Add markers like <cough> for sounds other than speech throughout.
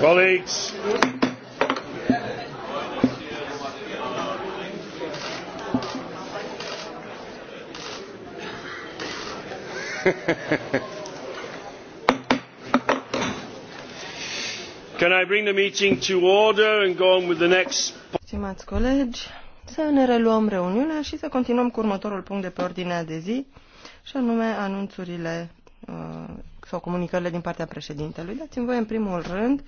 Colleagues, <laughs> Can I bring the meeting to order and go on with the next? Stimați colegi, să ne reluăm reuniunea și să continuăm cu următorul punct de pe ordinea de zi, și anume anunțurile uh, sau comunicările din partea președintelui. Dați-mi voi în primul rând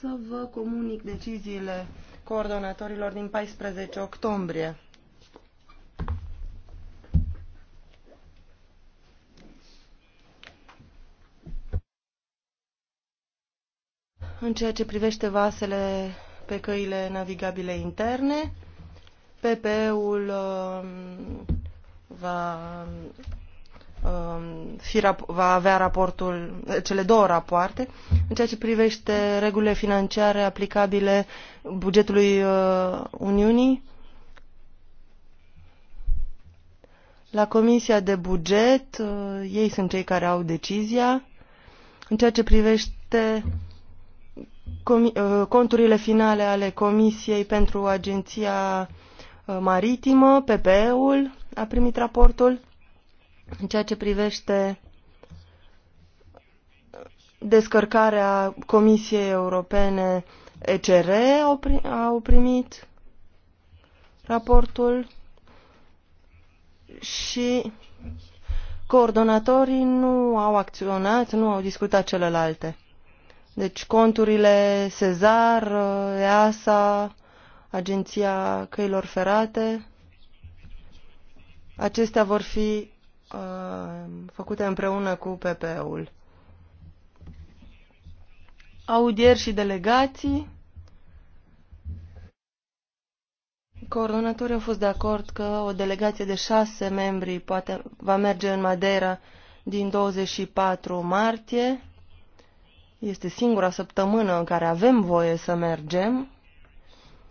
să vă comunic deciziile coordonatorilor din 14 octombrie. În ceea ce privește vasele pe căile navigabile interne, PP-ul um, va Um, fi, va avea raportul, eh, cele două rapoarte în ceea ce privește regulile financiare aplicabile bugetului uh, Uniunii. La Comisia de Buget, uh, ei sunt cei care au decizia. În ceea ce privește uh, conturile finale ale Comisiei pentru Agenția Maritimă, PPE-ul a primit raportul în ceea ce privește descărcarea Comisiei Europene ECR, au, prim, au primit raportul și coordonatorii nu au acționat, nu au discutat celelalte. Deci conturile Cezar, EASA, Agenția Căilor Ferate, acestea vor fi Uh, făcute împreună cu PP-ul. Audieri și delegații. Coordonatorii au fost de acord că o delegație de șase membri poate va merge în Madeira din 24 martie. Este singura săptămână în care avem voie să mergem.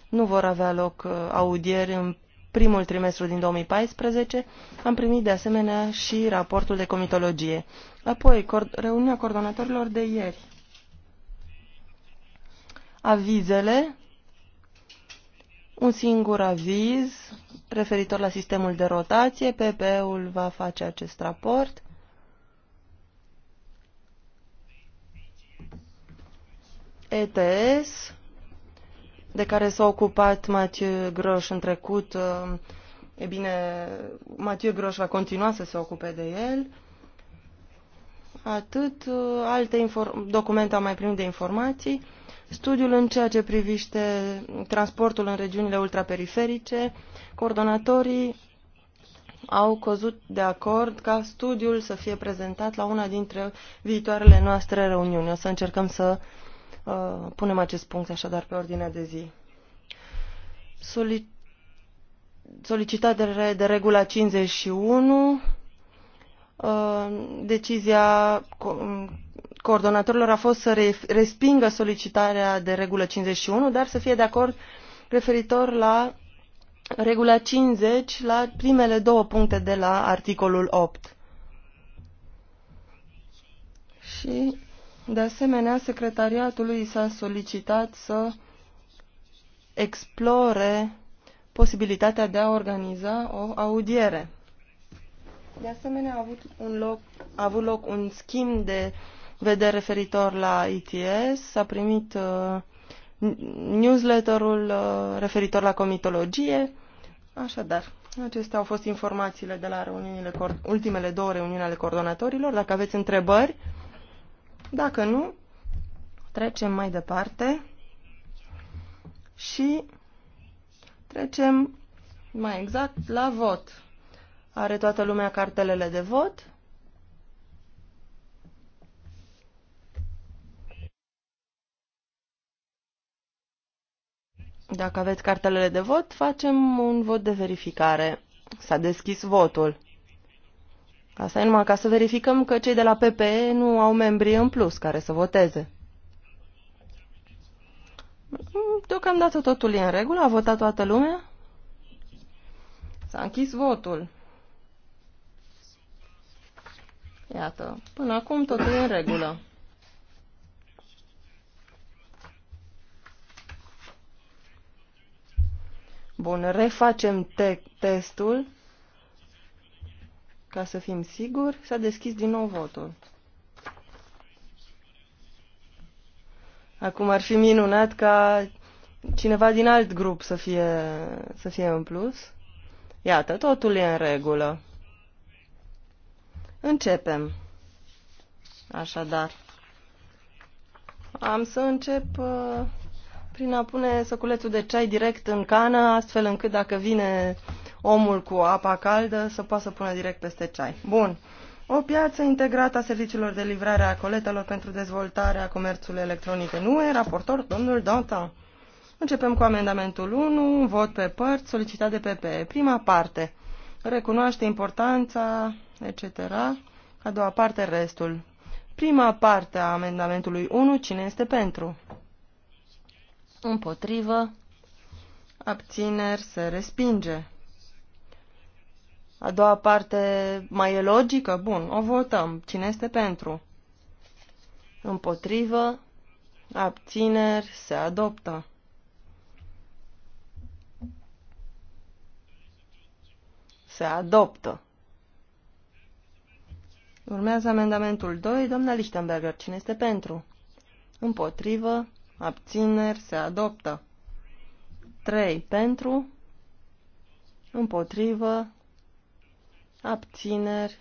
Nu vor avea loc uh, audieri în primul trimestru din 2014, am primit de asemenea și raportul de comitologie. Apoi, reuniunea coordonatorilor de ieri. Avizele, un singur aviz referitor la sistemul de rotație, pp ul va face acest raport. ETS, de care s-a ocupat Mathieu Groș în trecut, uh, e bine, Mathieu Groș va continua să se ocupe de el. Atât, uh, alte documente am mai primit de informații. Studiul în ceea ce privește transportul în regiunile ultraperiferice, coordonatorii au căzut de acord ca studiul să fie prezentat la una dintre viitoarele noastre reuniuni. O să încercăm să uh, Uh, punem acest punct așadar pe ordinea de zi. Soli solicitare de regula 51, uh, decizia co um, coordonatorilor a fost să respingă solicitarea de regulă 51, dar să fie de acord referitor la regula 50 la primele două puncte de la articolul 8. Și de asemenea, secretariatului s-a solicitat să explore posibilitatea de a organiza o audiere. De asemenea, a avut, un loc, a avut loc un schimb de vedere referitor la ITS, s-a primit uh, newsletterul uh, referitor la comitologie. Așadar, acestea au fost informațiile de la reuniunile, ultimele două reuniuni ale coordonatorilor. Dacă aveți întrebări, dacă nu, trecem mai departe și trecem mai exact la vot. Are toată lumea cartelele de vot? Dacă aveți cartelele de vot, facem un vot de verificare. S-a deschis votul. Asta e numai ca să verificăm că cei de la PPE nu au membri în plus care să voteze. Deocamdată totul e în regulă, a votat toată lumea. S-a închis votul. Iată, până acum totul e în regulă. Bun, refacem te testul. Ca să fim siguri, s-a deschis din nou votul. Acum ar fi minunat ca cineva din alt grup să fie, să fie în plus. Iată, totul e în regulă. Începem. Așadar. Am să încep uh, prin a pune săculețul de ceai direct în cană, astfel încât dacă vine omul cu apa caldă să poată să pună direct peste ceai. Bun. O piață integrată a serviciilor de livrare a coletelor pentru dezvoltarea comerțului electronic în UE, raportor domnul Danta. Începem cu amendamentul 1, vot pe părți, solicitat de PP. Prima parte, recunoaște importanța, etc. A doua parte, restul. Prima parte a amendamentului 1, cine este pentru? Împotrivă, abțineri, se respinge. A doua parte mai e logică? Bun, o votăm. Cine este pentru? Împotrivă, abțineri, se adoptă. Se adoptă. Urmează amendamentul 2, doamna Lichtenberger. Cine este pentru? Împotrivă, abțineri, se adoptă. 3. Pentru, împotrivă, abțineri,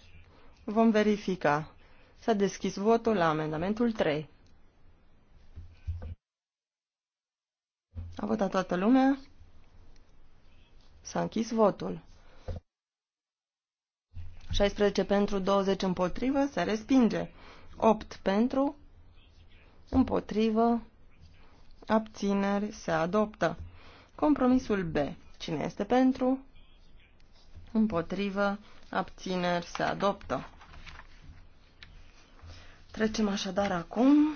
vom verifica. S-a deschis votul la amendamentul 3. A votat toată lumea? S-a închis votul. 16 pentru, 20 împotrivă, se respinge. 8 pentru, împotrivă, abțineri, se adoptă. Compromisul B. Cine este pentru? Împotrivă, abțineri se adoptă. Trecem așadar acum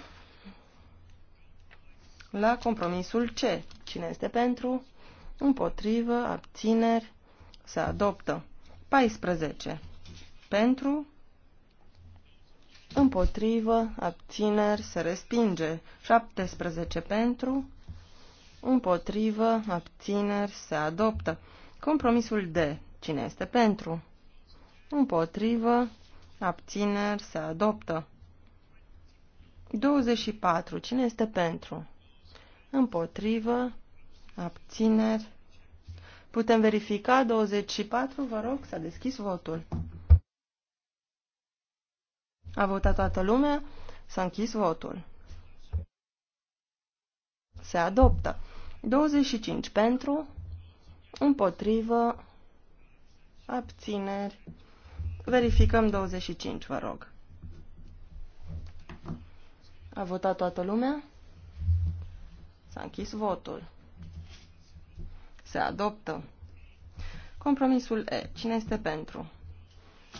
la compromisul C. Cine este pentru? Împotrivă, abțineri, se adoptă. 14. Pentru, împotrivă, abțineri, se respinge. 17. Pentru, împotrivă, abțineri, se adoptă. Compromisul D. Cine este pentru? împotrivă, abțineri, se adoptă. 24. Cine este pentru? Împotrivă, abțineri. Putem verifica 24, vă rog, s-a deschis votul. A votat toată lumea, s-a închis votul. Se adoptă. 25 pentru, împotrivă, abțineri. Verificăm 25, vă rog. A votat toată lumea? S-a închis votul. Se adoptă. Compromisul E. Cine este pentru?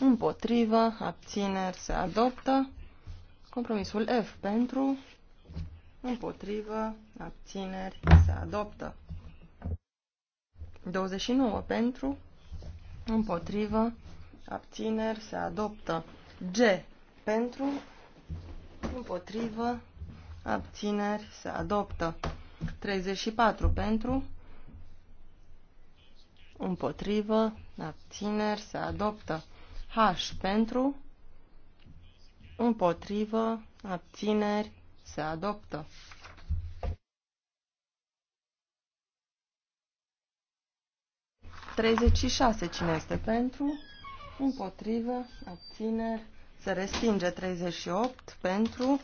Împotrivă, abțineri, se adoptă. Compromisul F pentru, împotrivă, abțineri, se adoptă. 29 pentru, împotrivă, abțineri, se adoptă. G, pentru, împotrivă, abțineri, se adoptă. 34 pentru, împotrivă, abțineri, se adoptă. H pentru, împotrivă, abțineri, se adoptă. Treizeci și șase cine este pentru? împotrivă, abțineri, se respinge 38 pentru,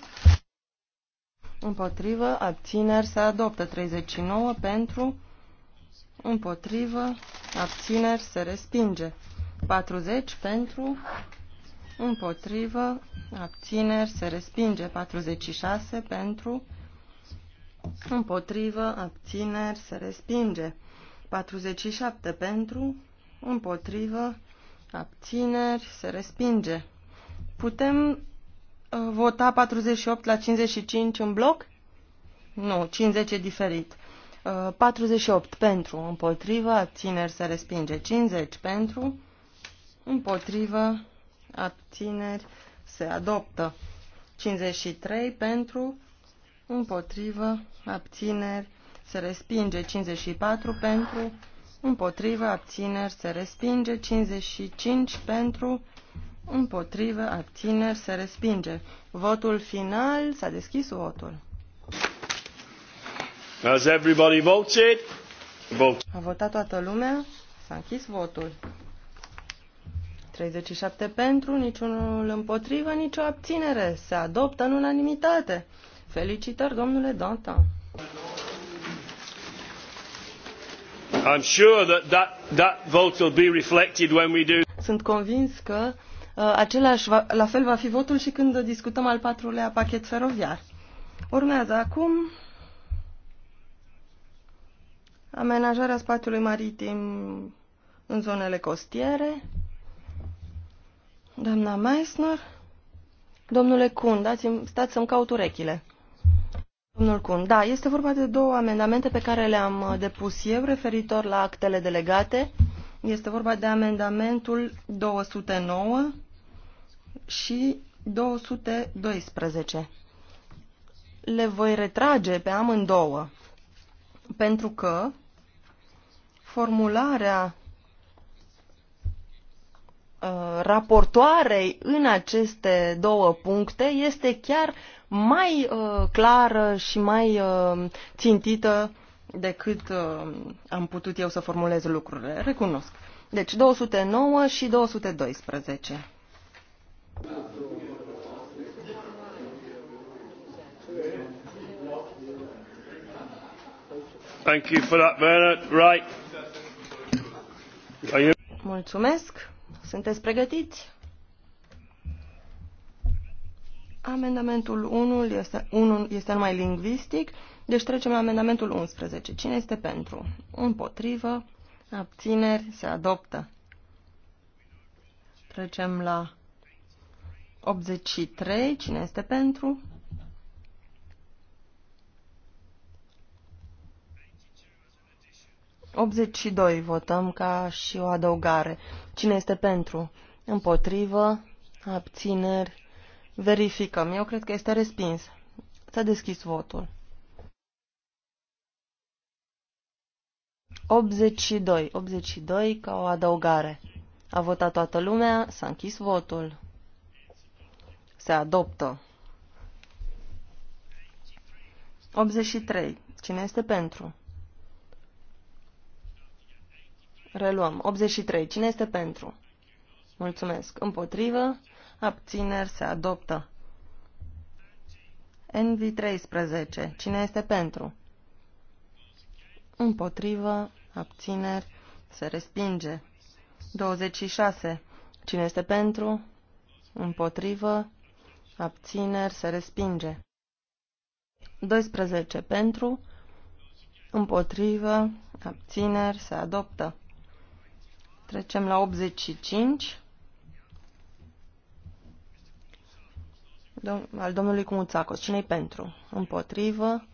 împotrivă, abțineri, se adoptă 39 pentru, împotrivă, abțineri, se respinge 40 pentru, împotrivă, abțineri, se respinge 46 pentru, împotrivă, abțineri, se respinge 47 pentru, împotrivă, abțineri, se respinge. Putem uh, vota 48 la 55 în bloc? Nu, 50 e diferit. 48 uh, pentru, împotrivă, abțineri se respinge. 50 pentru, împotrivă, abțineri se adoptă. 53 pentru, împotrivă, abțineri se respinge. 54 pentru, împotrivă, abțineri, se respinge, 55 pentru, împotrivă, abțineri, se respinge. Votul final, s-a deschis votul. Has everybody voted? Vote. A votat toată lumea, s-a închis votul. 37 pentru, niciunul împotrivă, nicio abținere. Se adoptă în unanimitate. Felicitări, domnule Dantin. Sunt convins că uh, același va, la fel va fi votul și când discutăm al patrulea pachet feroviar. Urmează acum amenajarea spațiului maritim în zonele costiere. Doamna Meissner, domnule Kuhn, dați-mi, stați să-mi caut urechile. Domnul Cun, da, este vorba de două amendamente pe care le-am uh, depus eu referitor la actele delegate. Este vorba de amendamentul 209 și 212. Le voi retrage pe amândouă, pentru că formularea uh, raportoarei în aceste două puncte este chiar mai uh, clară și mai uh, țintită decât uh, am putut eu să formulez lucrurile. Recunosc. Deci 209 și 212. Thank you for that, Bernard. Right. Mulțumesc. Sunteți pregătiți? Amendamentul 1 este, 1 este numai lingvistic, deci trecem la amendamentul 11. Cine este pentru? Împotrivă, abțineri, se adoptă. Trecem la 83. Cine este pentru? doi votăm ca și o adăugare. Cine este pentru? Împotrivă, abțineri, Verificăm. Eu cred că este respins. S-a deschis votul. 82. 82 ca o adăugare. A votat toată lumea, s-a închis votul. Se adoptă. 83. Cine este pentru? Reluăm. 83. Cine este pentru? Mulțumesc. Împotrivă abțineri se adoptă. NV13. Cine este pentru? Împotrivă, abțineri, se respinge. 26. Cine este pentru? Împotrivă, abțineri, se respinge. 12. Pentru, împotrivă, abțineri, se adoptă. Trecem la 85. al domnului Cumuțacos. Cine-i pentru? Împotrivă.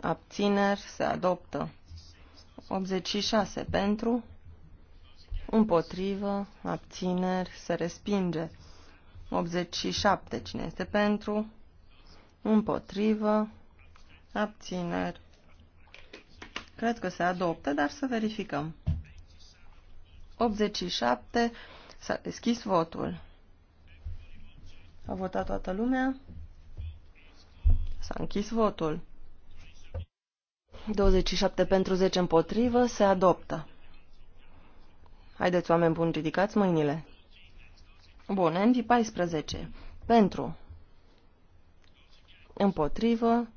Abțineri. Se adoptă. 86 pentru. Împotrivă. Abțineri. Se respinge. 87. Cine este pentru? Împotrivă. Abțineri. Cred că se adoptă, dar să verificăm. 87. S-a deschis votul. A votat toată lumea. S-a închis votul. 27 pentru 10 împotrivă se adoptă. Haideți, oameni buni, ridicați mâinile. Bun, NV14. Pentru. Împotrivă.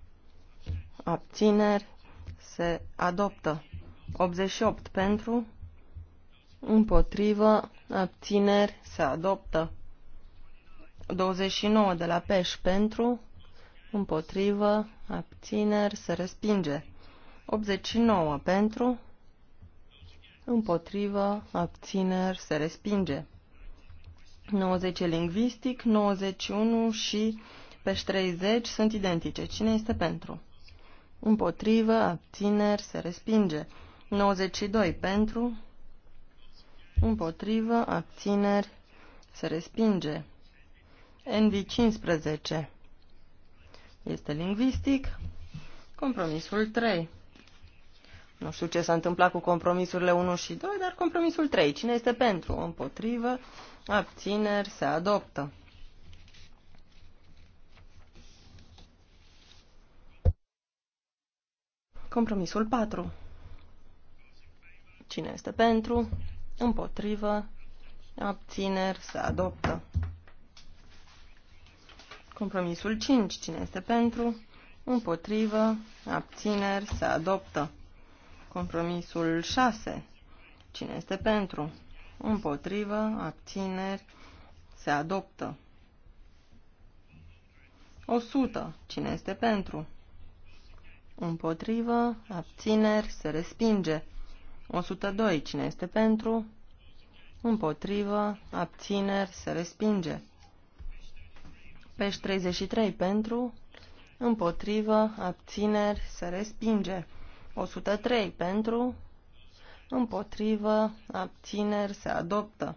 Abțineri. Se adoptă. 88 pentru. Împotrivă. Abțineri. Se adoptă. 29 de la Peș pentru, împotrivă, abțineri, se respinge. 89 pentru, împotrivă, abțineri, se respinge. 90 lingvistic, 91 și peș 30 sunt identice. Cine este pentru? Împotrivă, abțineri, se respinge. 92 pentru, împotrivă, abțineri, se respinge. NV15 este lingvistic. Compromisul 3. Nu știu ce s-a întâmplat cu compromisurile 1 și 2, dar compromisul 3. Cine este pentru? Împotrivă. Abțineri. Se adoptă. Compromisul 4. Cine este pentru? Împotrivă. Abțineri. Se adoptă. Compromisul 5. Cine este pentru? Împotrivă. Abțineri. Se adoptă. Compromisul 6. Cine este pentru? Împotrivă. Abțineri. Se adoptă. 100. Cine este pentru? Împotrivă. Abțineri. Se respinge. 102. Cine este pentru? Împotrivă. Abțineri. Se respinge. Peș 33 pentru, împotrivă, abțineri, se respinge. 103 pentru, împotrivă, abțineri, se adoptă.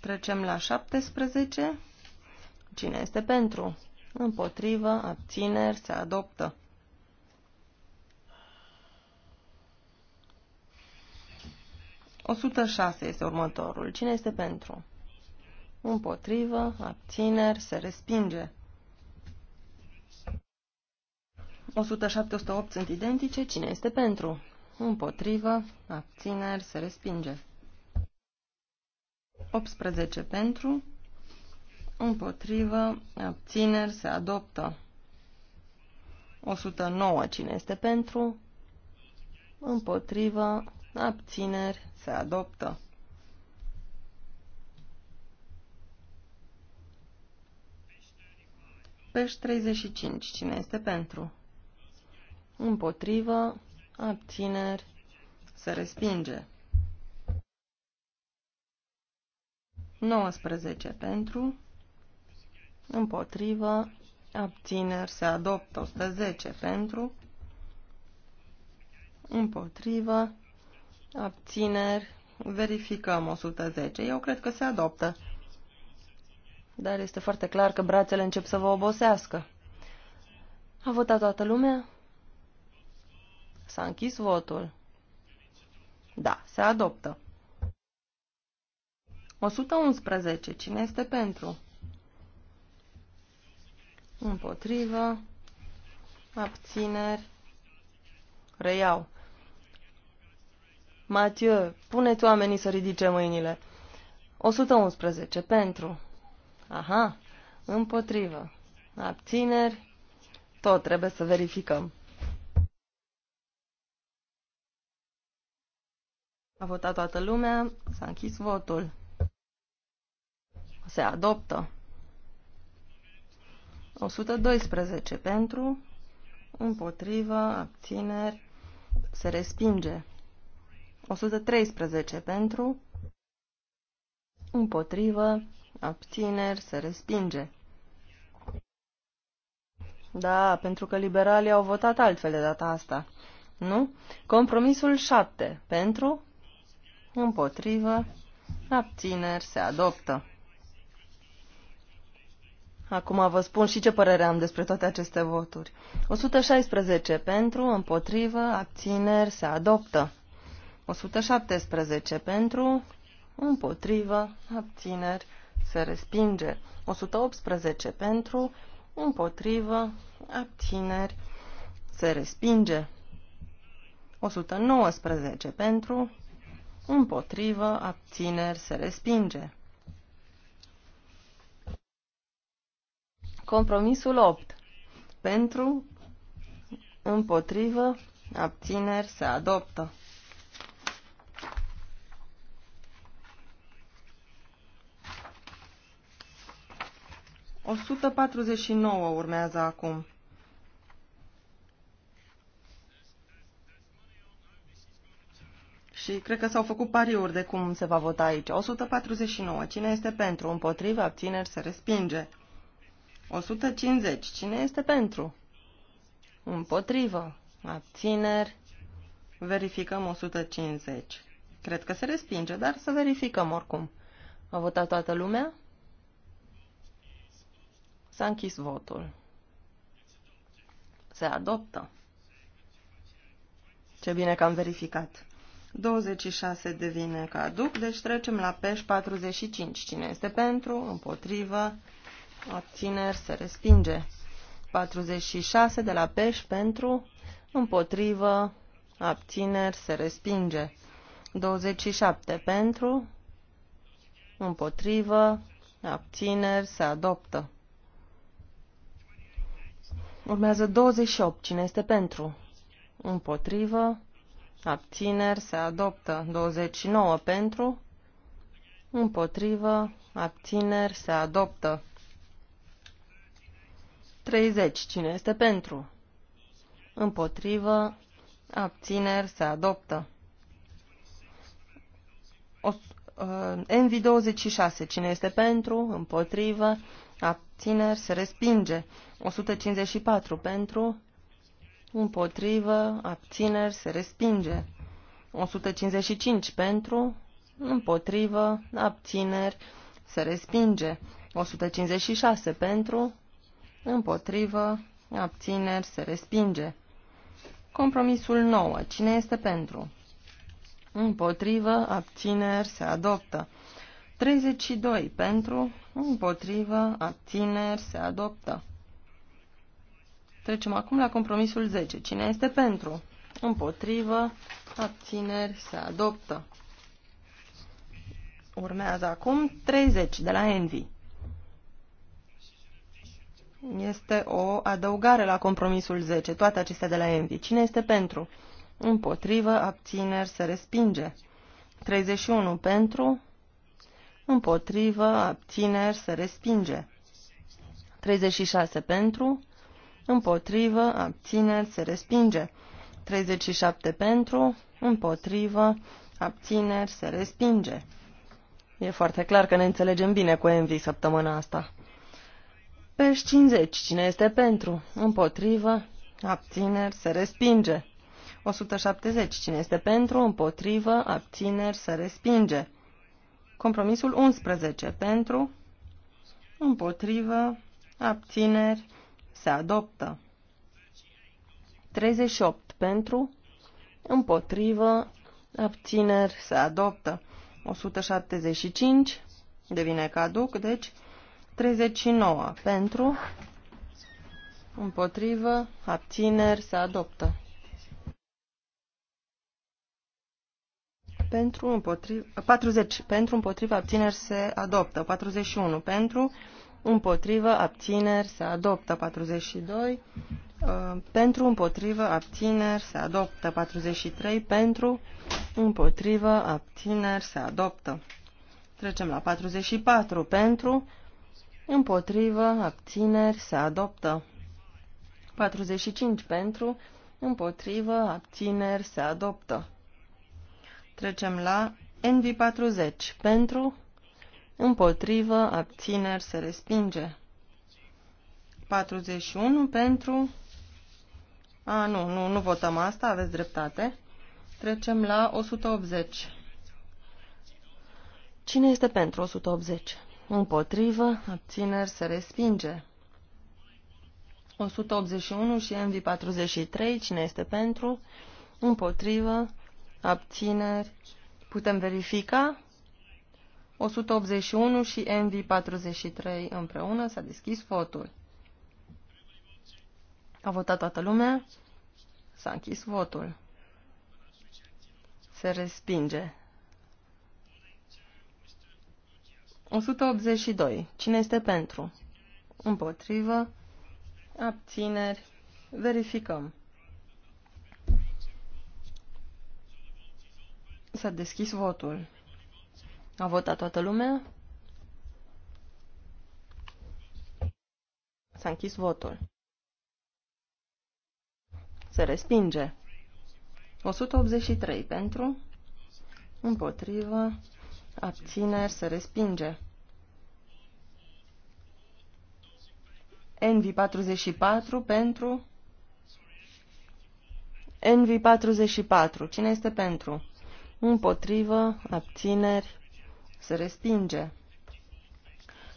Trecem la 17. Cine este pentru? Împotrivă, abțineri, se adoptă. O 106 este următorul. Cine este pentru? împotrivă, abțineri, se respinge. 107-108 sunt identice, cine este pentru? Împotrivă, abțineri, se respinge. 18 pentru, împotrivă, abțineri, se adoptă. 109 cine este pentru, împotrivă, abțineri, se adoptă. Peș 35. Cine este pentru? Împotrivă. Abțineri. Se respinge. 19 pentru. Împotrivă. Abțineri. Se adoptă. 110 pentru. Împotrivă. Abțineri. Verificăm 110. Eu cred că se adoptă. Dar este foarte clar că brațele încep să vă obosească. A votat toată lumea? S-a închis votul. Da, se adoptă. 111. Cine este pentru? Împotrivă. Abțineri. Reiau. Mathieu, puneți oamenii să ridice mâinile. 111. Pentru. Aha, împotrivă. Abțineri. Tot trebuie să verificăm. A votat toată lumea, s-a închis votul. Se adoptă. 112 pentru, împotrivă, abțineri, se respinge. 113 pentru, împotrivă, abțineri, se respinge. Da, pentru că liberalii au votat altfel de data asta. Nu? Compromisul 7. Pentru? Împotrivă. Abțineri. Se adoptă. Acum vă spun și ce părere am despre toate aceste voturi. 116 pentru, împotrivă, abțineri, se adoptă. 117 pentru, împotrivă, abțineri, se respinge. 118 pentru, împotrivă, abțineri, se respinge. 119 pentru, împotrivă, abțineri, se respinge. Compromisul 8. Pentru, împotrivă, abțineri, se adoptă. 149 urmează acum. Și cred că s-au făcut pariuri de cum se va vota aici. 149. Cine este pentru? Împotriva? Abțineri? Se respinge. 150. Cine este pentru? Împotrivă. Abțineri. Verificăm 150. Cred că se respinge, dar să verificăm oricum. A votat toată lumea? S-a închis votul. Se adoptă. Ce bine că am verificat. 26 devine caduc, deci trecem la peș 45. Cine este pentru, împotrivă, abțineri, se respinge. 46 de la peș pentru, împotrivă, abțineri, se respinge. 27 pentru, împotrivă, abțineri, se adoptă. Urmează 28. Cine este pentru? Împotrivă. Abțineri. Se adoptă. 29 pentru. Împotrivă. Abțineri. Se adoptă. 30. Cine este pentru? Împotrivă. Abțineri. Se adoptă. O, uh, NV26. Cine este pentru? Împotrivă abțineri, se respinge. 154 pentru, împotrivă, abțineri, se respinge. 155 pentru, împotrivă, abțineri, se respinge. 156 pentru, împotrivă, abțineri, se respinge. Compromisul 9. Cine este pentru? Împotrivă, abțineri, se adoptă. 32 pentru, împotrivă, tineri se adoptă. Trecem acum la compromisul 10. Cine este pentru? Împotrivă, tineri se adoptă. Urmează acum 30 de la Envy. Este o adăugare la compromisul 10, toate acestea de la Envy. Cine este pentru? Împotrivă, abțineri, se respinge. 31 pentru, împotrivă, abțineri, se respinge. 36 pentru, împotrivă, abțineri, se respinge. 37 pentru, împotrivă, abțineri, se respinge. E foarte clar că ne înțelegem bine cu Envy săptămâna asta. Pești 50. Cine este pentru? Împotrivă, abțineri, se respinge. 170. Cine este pentru? Împotrivă, abțineri, se respinge. Compromisul 11 pentru, împotrivă, abțineri, se adoptă. 38 pentru, împotrivă, abțineri, se adoptă. 175 devine caduc, deci 39 pentru, împotrivă, abțineri, se adoptă. Pentru împotriva, 40 pentru împotriva abțineri se adoptă. 41 pentru împotriva abțineri se adoptă. 42 uh, pentru împotriva abțineri se adoptă. 43 pentru împotriva abțineri se adoptă. Trecem la 44 pentru împotriva abțineri se adoptă. 45 pentru împotriva abțineri se adoptă. Trecem la NV40. Pentru, împotrivă, abțineri, se respinge. 41 pentru... A, nu, nu, nu votăm asta, aveți dreptate. Trecem la 180. Cine este pentru 180? Împotrivă, abțineri, se respinge. 181 și MV43, cine este pentru? Împotrivă, abțineri, putem verifica. 181 și NV43 împreună s-a deschis votul. A votat toată lumea, s-a închis votul. Se respinge. 182. Cine este pentru? Împotrivă. Abțineri. Verificăm. S-a deschis votul. A votat toată lumea? S-a închis votul. Se respinge. 183 pentru, împotrivă, abțineri, se respinge. NV44 pentru, NV44, cine este pentru? împotrivă, abțineri, se respinge.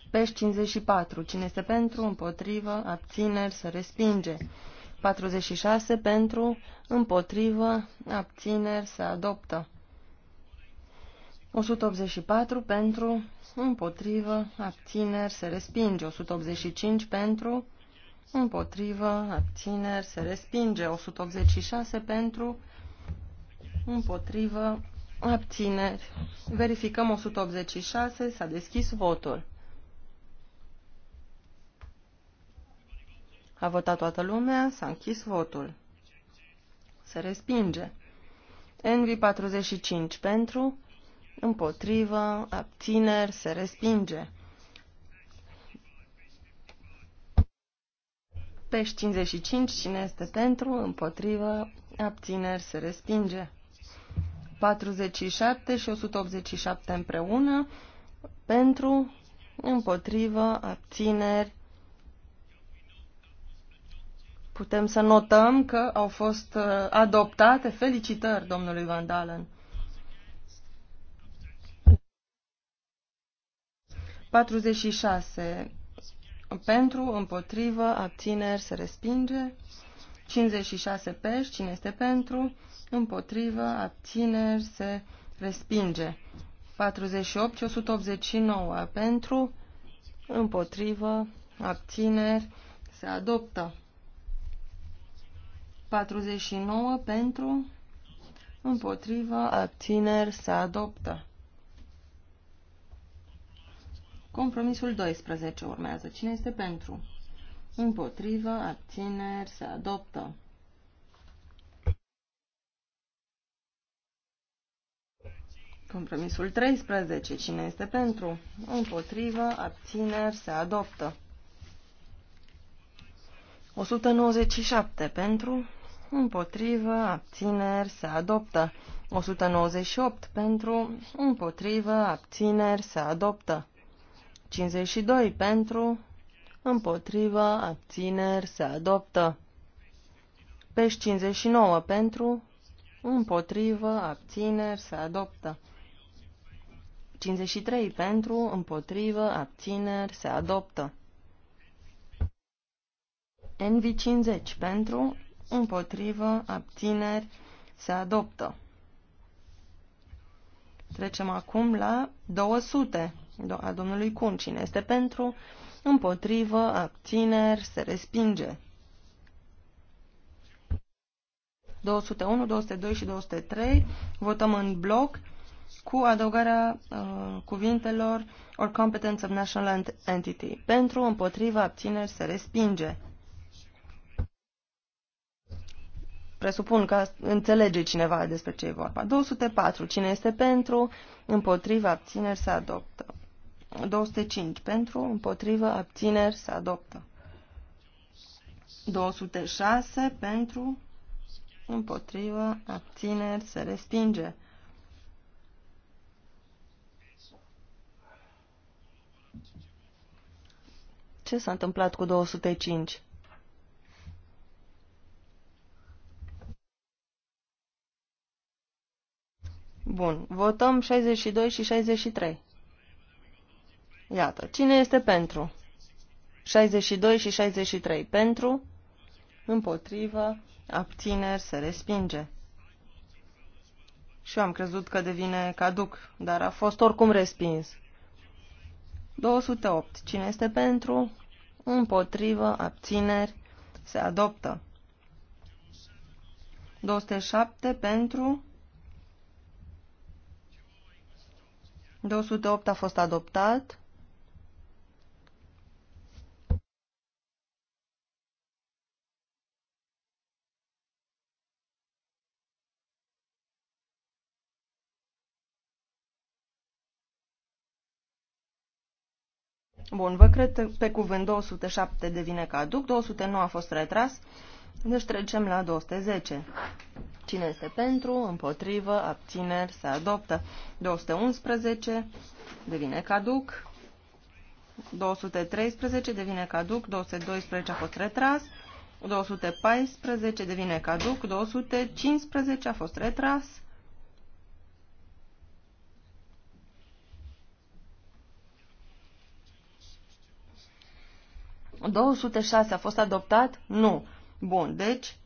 Peș 54. Cine este pentru, împotrivă, abțineri, se respinge. 46. Pentru, împotrivă, abțineri, se adoptă. 184 pentru, împotrivă, abțineri, se respinge. 185 pentru, împotrivă, abțineri, se respinge. 186 pentru, împotrivă, Abțineri. Verificăm 186. S-a deschis votul. A votat toată lumea. S-a închis votul. Se respinge. Envi 45 pentru, împotrivă, abțineri, se respinge. Peș 55, cine este pentru, împotrivă, abțineri, se respinge. 47 și 187 împreună pentru, împotrivă, abțineri. Putem să notăm că au fost uh, adoptate. Felicitări domnului Van Dalen. 46. Pentru, împotrivă, abțineri, se respinge. 56 pești, cine este pentru, împotrivă, abțineri, se respinge. 48 189 pentru, împotrivă, abțineri, se adoptă. 49 pentru, împotrivă, abțineri, se adoptă. Compromisul 12 urmează. Cine este pentru? Împotrivă, abțineri, se adoptă. Compromisul 13. Cine este pentru? Împotrivă, abțineri, se adoptă. 197 pentru, împotrivă, abțineri, se adoptă. 198 pentru, împotrivă, abțineri, se adoptă. 52 pentru, împotrivă, abțineri, se adoptă. Pești 59 pentru, împotrivă, abțineri, se adoptă. 53 pentru, împotrivă, abțineri, se adoptă. NV 50 pentru, împotrivă, abțineri, se adoptă. Trecem acum la 200 a domnului Cun. Cine este pentru, împotrivă, abțineri, se respinge. 201, 202 și 203. Votăm în bloc cu adăugarea uh, cuvintelor or competence of national entity. Pentru, împotriva, abțineri, se respinge. Presupun că înțelege cineva despre ce e vorba. 204. Cine este pentru, împotriva, abțineri, se adoptă. 205. Pentru, împotriva, abțineri, se adoptă. 206. Pentru, împotriva, abțineri, se respinge. Ce s-a întâmplat cu 205? Bun, votăm 62 și 63. Iată, cine este pentru? 62 și 63. Pentru, împotrivă, abțineri, se respinge. Și eu am crezut că devine caduc, dar a fost oricum respins. 208. Cine este pentru? Împotrivă, abțineri, se adoptă. 207 pentru. 208 a fost adoptat. Bun, vă cred pe cuvânt 207 devine caduc, 209 a fost retras, deci trecem la 210. Cine este pentru, împotrivă, abțineri, se adoptă. 211 devine caduc, 213 devine caduc, 212 a fost retras, 214 devine caduc, 215 a fost retras, 206 a fost adoptat? Nu. Bun, deci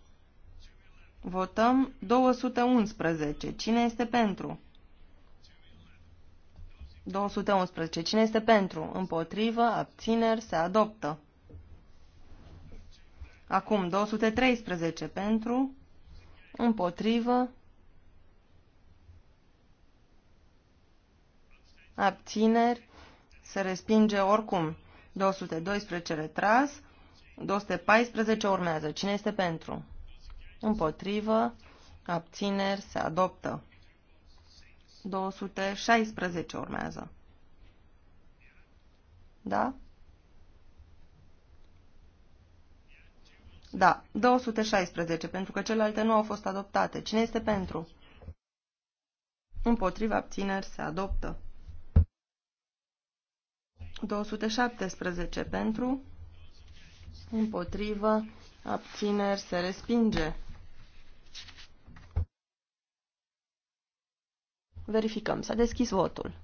votăm 211. Cine este pentru? 211. Cine este pentru? Împotrivă, abțineri, se adoptă. Acum, 213 pentru, împotrivă, abțineri, se respinge oricum. 212 retras, 214 urmează. Cine este pentru? Împotrivă, abțineri, se adoptă. 216 urmează. Da? Da, 216, pentru că celelalte nu au fost adoptate. Cine este pentru? Împotriva abțineri se adoptă. 217 pentru, împotrivă, abțineri, se respinge. Verificăm, s-a deschis votul.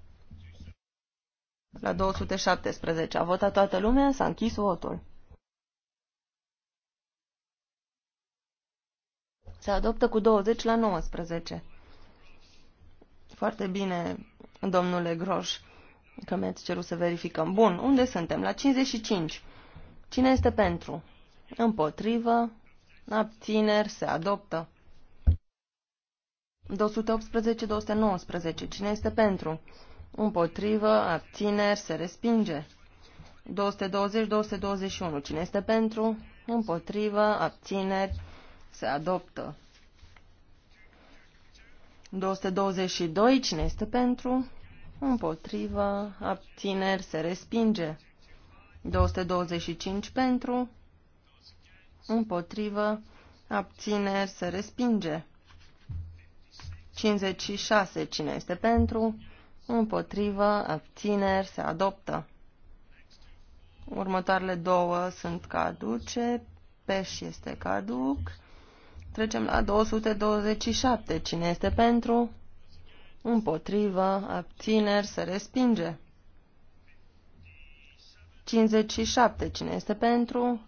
La 217 a votat toată lumea, s-a închis votul. Se adoptă cu 20 la 19. Foarte bine, domnule Groș că mi-ați cerut să verificăm. Bun, unde suntem? La 55. Cine este pentru? Împotrivă. Abțineri. Se adoptă. 218-219. Cine este pentru? Împotrivă. Abțineri. Se respinge. 220-221. Cine este pentru? Împotrivă. Abțineri. Se adoptă. 222. Cine este pentru? împotrivă, abțineri, se respinge. 225 pentru, împotrivă, abțineri, se respinge. 56. Cine este pentru? Împotrivă, abțineri, se adoptă. Următoarele două sunt caduce, peș este caduc. Trecem la 227. Cine este pentru? împotrivă, abțineri, se respinge. 57. Cine este pentru?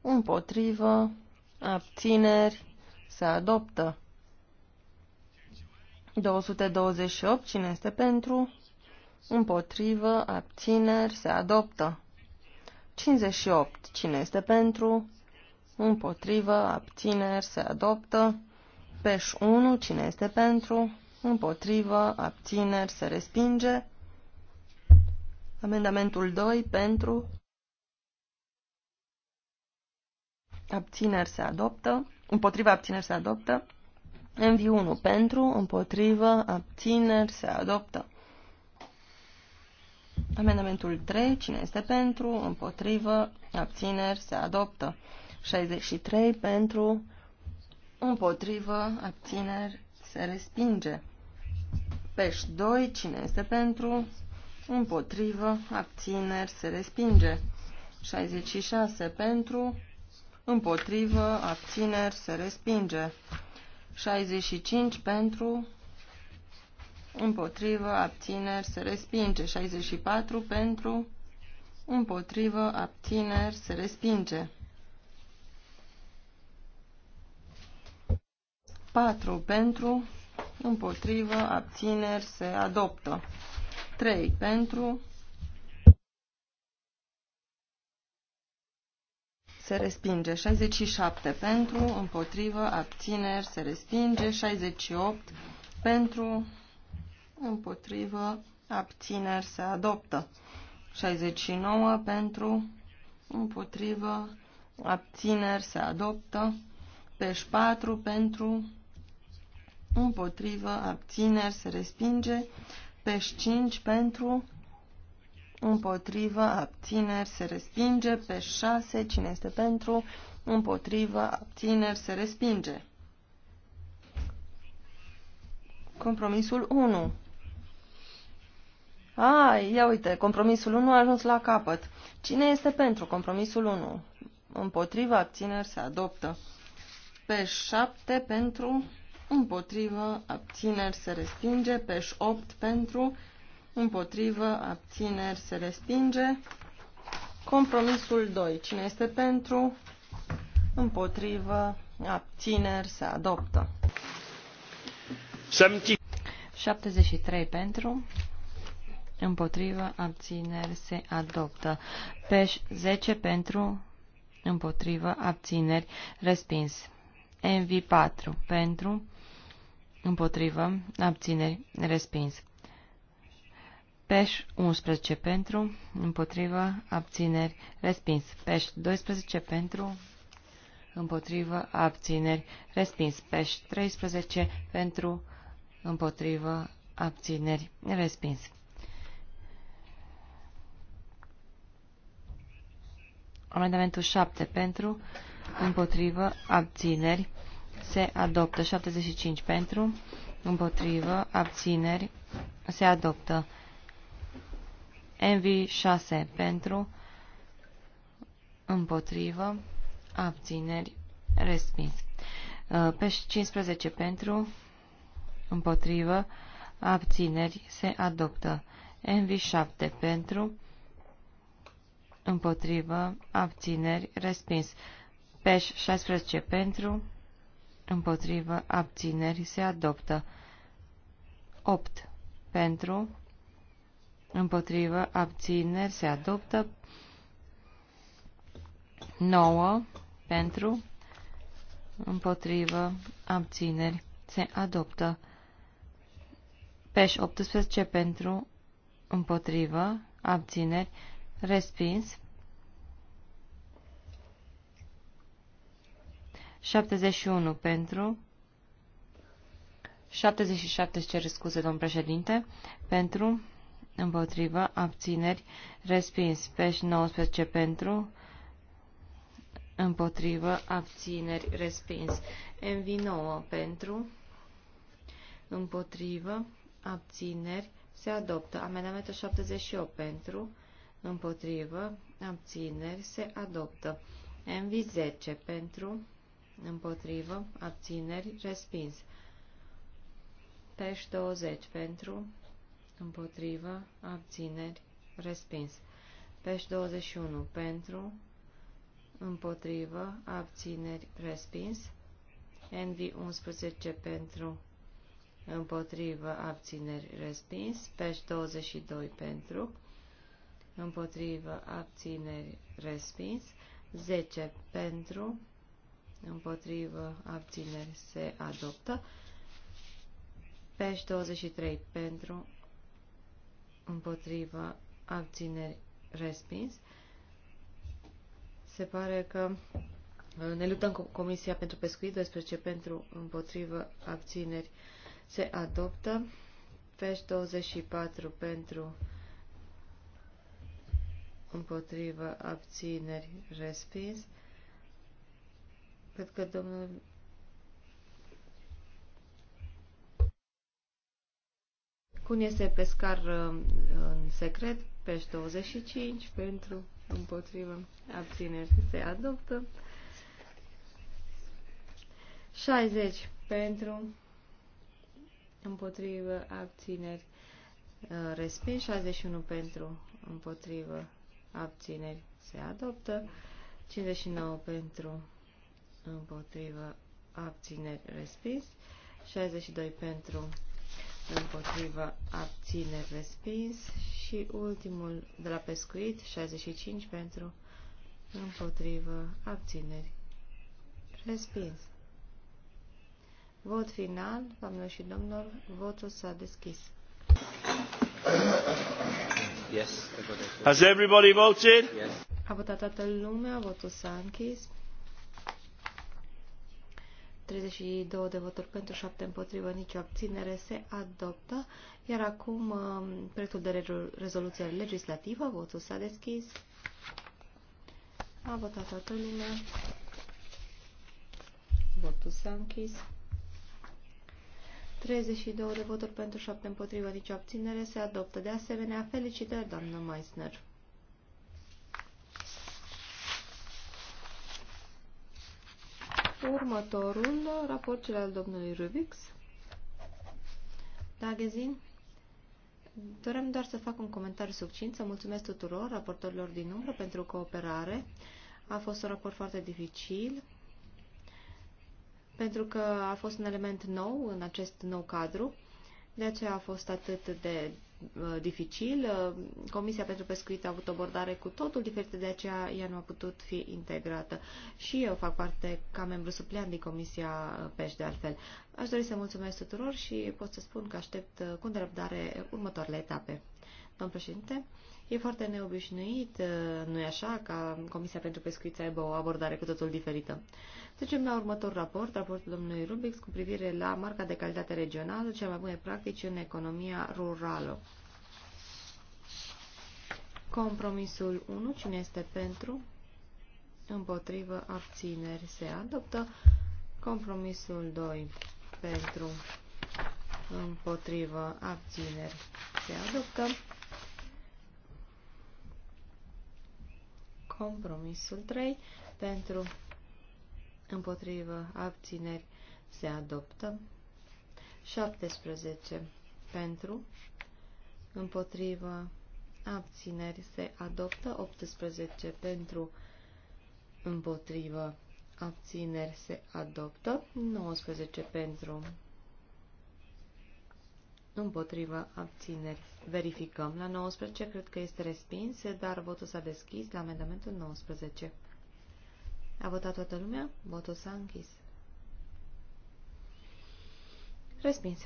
Împotrivă, abțineri, se adoptă. 228. Cine este pentru? Împotrivă, abțineri, se adoptă. 58. Cine este pentru? Împotrivă, abțineri, se adoptă. Peș 1. Cine este pentru? împotrivă, abțineri, se respinge. Amendamentul 2 pentru, abțineri, se adoptă, Împotrivă, abțineri, se adoptă. MV1 pentru, împotrivă, abțineri, se adoptă. Amendamentul 3, cine este pentru, împotrivă, abțineri, se adoptă. 63 pentru, împotrivă, abțineri, se respinge. Peș 2, cine este pentru? Împotrivă, abțineri, se respinge. 66 pentru, împotrivă, abțineri, se respinge. 65 pentru, împotrivă, abțineri, se respinge. 64 pentru, împotrivă, abțineri, se respinge. 4 pentru, împotrivă, abțineri, se adoptă. 3 pentru, se respinge. 67 pentru, împotrivă, abțineri, se respinge. 68 pentru, împotrivă, abțineri, se adoptă. 69 pentru, împotrivă, abțineri, se adoptă. Peș 4 pentru, împotrivă, abțineri, se respinge. Peș 5 pentru, împotrivă, abțineri, se respinge. Peș 6, cine este pentru, împotrivă, abțineri, se respinge. Compromisul 1. Ai, ia uite, compromisul 1 a ajuns la capăt. Cine este pentru compromisul 1? Împotriva abțineri se adoptă. Pe 7 pentru împotrivă, abțineri se respinge, peș 8 pentru, împotrivă, abțineri se respinge, compromisul 2, cine este pentru, împotrivă, abțineri se adoptă. 73 pentru, împotrivă, abțineri se adoptă, peș 10 pentru, împotrivă, abțineri, respins. MV4 pentru, împotrivă, abțineri, respins. Peș 11 pentru, împotrivă, abțineri, respins. Peș 12 pentru, împotrivă, abțineri, respins. Peș 13 pentru, împotrivă, abțineri, respins. Amendamentul 7 pentru, împotrivă, abțineri, respins se adoptă. 75 pentru, împotrivă, abțineri, se adoptă. MV6 pentru, împotrivă, abțineri, respins. Uh, Pe 15 pentru, împotrivă, abțineri, se adoptă. MV7 pentru, împotrivă, abțineri, respins. Peș 16 pentru, Împotrivă. Abțineri. Se adoptă. 8. Pentru. Împotrivă. Abțineri. Se adoptă. 9. Pentru. Împotrivă. Abțineri. Se adoptă. Peș 18 pentru, împotrivă, abțineri, respins. 71 pentru. 77 cer scuze, domn președinte, pentru, împotrivă, abțineri, respins, pești 19 pentru, împotrivă, abțineri, respins, MV9 pentru, împotrivă, abțineri, se adoptă, amendamentul 78 pentru, împotrivă, abțineri, se adoptă, MV10 pentru, împotrivă, abțineri, respins. Pești 20 pentru, împotrivă, abțineri, respins. Pești 21 pentru, împotrivă, abțineri, respins. Envi 11 pentru, împotrivă, abțineri, respins. Pești 22 pentru, împotrivă, abțineri, respins. 10 pentru, împotrivă, abțineri, se adoptă. Pești 23 pentru, împotrivă, abțineri, respins. Se pare că uh, ne luptăm cu Comisia pentru Pescuit, 12 pentru, împotrivă, abțineri, se adoptă. Pești 24 pentru, împotrivă, abțineri, respins. Cred că domnul Cum este pescar uh, în secret, pești 25 pentru împotrivă abțineri se adoptă. 60 pentru împotrivă abțineri uh, respins, 61 pentru împotrivă abțineri se adoptă, 59 pentru împotrivă, abțineri, respins. 62 pentru, împotrivă, abțineri, respins. Și ultimul de la pescuit, 65 pentru, împotrivă, abțineri, respins. Vot final, doamnelor și domnilor, votul s-a deschis. Yes, Has everybody voted? Yes. A votat toată lumea, votul s-a închis. 32 de voturi pentru, 7 împotrivă, nicio abținere, se adoptă. Iar acum um, proiectul de rezoluție legislativă, votul s-a deschis. A votat toată lumea. Votul s-a închis. 32 de voturi pentru, 7 împotrivă, nicio abținere, se adoptă. De asemenea, felicitări, doamnă Meissner. Următorul raport cel al domnului Rubix. Da, Ghezin? Dorem doar să fac un comentariu succint, să mulțumesc tuturor raportorilor din umbră pentru cooperare. A fost un raport foarte dificil, pentru că a fost un element nou în acest nou cadru de aceea a fost atât de uh, dificil. Uh, Comisia pentru pescuit a avut o abordare cu totul diferită, de aceea ea nu a putut fi integrată. Și eu fac parte ca membru suplean din Comisia uh, Pești de altfel. Aș dori să mulțumesc tuturor și pot să spun că aștept uh, cu nerăbdare următoarele etape. Domn președinte, E foarte neobișnuit, uh, nu-i așa, ca Comisia pentru Pescuit să aibă o abordare cu totul diferită. Trecem la următor raport, raportul domnului Rubix, cu privire la marca de calitate regională, cea mai bune practici în economia rurală. Compromisul 1, cine este pentru? Împotrivă, abțineri, se adoptă. Compromisul 2, pentru, împotrivă, abțineri, se adoptă. Compromisul 3 pentru împotrivă abțineri se adoptă. 17 pentru împotrivă abțineri se adoptă. 18 pentru împotrivă abțineri se adoptă. 19 pentru Împotrivă abțineri. Verificăm. La 19 cred că este respins, dar votul s-a deschis la amendamentul 19. A votat toată lumea? Votul s-a închis. Respins.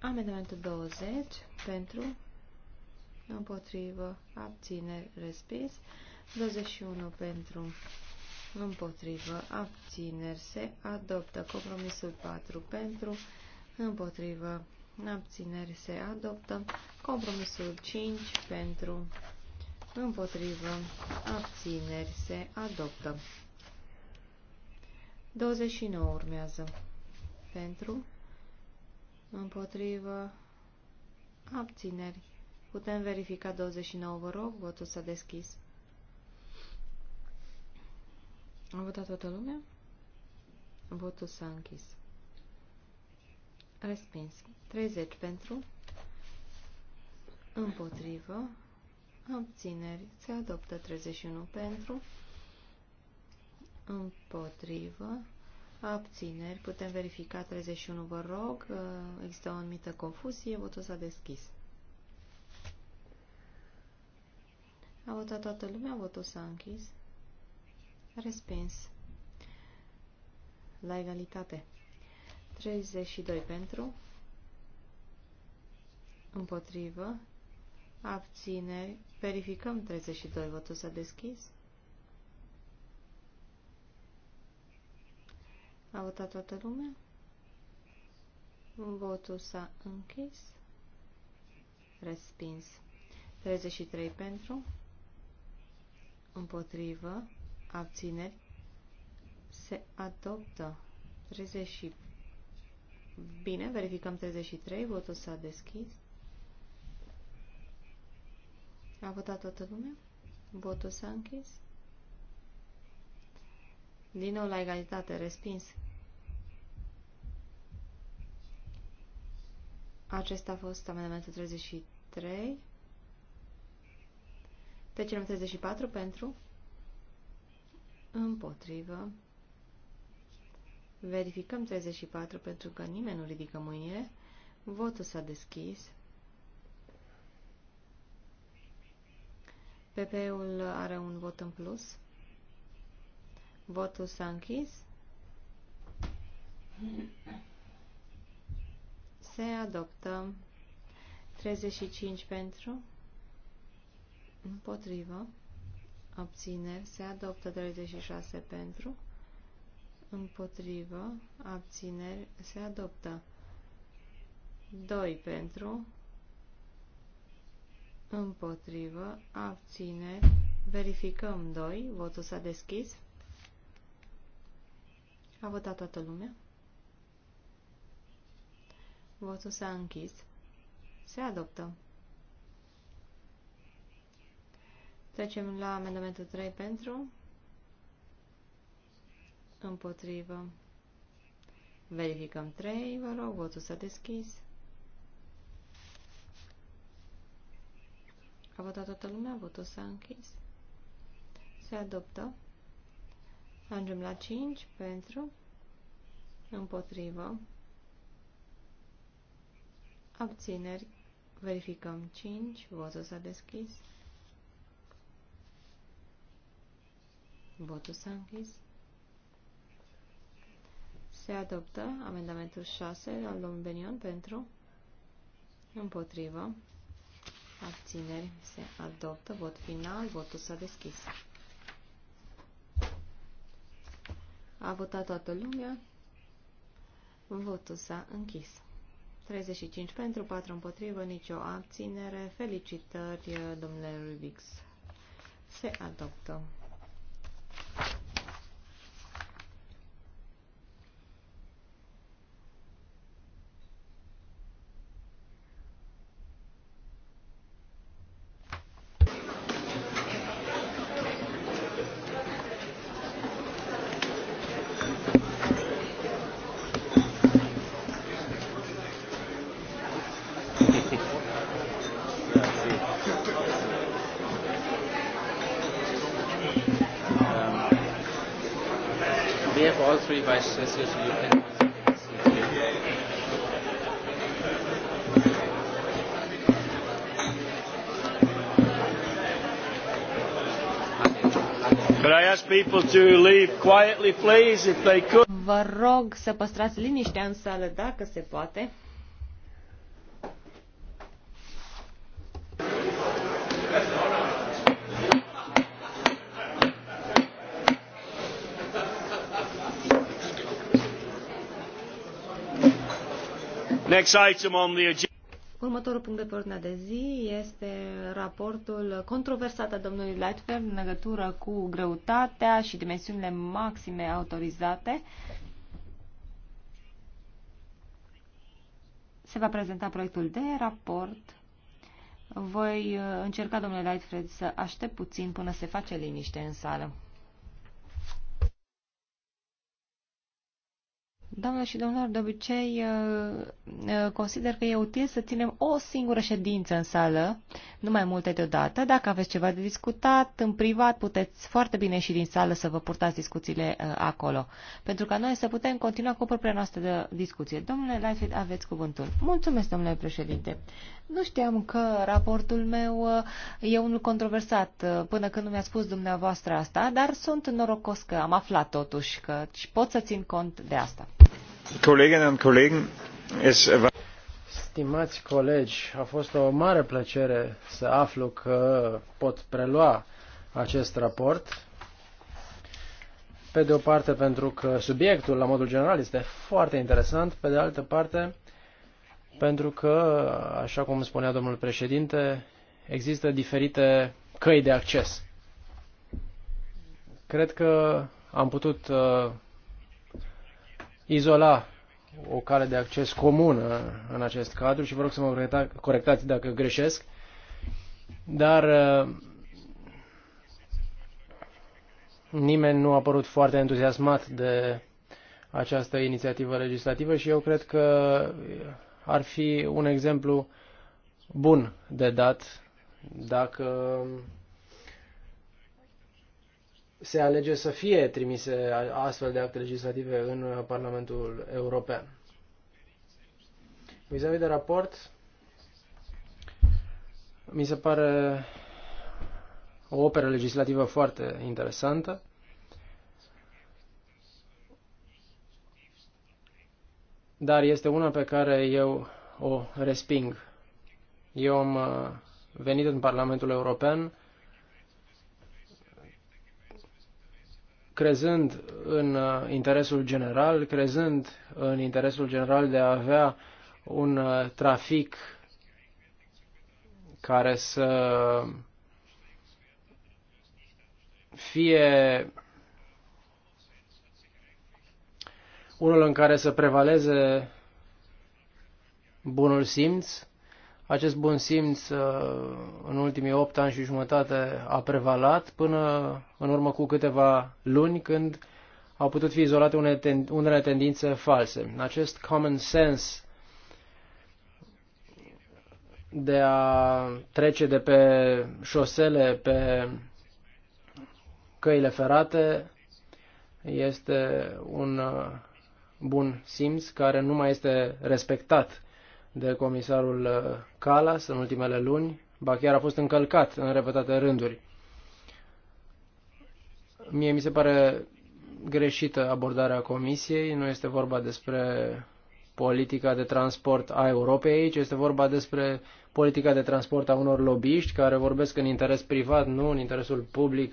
Amendamentul 20 pentru împotrivă abțineri respins. 21 pentru împotrivă abțineri se adoptă. Compromisul 4 pentru împotrivă Abținere se adoptă. Compromisul 5 pentru împotrivă abțineri se adoptă. 29 urmează pentru împotrivă abțineri. Putem verifica 29, vă rog, votul s-a deschis. A votat toată lumea? Votul s-a închis. Respins. 30 pentru. Împotrivă. Abțineri. Se adoptă 31 pentru. Împotrivă. Abțineri. Putem verifica 31, vă rog. Există o anumită confuzie. Votul s-a deschis. A votat toată lumea, votul s-a închis. Respins. La egalitate. 32 pentru, împotrivă, abțineri, verificăm 32, votul s-a deschis. A votat toată lumea? Votul s-a închis. Respins. 33 pentru. Împotrivă. Abțineri. Se adoptă. 34 Bine, verificăm 33, votul s-a deschis. A votat toată lumea? Votul s-a închis? Din nou la egalitate, respins. Acesta a fost amendamentul 33. Trecem 34 pentru împotrivă. Verificăm 34 pentru că nimeni nu ridică mâinile. Votul s-a deschis. PP-ul are un vot în plus. Votul s-a închis. Se adoptă 35 pentru, împotrivă, abțineri, se adoptă 36 pentru, împotrivă, abțineri, se adoptă. 2 pentru, împotrivă, abțineri, verificăm 2, votul s-a deschis. A votat toată lumea. Votul s-a închis. Se adoptă. Trecem la amendamentul 3 pentru, împotrivă. Verificăm 3, vă rog, votul s-a deschis. A votat toată lumea, votul s-a închis. Se adoptă. Ajungem la 5 pentru, împotrivă, abțineri, verificăm 5, votul s-a deschis. Votul s-a închis. Se adoptă amendamentul 6 al domnului Benion pentru împotrivă. Abțineri se adoptă. Vot final. Votul s-a deschis. A votat toată lumea. Votul s-a închis. 35 pentru, 4 împotrivă, nicio abținere. Felicitări domnule Rubix. Se adoptă. to Could I ask people to leave quietly, please, if they could? Vă rog să păstrați liniștea în sală, dacă se poate. Următorul punct de pe ordinea de zi este raportul controversat al domnului Lightfeld în legătură cu greutatea și dimensiunile maxime autorizate. Se va prezenta proiectul de raport. Voi uh, încerca, domnule Lightfred, să aștept puțin până se face liniște în sală. Doamnelor și domnilor, de obicei uh, uh, consider că e util să ținem o singură ședință în sală, nu mai multe deodată. Dacă aveți ceva de discutat în privat, puteți foarte bine și din sală să vă purtați discuțiile uh, acolo, pentru ca noi să putem continua cu propria noastră de discuție. Domnule Lightfield, aveți cuvântul. Mulțumesc, domnule președinte. Nu știam că raportul meu e unul controversat până când nu mi-a spus dumneavoastră asta, dar sunt norocos că am aflat totuși că pot să țin cont de asta. Stimați colegi, a fost o mare plăcere să aflu că pot prelua acest raport. Pe de o parte pentru că subiectul, la modul general, este foarte interesant, pe de altă parte pentru că, așa cum spunea domnul președinte, există diferite căi de acces. Cred că am putut uh, izola o cale de acces comună în acest cadru și vă rog să mă corectați dacă greșesc, dar uh, nimeni nu a părut foarte entuziasmat de această inițiativă legislativă și eu cred că ar fi un exemplu bun de dat dacă se alege să fie trimise astfel de acte legislative în Parlamentul European. Vis-a-vis -vis de raport, mi se pare o operă legislativă foarte interesantă. Dar este una pe care eu o resping. Eu am uh, venit în Parlamentul European crezând în uh, interesul general, crezând în interesul general de a avea un uh, trafic care să fie unul în care să prevaleze bunul simț, acest bun simț uh, în ultimii 8 ani și jumătate a prevalat până în urmă cu câteva luni când au putut fi izolate unele tendințe false. Acest common sense de a trece de pe șosele, pe căile ferate, este un uh, bun simț care nu mai este respectat de comisarul uh, Calas în ultimele luni, ba chiar a fost încălcat în repetate rânduri. Mie mi se pare greșită abordarea comisiei, nu este vorba despre politica de transport a Europei aici, este vorba despre politica de transport a unor lobbyiști care vorbesc în interes privat, nu în interesul public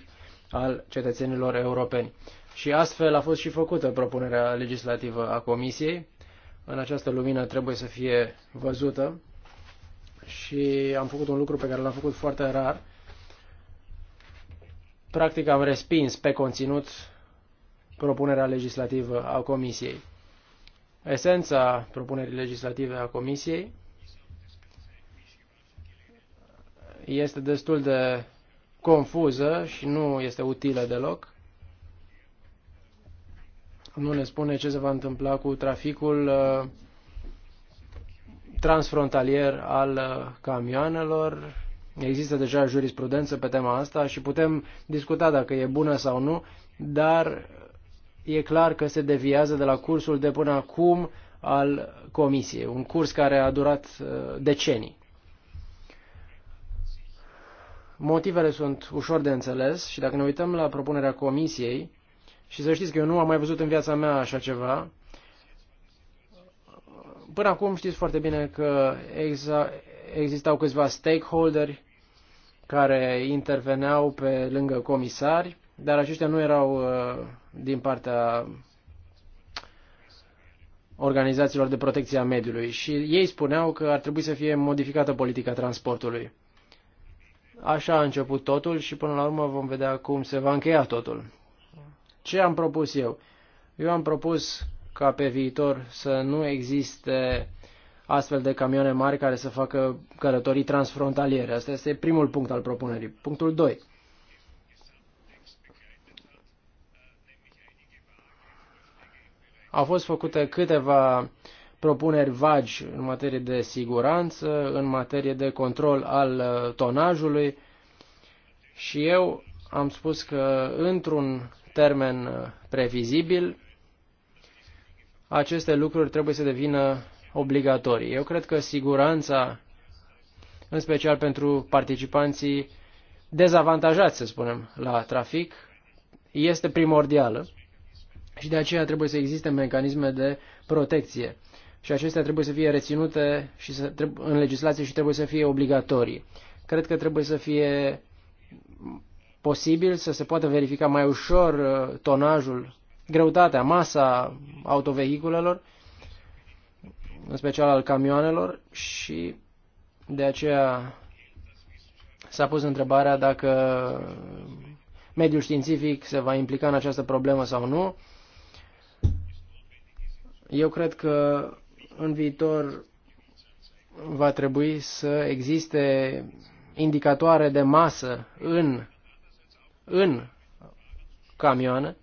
al cetățenilor europeni. Și astfel a fost și făcută propunerea legislativă a Comisiei, în această lumină trebuie să fie văzută și am făcut un lucru pe care l-am făcut foarte rar. Practic am respins pe conținut propunerea legislativă a Comisiei. Esența propunerii legislative a Comisiei este destul de confuză și nu este utilă deloc nu ne spune ce se va întâmpla cu traficul uh, transfrontalier al uh, camioanelor. Există deja jurisprudență pe tema asta și putem discuta dacă e bună sau nu, dar e clar că se deviază de la cursul de până acum al Comisiei, un curs care a durat uh, decenii. Motivele sunt ușor de înțeles și dacă ne uităm la propunerea Comisiei, și să știți că eu nu am mai văzut în viața mea așa ceva. Până acum știți foarte bine că existau câțiva stakeholderi care interveneau pe lângă comisari, dar aceștia nu erau uh, din partea organizațiilor de protecție a mediului și ei spuneau că ar trebui să fie modificată politica transportului. Așa a început totul și până la urmă vom vedea cum se va încheia totul. Ce am propus eu? Eu am propus ca pe viitor să nu existe astfel de camioane mari care să facă călătorii transfrontaliere. Asta este primul punct al propunerii. Punctul 2. Au fost făcute câteva propuneri vagi în materie de siguranță, în materie de control al uh, tonajului și eu am spus că într-un termen uh, previzibil, aceste lucruri trebuie să devină obligatorii. Eu cred că siguranța, în special pentru participanții dezavantajați, să spunem, la trafic, este primordială și de aceea trebuie să existe mecanisme de protecție și acestea trebuie să fie reținute și să, în legislație și trebuie să fie obligatorii. Cred că trebuie să fie posibil să se poată verifica mai ușor uh, tonajul, greutatea, masa autovehiculelor, în special al camioanelor și de aceea s-a pus întrebarea dacă mediul științific se va implica în această problemă sau nu. Eu cred că în viitor va trebui să existe indicatoare de masă în în camioane,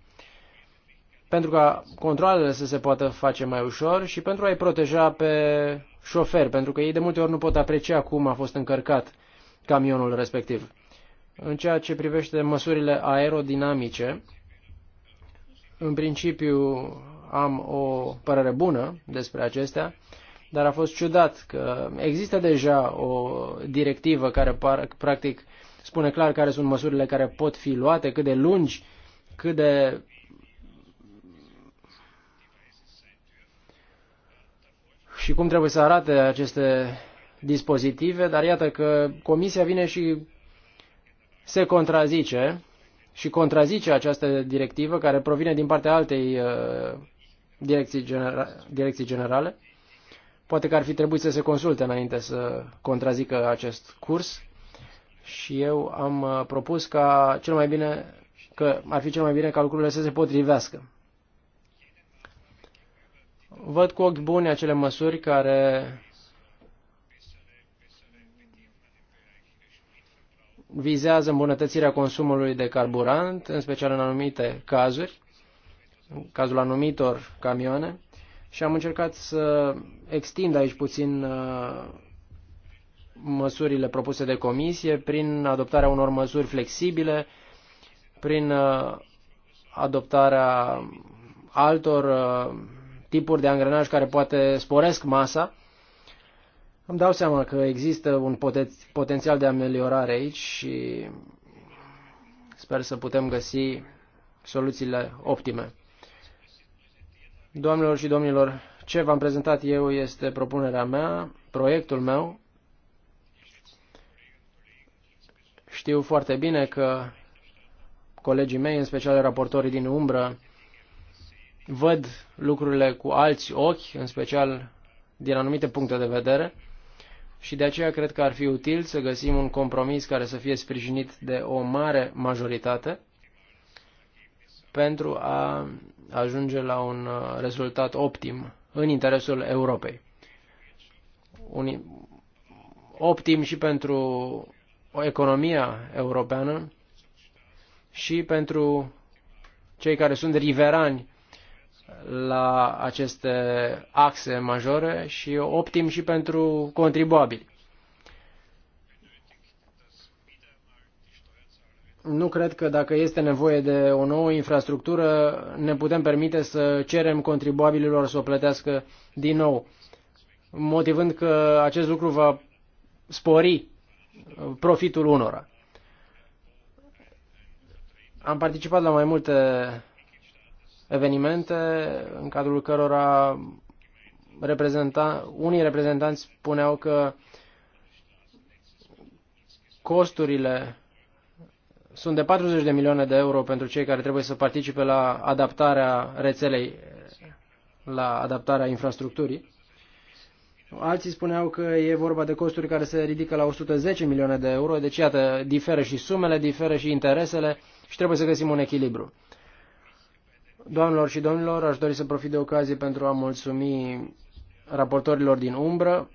pentru ca controlele să se poată face mai ușor și pentru a-i proteja pe șoferi, pentru că ei de multe ori nu pot aprecia cum a fost încărcat camionul respectiv. În ceea ce privește măsurile aerodinamice, în principiu am o părere bună despre acestea, dar a fost ciudat că există deja o directivă care practic spune clar care sunt măsurile care pot fi luate, cât de lungi, cât de și cum trebuie să arate aceste dispozitive, dar iată că comisia vine și se contrazice și contrazice această directivă care provine din partea altei uh, direcții, genera- direcții generale. Poate că ar fi trebuit să se consulte înainte să contrazică acest curs și eu am uh, propus ca cel mai bine că ar fi cel mai bine ca lucrurile să se potrivească. Văd cu ochi buni acele măsuri care vizează îmbunătățirea consumului de carburant, în special în anumite cazuri, în cazul anumitor camioane, și am încercat să extind aici puțin uh, măsurile propuse de comisie, prin adoptarea unor măsuri flexibile, prin uh, adoptarea altor uh, tipuri de angrenaj care poate sporesc masa. Îmi dau seama că există un potențial de ameliorare aici și sper să putem găsi soluțiile optime. Doamnelor și domnilor, ce v-am prezentat eu este propunerea mea, proiectul meu, Știu foarte bine că colegii mei, în special raportorii din umbră, văd lucrurile cu alți ochi, în special din anumite puncte de vedere, și de aceea cred că ar fi util să găsim un compromis care să fie sprijinit de o mare majoritate pentru a ajunge la un uh, rezultat optim în interesul Europei. Optim și pentru o economia europeană și pentru cei care sunt riverani la aceste axe majore și optim și pentru contribuabili. Nu cred că dacă este nevoie de o nouă infrastructură, ne putem permite să cerem contribuabililor să o plătească din nou, motivând că acest lucru va spori profitul unora. Am participat la mai multe evenimente în cadrul cărora reprezentan- unii reprezentanți spuneau că costurile sunt de 40 de milioane de euro pentru cei care trebuie să participe la adaptarea rețelei, la adaptarea infrastructurii. Alții spuneau că e vorba de costuri care se ridică la 110 milioane de euro, deci iată, diferă și sumele, diferă și interesele și trebuie să găsim un echilibru. Doamnelor și domnilor, aș dori să profit de ocazie pentru a mulțumi raportorilor din umbră,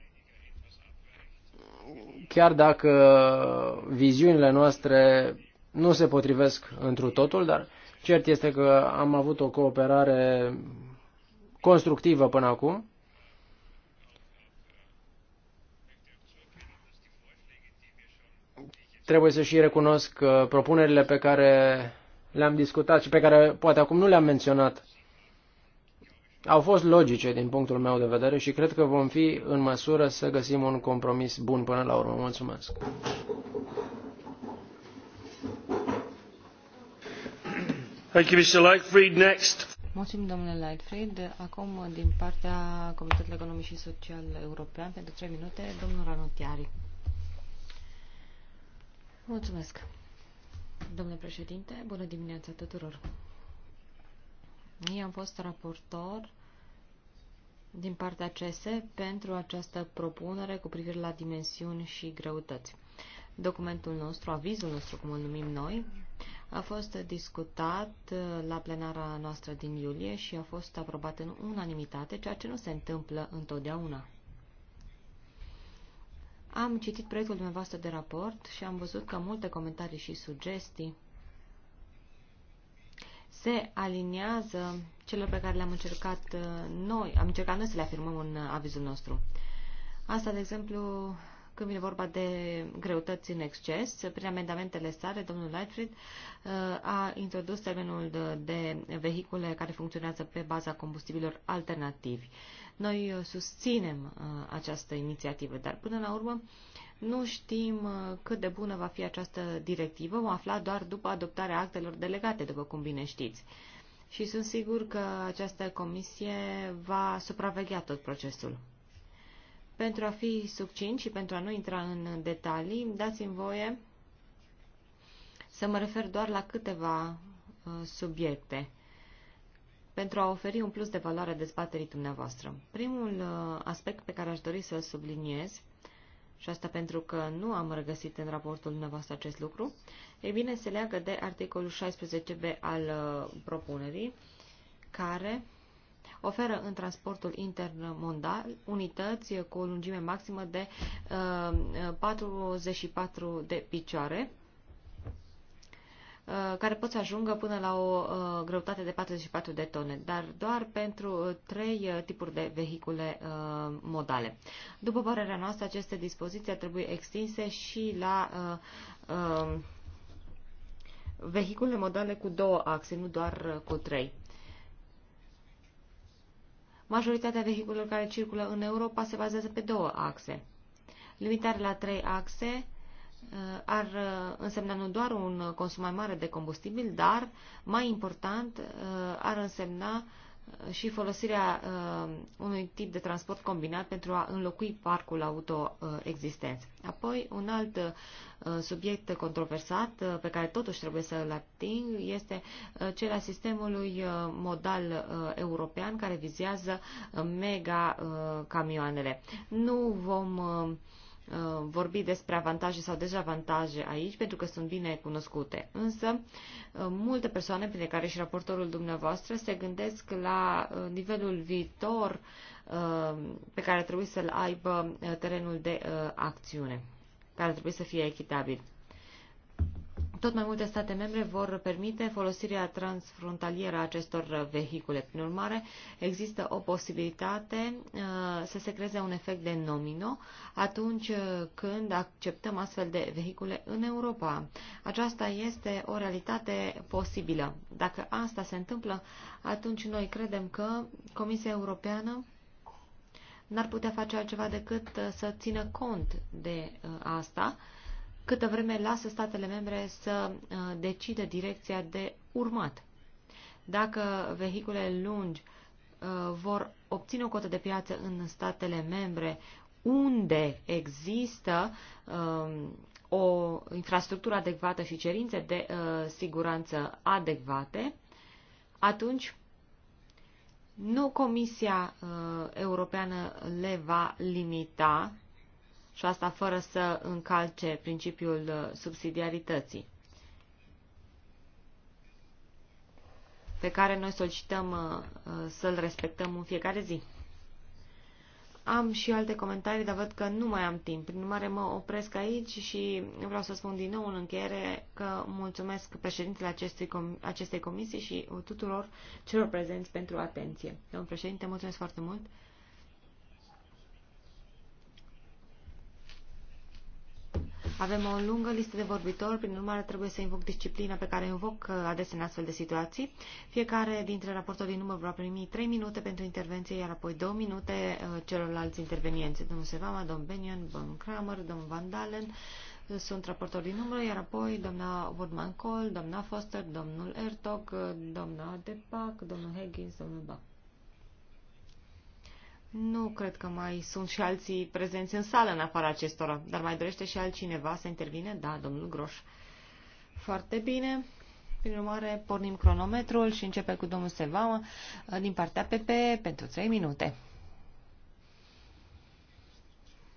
chiar dacă viziunile noastre nu se potrivesc întru totul, dar cert este că am avut o cooperare constructivă până acum Trebuie să și recunosc propunerile pe care le-am discutat și pe care poate acum nu le-am menționat au fost logice din punctul meu de vedere și cred că vom fi în măsură să găsim un compromis bun până la urmă. Mulțumesc! Thank you, Mr. Lightfried. Next. Mulțumim, domnule Lightfried. Acum, din partea Comitetului Economic și Social European, pentru 3 minute, domnul Ranotiari. Mulțumesc. Domnule președinte, bună dimineața tuturor. Eu am fost raportor din partea CS pentru această propunere cu privire la dimensiuni și greutăți. Documentul nostru, avizul nostru, cum îl numim noi, a fost discutat uh, la plenara noastră din iulie și a fost aprobat în unanimitate, ceea ce nu se întâmplă întotdeauna. Am citit proiectul dumneavoastră de raport și am văzut că multe comentarii și sugestii se aliniază celor pe care le-am încercat uh, noi, am încercat noi să le afirmăm în avizul nostru. Asta, de exemplu, când vine vorba de greutăți în exces, prin amendamentele sale, domnul Lightfried uh, a introdus termenul de, de vehicule care funcționează pe baza combustibilor alternativi. Noi uh, susținem uh, această inițiativă, dar până la urmă nu știm uh, cât de bună va fi această directivă, vom afla doar după adoptarea actelor delegate, după cum bine știți. Și sunt sigur că această comisie va supraveghea tot procesul. Pentru a fi succint și pentru a nu intra în detalii, dați-mi voie să mă refer doar la câteva subiecte pentru a oferi un plus de valoare dezbaterii dumneavoastră. Primul uh, aspect pe care aș dori să-l subliniez, și asta pentru că nu am regăsit în raportul dumneavoastră acest lucru, e bine, se leagă de articolul 16b al uh, propunerii, care oferă în transportul intermondal unități cu o lungime maximă de 44 uh, de picioare, Uh, care pot să ajungă până la o uh, greutate de 44 de tone, dar doar pentru uh, trei tipuri de vehicule modale. După părerea noastră, aceste dispoziții ar trebui extinse și la um, vehicule modale cu două axe, nu doar cu trei. Majoritatea vehiculelor care circulă în Europa se bazează pe două axe. Limitarea la trei axe Uh, ar uh, însemna nu doar un consum mai mare de combustibil, dar, mai important, uh, ar însemna și folosirea unui tip de transport combinat pentru a înlocui parcul auto existent. Apoi, un alt subiect controversat pe care totuși trebuie să îl ating este cel al sistemului modal european care vizează mega camioanele. Nu vom Uh, vorbi despre avantaje sau dezavantaje aici, pentru că sunt bine cunoscute. Însă, uh, multe persoane, printre care și raportorul dumneavoastră, se gândesc la uh, nivelul viitor pe care trebuie să-l aibă terenul de acțiune, care trebuie să fie echitabil. Tot mai multe state membre vor permite folosirea transfrontalieră a acestor vehicule. Prin urmare, există o posibilitate uh, să se creeze un efect de nomino atunci uh, când acceptăm astfel de vehicule în Europa. Aceasta este o realitate posibilă. Dacă asta se întâmplă, atunci noi credem că Comisia Europeană n-ar putea face altceva decât uh, să țină cont de asta câtă vreme lasă statele membre să uh, decidă direcția de urmat. Dacă vehiculele lungi uh, vor obține o cotă de piață în statele membre unde există um, o infrastructură adecvată și cerințe de uh, siguranță adecvate, atunci nu Comisia Europeană le va limita și asta fără să încalce principiul uh, subsidiarității pe care noi solicităm uh, uh, să-l respectăm în fiecare zi. Am și alte comentarii, dar văd că nu mai am timp. Prin urmare, mă opresc aici și vreau să spun din nou în încheiere că mulțumesc președintele acestui com- acestei comisii și tuturor celor prezenți pentru atenție. Domnul președinte, mulțumesc foarte mult! Avem o lungă listă de vorbitori, prin urmare trebuie să invoc disciplina pe care invoc uh, adesea în astfel de situații. Fiecare dintre raportorii număr va primi 3 minute pentru intervenție, iar apoi 2 minute uh, celorlalți intervenienți. Domnul Sevama, domnul Benion, domnul Kramer, domnul Van Dalen, uh, sunt raportori din număr, iar apoi doamna Woodman Cole, doamna Foster, domnul Ertog, doamna Depac, domnul Higgins, domnul Bach. Nu cred că mai sunt și alții prezenți în sală în afara acestora, dar mai dorește și altcineva să intervine? Da, domnul Groș. Foarte bine. Prin urmare, pornim cronometrul și începe cu domnul Sevama uh, din partea PP pentru 3 minute.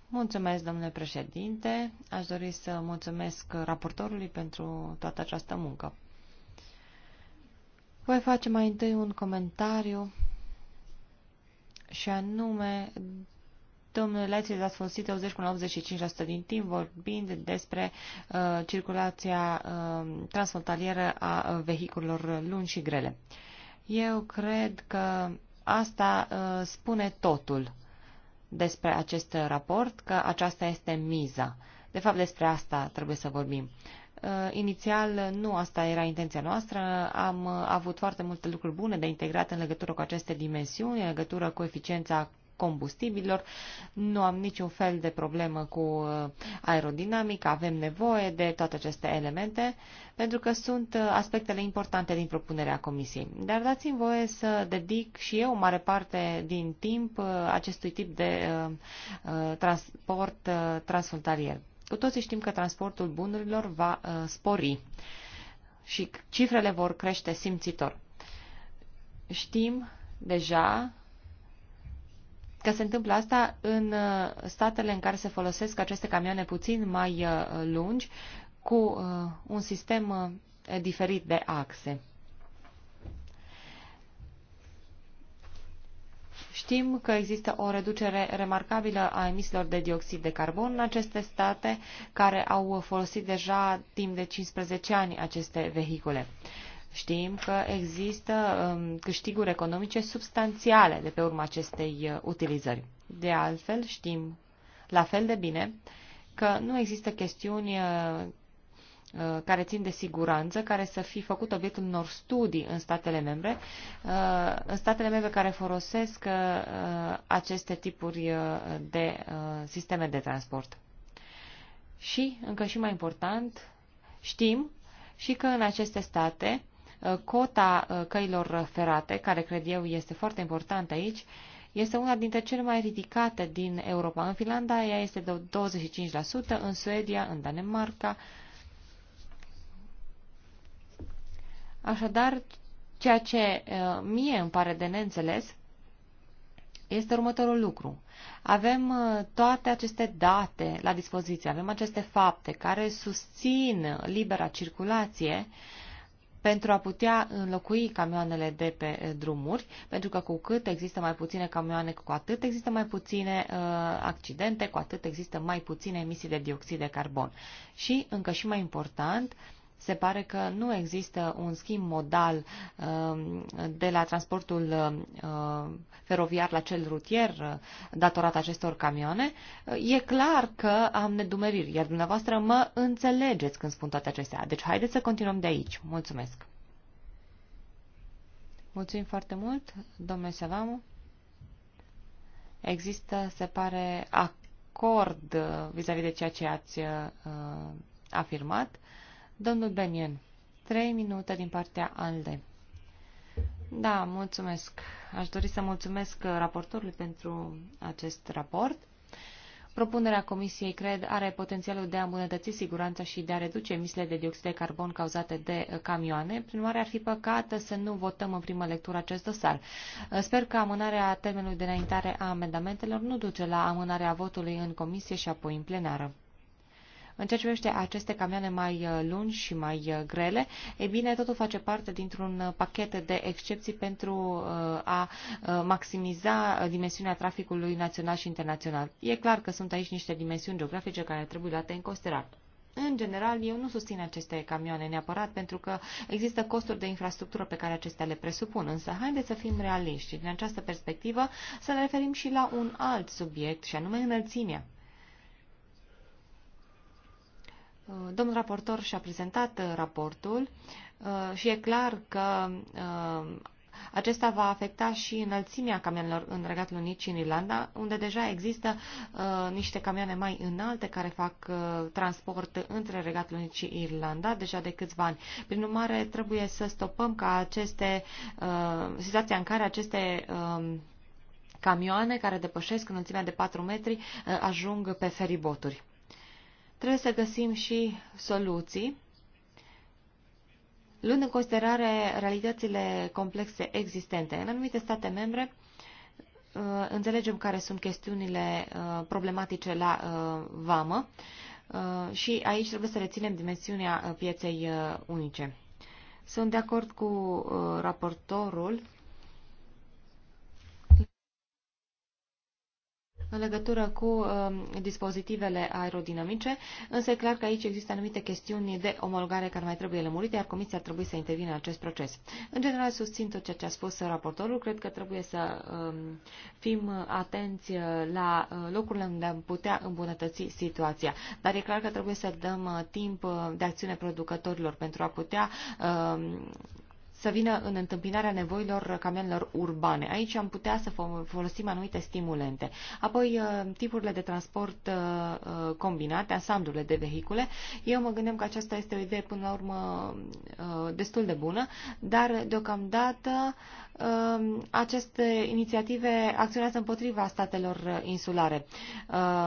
Mulțumesc, domnule președinte. Aș dori să mulțumesc raportorului pentru toată această muncă. Voi face mai întâi un comentariu și anume, domnul Leitzel, a folosit 80 până la 85% din timp vorbind despre uh, circulația uh, transfrontalieră a uh, vehiculelor lungi și grele. Eu cred că asta uh, spune totul despre acest raport, că aceasta este miza. De fapt, despre asta trebuie să vorbim. Uh, inițial nu asta era intenția noastră, am uh, avut foarte multe lucruri bune de integrat în legătură cu aceste dimensiuni, în legătură cu eficiența combustibilor, nu am niciun fel de problemă cu uh, aerodinamică, avem nevoie de toate aceste elemente, pentru că sunt aspectele importante din propunerea comisiei. Dar dați-mi voie să dedic și eu o mare parte din timp acestui tip de transport transfrontalier. Cu toții știm că transportul bunurilor va uh, spori și cifrele vor crește simțitor. Știm deja că se întâmplă asta în uh, statele în care se folosesc aceste camioane puțin mai uh, lungi cu uh, un sistem diferit de axe. Știm că există o reducere remarcabilă a emisiilor de dioxid de carbon în aceste state care au folosit deja timp de 15 ani aceste vehicule. Știm că există um, câștiguri economice substanțiale de pe urma acestei uh, utilizări. De altfel, știm la fel de bine că nu există chestiuni uh, Uh, care țin de siguranță, care să fie făcut obiectul unor studii în statele membre, uh, în statele membre care folosesc uh, aceste tipuri de sisteme de transport. Și, încă și mai important, știm și că în aceste state cota căilor ferate, care cred eu este foarte importantă aici, este una dintre cele mai ridicate din Europa. În Finlanda ea este de 25%, în Suedia, în Danemarca, Așadar, ceea ce mie îmi pare de neînțeles este următorul lucru. Avem toate aceste date la dispoziție, avem aceste fapte care susțin libera circulație pentru a putea înlocui camioanele de pe drumuri, pentru că cu cât există mai puține camioane, cu atât există mai puține uh, accidente, cu atât există mai puține emisii de dioxid de carbon. Și, încă și mai important, uh, se pare că nu există un schimb modal um, de la transportul um, feroviar la cel rutier uh, datorat acestor camioane, uh, e clar că am nedumeriri, iar dumneavoastră mă înțelegeți când spun toate acestea. Deci haideți să continuăm de aici. Mulțumesc! Mulțumim foarte mult, domnule Savamu. Există, se pare, acord uh, vis-a-vis -vis de ceea ce ați uh, afirmat. Uh, Domnul Benien, trei minute din partea ALDE. Da, mulțumesc. Aș dori să mulțumesc uh, raportorului pentru acest raport. Propunerea Comisiei, cred, are potențialul de a îmbunătăți siguranța și de a reduce emisiile de dioxid de carbon cauzate de uh, camioane. Prin urmare, ar fi păcat să nu votăm în primă lectură acest dosar. Uh, sper că amânarea termenului de înaintare a amendamentelor nu duce la amânarea votului în comisie și apoi în plenară. În ceea ce privește aceste camioane mai uh, lungi și mai uh, grele, e bine, totul face parte dintr-un uh, pachet de excepții pentru a maximiza dimensiunea traficului național și internațional. E clar că sunt aici niște dimensiuni geografice care trebuie luate în considerare. În general, eu nu susțin aceste camioane neapărat pentru că există costuri de infrastructură pe care acestea le presupun, însă haideți să fim realiști și din această perspectivă să ne referim și la un alt subiect, și anume înălțimea. Uh, domnul raportor și-a prezentat uh, raportul uh, și e clar că acesta va afecta și înălțimea camionelor în Regatul Unit și în Irlanda, unde deja există uh, niște camioane mai înalte care fac uh, transport între Regatul Unit și Irlanda deja de câțiva ani. Prin urmare, trebuie să stopăm ca aceste, uh, situația în care aceste uh, camioane care depășesc înălțimea de 4 metri uh, ajung pe feriboturi trebuie să găsim și soluții, luând în considerare realitățile complexe existente. În anumite state membre, uh, înțelegem care sunt chestiunile uh, problematice la uh, vamă și aici trebuie să reținem dimensiunea pieței unice. Sunt de acord cu raportorul în legătură cu uh, dispozitivele aerodinamice, însă e clar că aici există anumite chestiuni de omologare care mai trebuie lămurite, iar Comisia ar trebui să intervină în acest proces. În general, susțin tot ceea ce a spus raportorul. Cred că trebuie să um, fim atenți uh, la uh, locurile unde am putea îmbunătăți situația. Dar e clar că trebuie să dăm uh, timp de acțiune producătorilor pentru a putea um, să vină în întâmpinarea nevoilor camionelor urbane. Aici am putea să folosim anumite stimulente. Apoi, uh, tipurile de transport uh, uh, combinate, ansamblurile de vehicule. Eu mă gândeam că aceasta este o idee până la urmă destul de bună, dar deocamdată aceste inițiative acționează împotriva statelor insulare.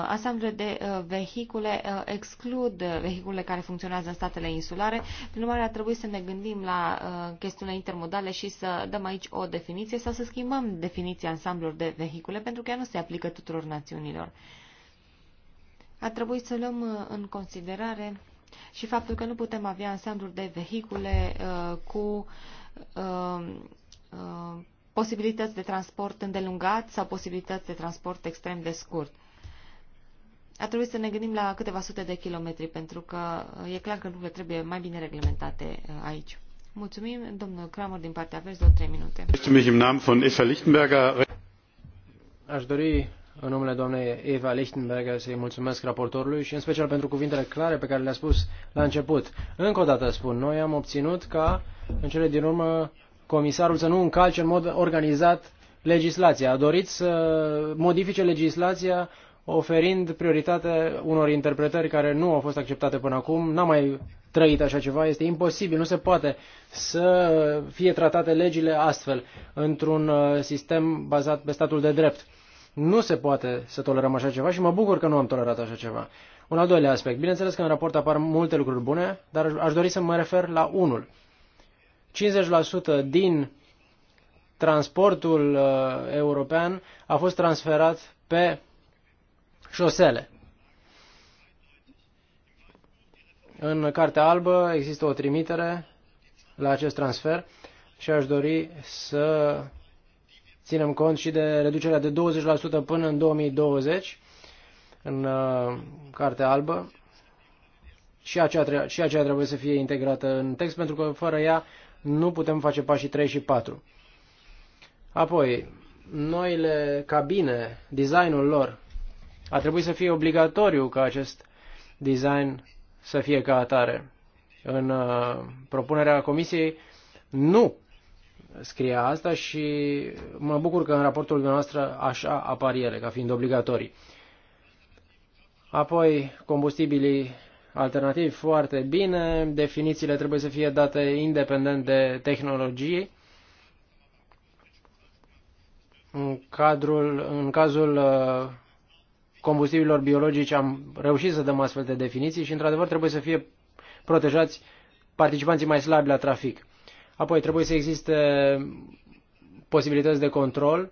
Ansamblurile de vehicule exclud vehiculele care funcționează în statele insulare. Prin urmare, ar trebui să ne gândim la chestiunea acțiunile intermodale și să dăm aici o definiție sau să schimbăm definiția ansamblurilor de vehicule, pentru că ea nu se aplică tuturor națiunilor. A trebuit să luăm uh, în considerare și faptul că nu putem avea ansambluri de vehicule uh, cu uh, uh, posibilități de transport îndelungat sau posibilități de transport extrem de scurt. A trebuit să ne gândim la câteva sute de kilometri, pentru că uh, e clar că lucrurile trebuie mai bine reglementate uh, aici. Mulțumim, domnul Kramer, din partea Verzi, 3 minute. Aș dori în numele doamnei Eva Lichtenberger să-i mulțumesc raportorului și în special pentru cuvintele clare pe care le-a spus la început. Încă o dată spun, noi am obținut ca în cele din urmă comisarul să nu încalce în mod organizat legislația. A dorit să modifice legislația oferind prioritate unor interpretări care nu au fost acceptate până acum. N-am mai trăit așa ceva. Este imposibil, nu se poate să fie tratate legile astfel, într-un uh, sistem bazat pe statul de drept. Nu se poate să tolerăm așa ceva și mă bucur că nu am tolerat așa ceva. Un al doilea aspect. Bineînțeles că în raport apar multe lucruri bune, dar aș dori să mă refer la unul. 50% din transportul uh, european a fost transferat pe șosele. În Cartea Albă există o trimitere la acest transfer și aș dori să ținem cont și de reducerea de 20% până în 2020 în uh, Cartea Albă. Și aceea, și aceea trebuie să fie integrată în text, pentru că fără ea nu putem face pașii 3 și 4. Apoi, noile cabine, designul lor, a trebuit să fie obligatoriu ca acest design să fie ca atare. În uh, propunerea comisiei nu scrie asta și mă bucur că în raportul dumneavoastră așa apar ele, ca fiind obligatorii. Apoi, combustibilii alternativi foarte bine, definițiile trebuie să fie date independent de tehnologie. În, cadrul, în cazul uh, combustibililor biologici am reușit să dăm astfel de definiții și, într-adevăr, trebuie să fie protejați participanții mai slabi la trafic. Apoi, trebuie să existe posibilități de control,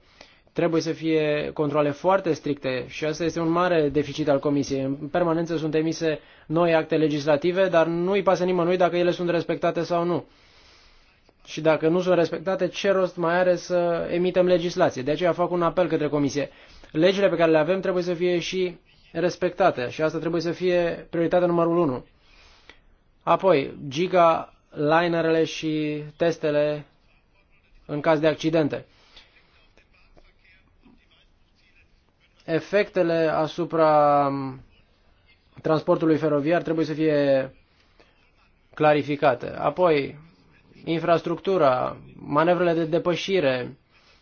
trebuie să fie controle foarte stricte și asta este un mare deficit al Comisiei. În permanență sunt emise noi acte legislative, dar nu îi pasă nimănui dacă ele sunt respectate sau nu. Și dacă nu sunt respectate, ce rost mai are să emitem legislație? De aceea fac un apel către Comisie legile pe care le avem trebuie să fie și respectate și asta trebuie să fie prioritatea numărul 1. Apoi, giga, linerele și testele în caz de accidente. Efectele asupra transportului feroviar trebuie să fie clarificate. Apoi, infrastructura, manevrele de depășire,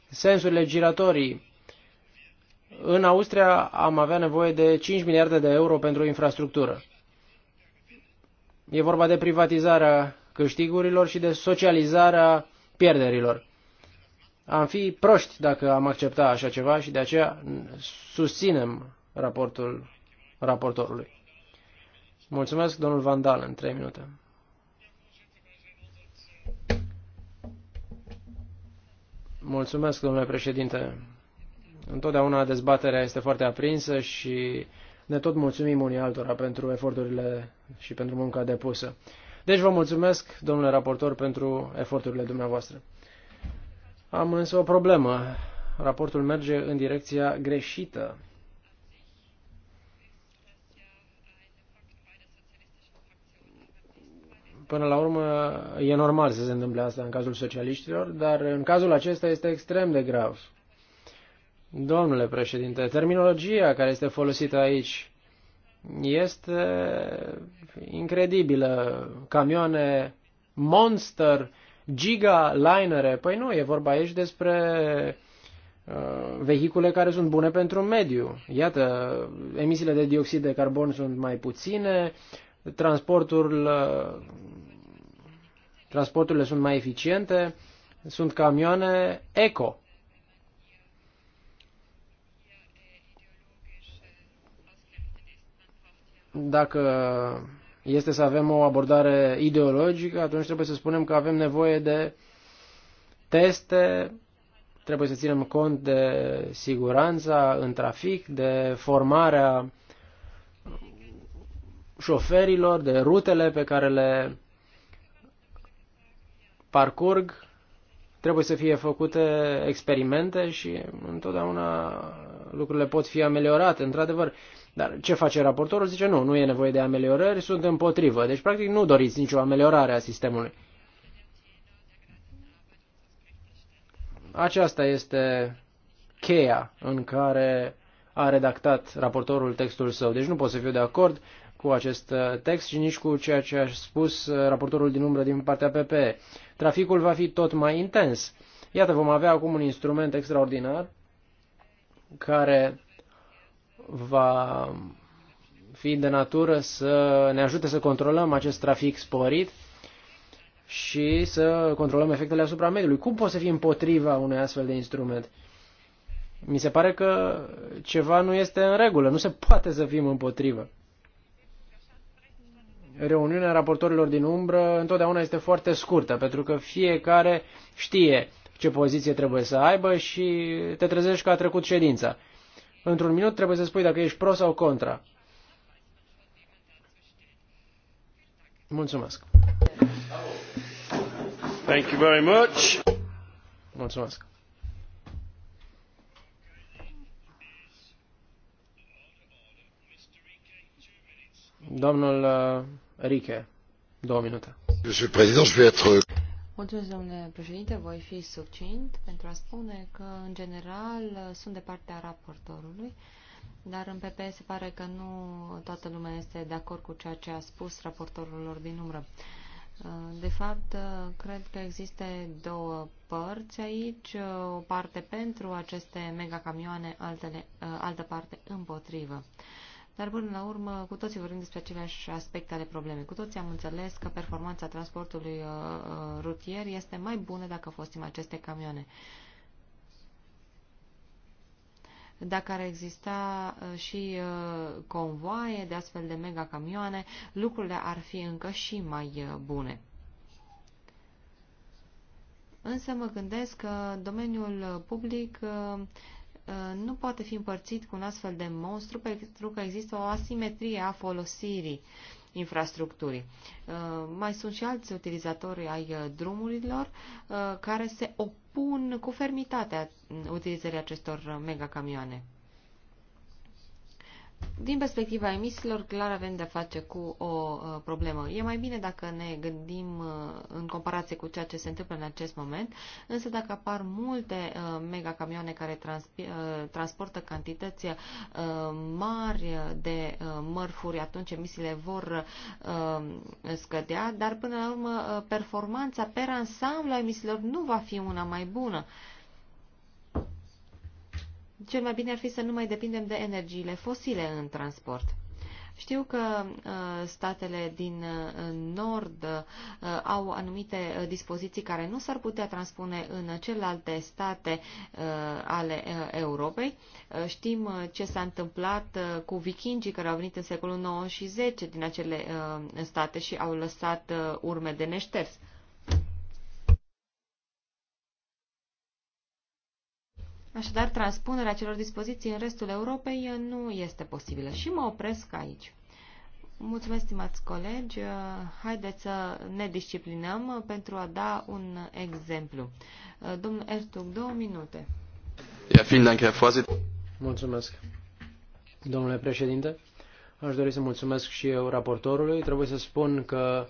sensurile giratorii, în Austria am avea nevoie de 5 miliarde de euro pentru infrastructură. E vorba de privatizarea câștigurilor și de socializarea pierderilor. Am fi proști dacă am accepta așa ceva și de aceea susținem raportul raportorului. Mulțumesc, domnul Vandal, în 3 minute. Mulțumesc, domnule președinte. Întotdeauna dezbaterea este foarte aprinsă și ne tot mulțumim unii altora pentru eforturile și pentru munca depusă. Deci vă mulțumesc, domnule raportor, pentru eforturile dumneavoastră. Am însă o problemă. Raportul merge în direcția greșită. Până la urmă, e normal să se întâmple asta în cazul socialiștilor, dar în cazul acesta este extrem de grav. Domnule președinte, terminologia care este folosită aici este incredibilă. Camioane monster, giga linere. Păi nu, e vorba aici despre uh, vehicule care sunt bune pentru mediu. Iată, emisiile de dioxid de carbon sunt mai puține, transportul, uh, transporturile sunt mai eficiente, sunt camioane eco. Dacă este să avem o abordare ideologică, atunci trebuie să spunem că avem nevoie de teste, trebuie să ținem cont de siguranța în trafic, de formarea șoferilor, de rutele pe care le parcurg, trebuie să fie făcute experimente și întotdeauna lucrurile pot fi ameliorate. Într-adevăr, dar ce face raportorul? Zice, nu, nu e nevoie de ameliorări, sunt împotrivă. Deci, practic, nu doriți nicio ameliorare a sistemului. Aceasta este cheia în care a redactat raportorul textul său. Deci nu pot să fiu de acord cu acest uh, text și nici cu ceea ce a spus uh, raportorul din umbră din partea PP. Traficul va fi tot mai intens. Iată, vom avea acum un instrument extraordinar care va fi de natură să ne ajute să controlăm acest trafic sporit și să controlăm efectele asupra mediului. Cum poți să fii împotriva unui astfel de instrument? Mi se pare că ceva nu este în regulă, nu se poate să fim împotrivă. Reuniunea raportorilor din umbră întotdeauna este foarte scurtă, pentru că fiecare știe ce poziție trebuie să aibă și te trezești că a trecut ședința. Într-un minut trebuie să spui dacă ești pro sau contra. Mulțumesc. Thank you very much. Mulțumesc. Domnul uh, Riche, două minute. Monsieur le Président, je vais être Mulțumesc, domnule președinte. Voi fi succint pentru a spune că, în general, sunt de partea raportorului, dar în PP se pare că nu toată lumea este de acord cu ceea ce a spus raportorul lor din umbră. De fapt, cred că există două părți aici, o parte pentru aceste megacamioane, altele, altă parte împotrivă. Dar până la urmă, cu toții vorbim despre aceleași aspecte ale problemei. Cu toții am înțeles că performanța transportului uh, uh, rutier este mai bună dacă fostim aceste camioane. Dacă ar exista uh, și convoaie de astfel de mega camioane, lucrurile ar fi încă și mai bune. Însă mă gândesc că domeniul public Uh, nu poate fi împărțit cu un astfel de monstru pentru că există o asimetrie a folosirii infrastructurii. Uh, mai sunt și alți utilizatori ai uh, drumurilor care se opun cu fermitate utilizării acestor megacamioane. Din perspectiva emisiilor, clar avem de-a face cu o uh, problemă. E mai bine dacă ne gândim uh, în comparație cu ceea ce se întâmplă în acest moment, însă dacă apar multe uh, megacamioane care uh, transportă cantități uh, mari de uh, mărfuri, atunci emisiile vor uh, scădea, dar până la urmă uh, performanța per ansamblu a emisiilor nu va fi una mai bună. Uh, cel mai bine ar fi să nu mai depindem de energiile fosile în transport. Știu că uh, statele din uh, nord uh, au anumite uh, dispoziții care nu s-ar putea transpune în celelalte state uh, ale uh, Europei. Uh, știm uh, ce s-a întâmplat uh, cu vikingii care au venit în secolul 9 și 10 din acele uh, state și au lăsat uh, urme de neșters. Uh, Așadar, transpunerea celor dispoziții în restul Europei nu este posibilă. Și mă opresc aici. Mulțumesc, stimați colegi. Haideți să ne disciplinăm pentru a da un exemplu. Domnul Ertug, două minute. Mulțumesc, domnule președinte. Aș dori să mulțumesc și eu raportorului. Trebuie să spun că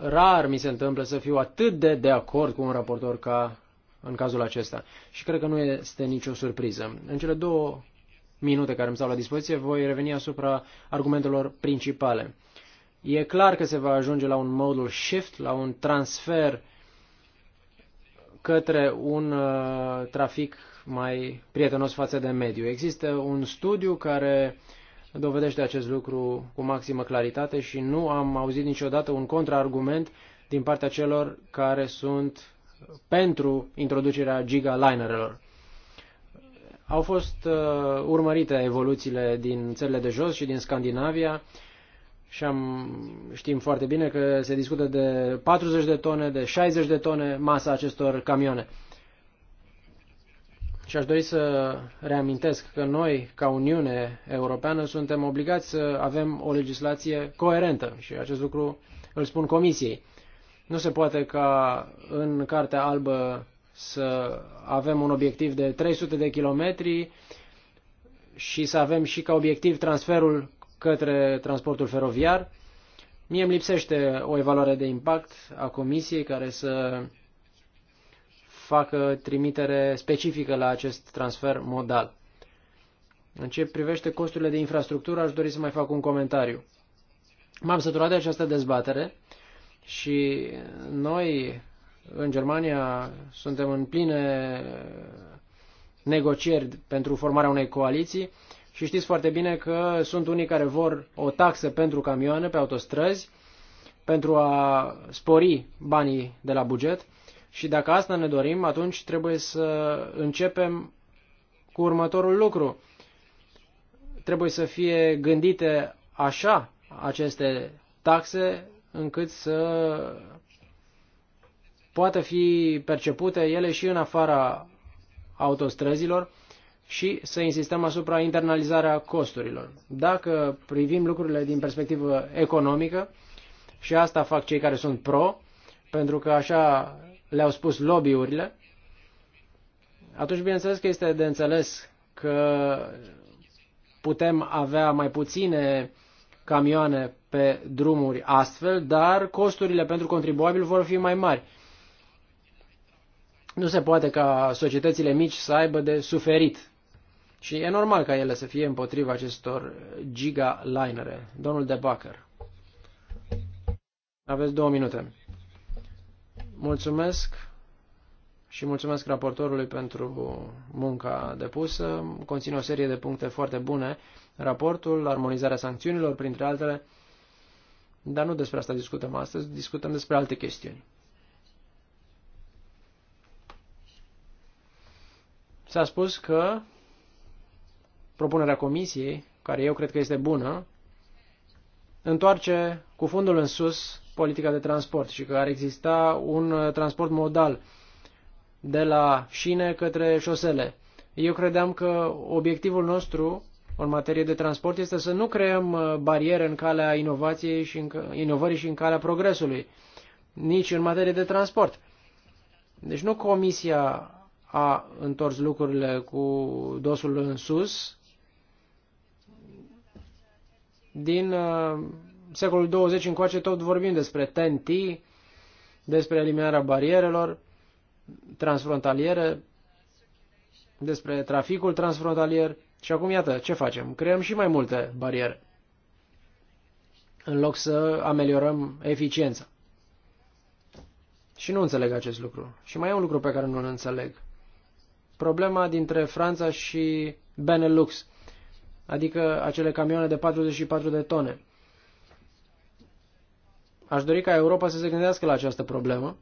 rar mi se întâmplă să fiu atât de de acord cu un raportor ca în cazul acesta. Și cred că nu este nicio surpriză. În cele două minute care îmi stau la dispoziție, voi reveni asupra argumentelor principale. E clar că se va ajunge la un modul shift, la un transfer către un uh, trafic mai prietenos față de mediu. Există un studiu care dovedește acest lucru cu maximă claritate și nu am auzit niciodată un contraargument din partea celor care sunt pentru introducerea gigalinerelor. Au fost uh, urmărite evoluțiile din țările de jos și din Scandinavia și am, știm foarte bine că se discută de 40 de tone, de 60 de tone masa acestor camioane. Și aș dori să reamintesc că noi, ca Uniune Europeană, suntem obligați să avem o legislație coerentă și acest lucru îl spun Comisiei. Nu se poate ca în Cartea Albă să avem un obiectiv de 300 de kilometri și să avem și ca obiectiv transferul către transportul feroviar. Mie îmi lipsește o evaluare de impact a Comisiei care să facă trimitere specifică la acest transfer modal. În ce privește costurile de infrastructură, aș dori să mai fac un comentariu. M-am săturat de această dezbatere și noi, în Germania, suntem în pline negocieri pentru formarea unei coaliții și știți foarte bine că sunt unii care vor o taxă pentru camioane pe autostrăzi pentru a spori banii de la buget și dacă asta ne dorim, atunci trebuie să începem cu următorul lucru. Trebuie să fie gândite așa aceste taxe încât să poată fi percepute ele și în afara autostrăzilor și să insistăm asupra internalizarea costurilor. Dacă privim lucrurile din perspectivă economică, și asta fac cei care sunt pro, pentru că așa le-au spus lobby-urile, atunci bineînțeles că este de înțeles că putem avea mai puține camioane pe drumuri astfel, dar costurile pentru contribuabil vor fi mai mari. Nu se poate ca societățile mici să aibă de suferit. Și e normal ca ele să fie împotriva acestor gigalinere. Domnul de Bacăr. Aveți două minute. Mulțumesc și mulțumesc raportorului pentru munca depusă. Conține o serie de puncte foarte bune. Raportul, armonizarea sancțiunilor, printre altele. Dar nu despre asta discutăm astăzi, discutăm despre alte chestiuni. S-a spus că propunerea comisiei, care eu cred că este bună, întoarce cu fundul în sus politica de transport și că ar exista un transport modal de la șine către șosele. Eu credeam că obiectivul nostru în materie de transport este să nu creăm uh, bariere în calea inovației și în, inovării și în calea progresului, nici în materie de transport. Deci nu Comisia a întors lucrurile cu dosul în sus din uh, secolul 20 încoace tot vorbim despre TNT, despre eliminarea barierelor transfrontaliere, despre traficul transfrontalier. Și acum iată, ce facem? Creăm și mai multe bariere în loc să ameliorăm eficiența. Și nu înțeleg acest lucru. Și mai e un lucru pe care nu-l înțeleg. Problema dintre Franța și Benelux, adică acele camioane de 44 de tone. Aș dori ca Europa să se gândească la această problemă,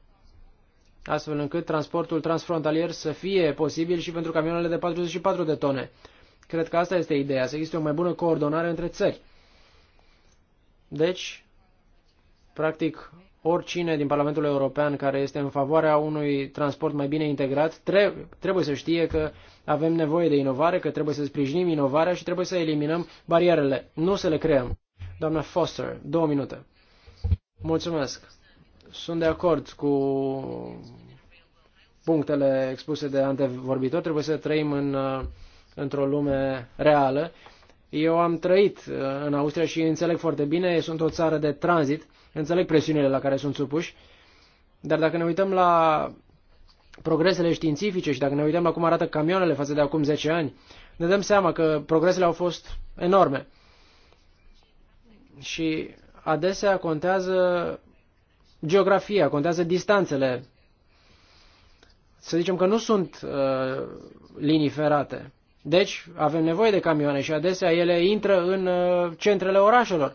astfel încât transportul transfrontalier să fie posibil și pentru camioanele de 44 de tone. Cred că asta este ideea, să existe o mai bună coordonare între țări. Deci, practic, oricine din Parlamentul European care este în favoarea unui transport mai bine integrat trebuie să știe că avem nevoie de inovare, că trebuie să sprijinim inovarea și trebuie să eliminăm barierele, nu să le creăm. Doamna Foster, două minute. Mulțumesc. Sunt de acord cu punctele expuse de antevorbitor. Trebuie să trăim în uh, într-o lume reală. Eu am trăit uh, în Austria și înțeleg foarte bine, sunt o țară de tranzit, înțeleg presiunile la care sunt supuși, dar dacă ne uităm la progresele științifice și dacă ne uităm la cum arată camioanele față de acum 10 ani, ne dăm seama că progresele au fost enorme. Și adesea contează geografia, contează distanțele. Să zicem că nu sunt uh, linii ferate. Deci avem nevoie de camioane și adesea ele intră în uh, centrele orașelor.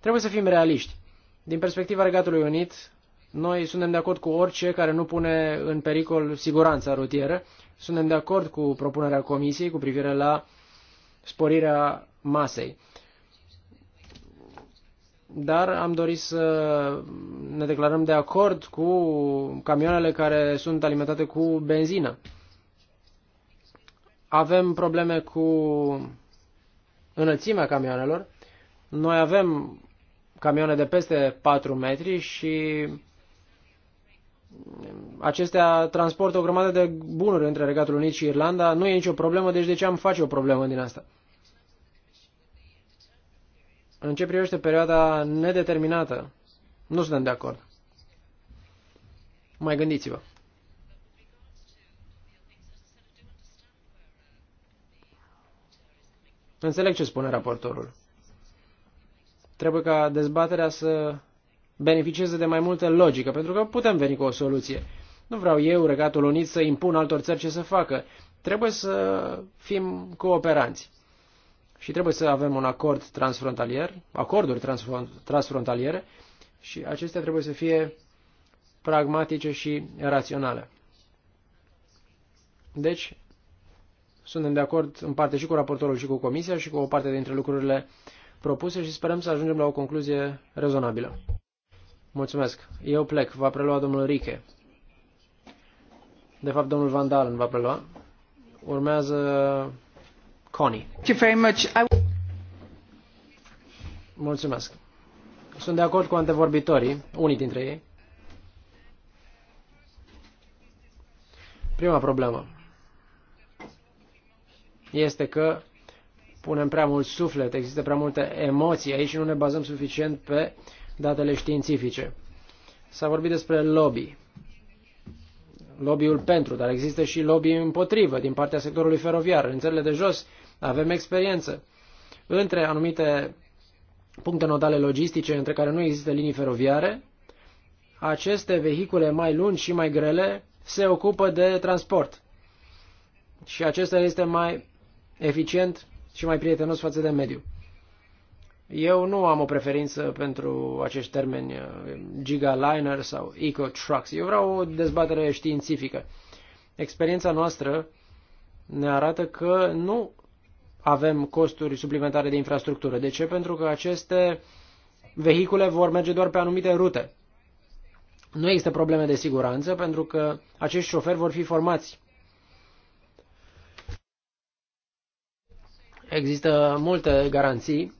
Trebuie să fim realiști. Din perspectiva Regatului Unit, noi suntem de acord cu orice care nu pune în pericol siguranța rutieră. Suntem de acord cu propunerea Comisiei cu privire la sporirea masei. Dar am dorit să ne declarăm de acord cu camioanele care sunt alimentate cu benzină. Avem probleme cu înălțimea camioanelor. Noi avem camioane de peste 4 metri și acestea transportă o grămadă de bunuri între Regatul Unit și Irlanda. Nu e nicio problemă, deci de ce am face o problemă din asta? În ce privește perioada nedeterminată, nu suntem de acord. Mai gândiți-vă. Înțeleg ce spune raportorul. Trebuie ca dezbaterea să beneficieze de mai multă logică, pentru că putem veni cu o soluție. Nu vreau eu, Regatul Unit, să impun altor țări ce să facă. Trebuie să fim cooperanți. Și trebuie să avem un acord transfrontalier, acorduri transfrontaliere, și acestea trebuie să fie pragmatice și raționale. Deci, suntem de acord în parte și cu raportorul și cu comisia și cu o parte dintre lucrurile propuse și sperăm să ajungem la o concluzie rezonabilă. Mulțumesc. Eu plec. Va prelua domnul Riche. De fapt, domnul Van Dalen va prelua. Urmează Connie. Mulțumesc. Sunt de acord cu antevorbitorii, unii dintre ei. Prima problemă este că punem prea mult suflet, există prea multe emoții aici și nu ne bazăm suficient pe datele științifice. S-a vorbit despre lobby. Lobbyul pentru, dar există și lobby împotrivă din partea sectorului feroviar. În țările de jos avem experiență. Între anumite puncte nodale logistice, între care nu există linii feroviare, aceste vehicule mai lungi și mai grele se ocupă de transport. Și acesta este mai eficient și mai prietenos față de mediu. Eu nu am o preferință pentru acești termeni uh, gigaliner sau eco-trucks. Eu vreau o dezbatere științifică. Experiența noastră ne arată că nu avem costuri suplimentare de infrastructură. De ce? Pentru că aceste vehicule vor merge doar pe anumite rute. Nu există probleme de siguranță pentru că acești șoferi vor fi formați Există multe garanții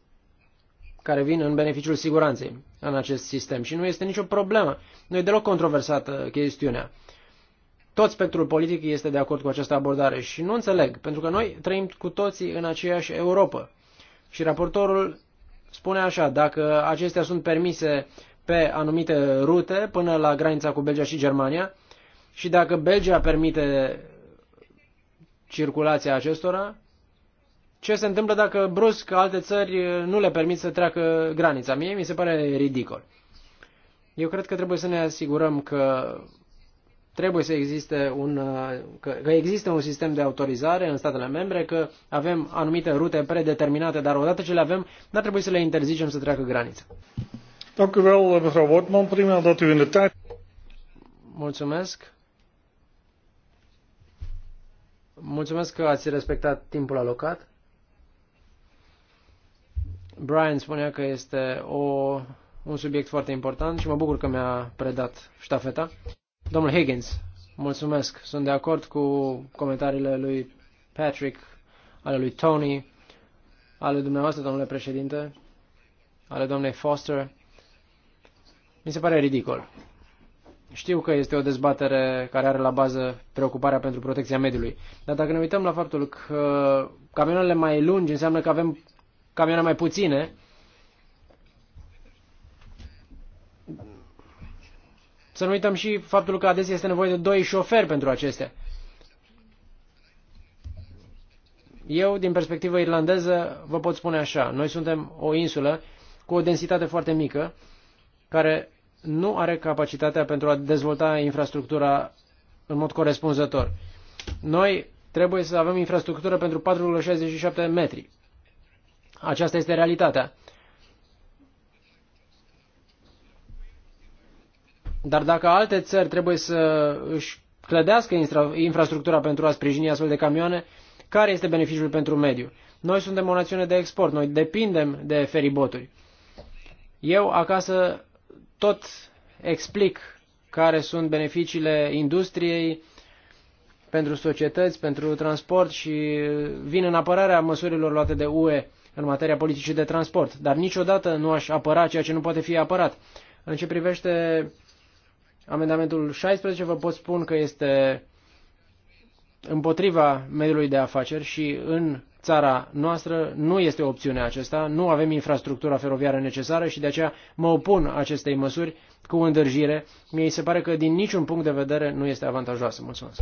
care vin în beneficiul siguranței în acest sistem și nu este nicio problemă. Nu e deloc controversată chestiunea. Tot spectrul politic este de acord cu această abordare și nu înțeleg, pentru că noi trăim cu toții în aceeași Europa. Și raportorul spune așa, dacă acestea sunt permise pe anumite rute până la granița cu Belgia și Germania și dacă Belgia permite circulația acestora, ce se întâmplă dacă brusc alte țări uh, nu le permit să treacă granița. Mie mi se pare ridicol. Eu cred că trebuie să ne asigurăm că trebuie să existe un, uh, că, că există un sistem de autorizare în statele membre, că avem anumite rute predeterminate, dar odată ce le avem, n-ar trebui să le interzicem să treacă granița. Eh, Mulțumesc. Mulțumesc că ați respectat timpul alocat. Brian spunea că este o, un subiect foarte important și mă bucur că mi-a predat ștafeta. Domnul Higgins, mulțumesc. Sunt de acord cu comentariile lui Patrick, ale lui Tony, ale dumneavoastră, domnule președinte, ale domnei Foster. Mi se pare ridicol. Știu că este o dezbatere care are la bază preocuparea pentru protecția mediului, dar dacă ne uităm la faptul că camioanele mai lungi înseamnă că avem camioane mai puține. Să nu uităm și faptul că adesea este nevoie de doi șoferi pentru acestea. Eu, din perspectivă irlandeză, vă pot spune așa. Noi suntem o insulă cu o densitate foarte mică, care nu are capacitatea pentru a dezvolta infrastructura în mod corespunzător. Noi trebuie să avem infrastructură pentru 4,67 metri. Aceasta este realitatea. Dar dacă alte țări trebuie să își clădească infra infrastructura pentru a sprijini astfel de camioane, care este beneficiul pentru mediu? Noi suntem o națiune de export, noi depindem de feriboturi. Eu acasă tot explic care sunt beneficiile industriei pentru societăți, pentru transport și vin în apărarea măsurilor luate de UE în materia politicii de transport, dar niciodată nu aș apăra ceea ce nu poate fi apărat. În ce privește amendamentul 16, vă pot spune că este împotriva mediului de afaceri și în țara noastră nu este opțiunea acesta, nu avem infrastructura feroviară necesară și de aceea mă opun acestei măsuri cu îndârjire. Mie se pare că din niciun punct de vedere nu este avantajoasă. Mulțumesc.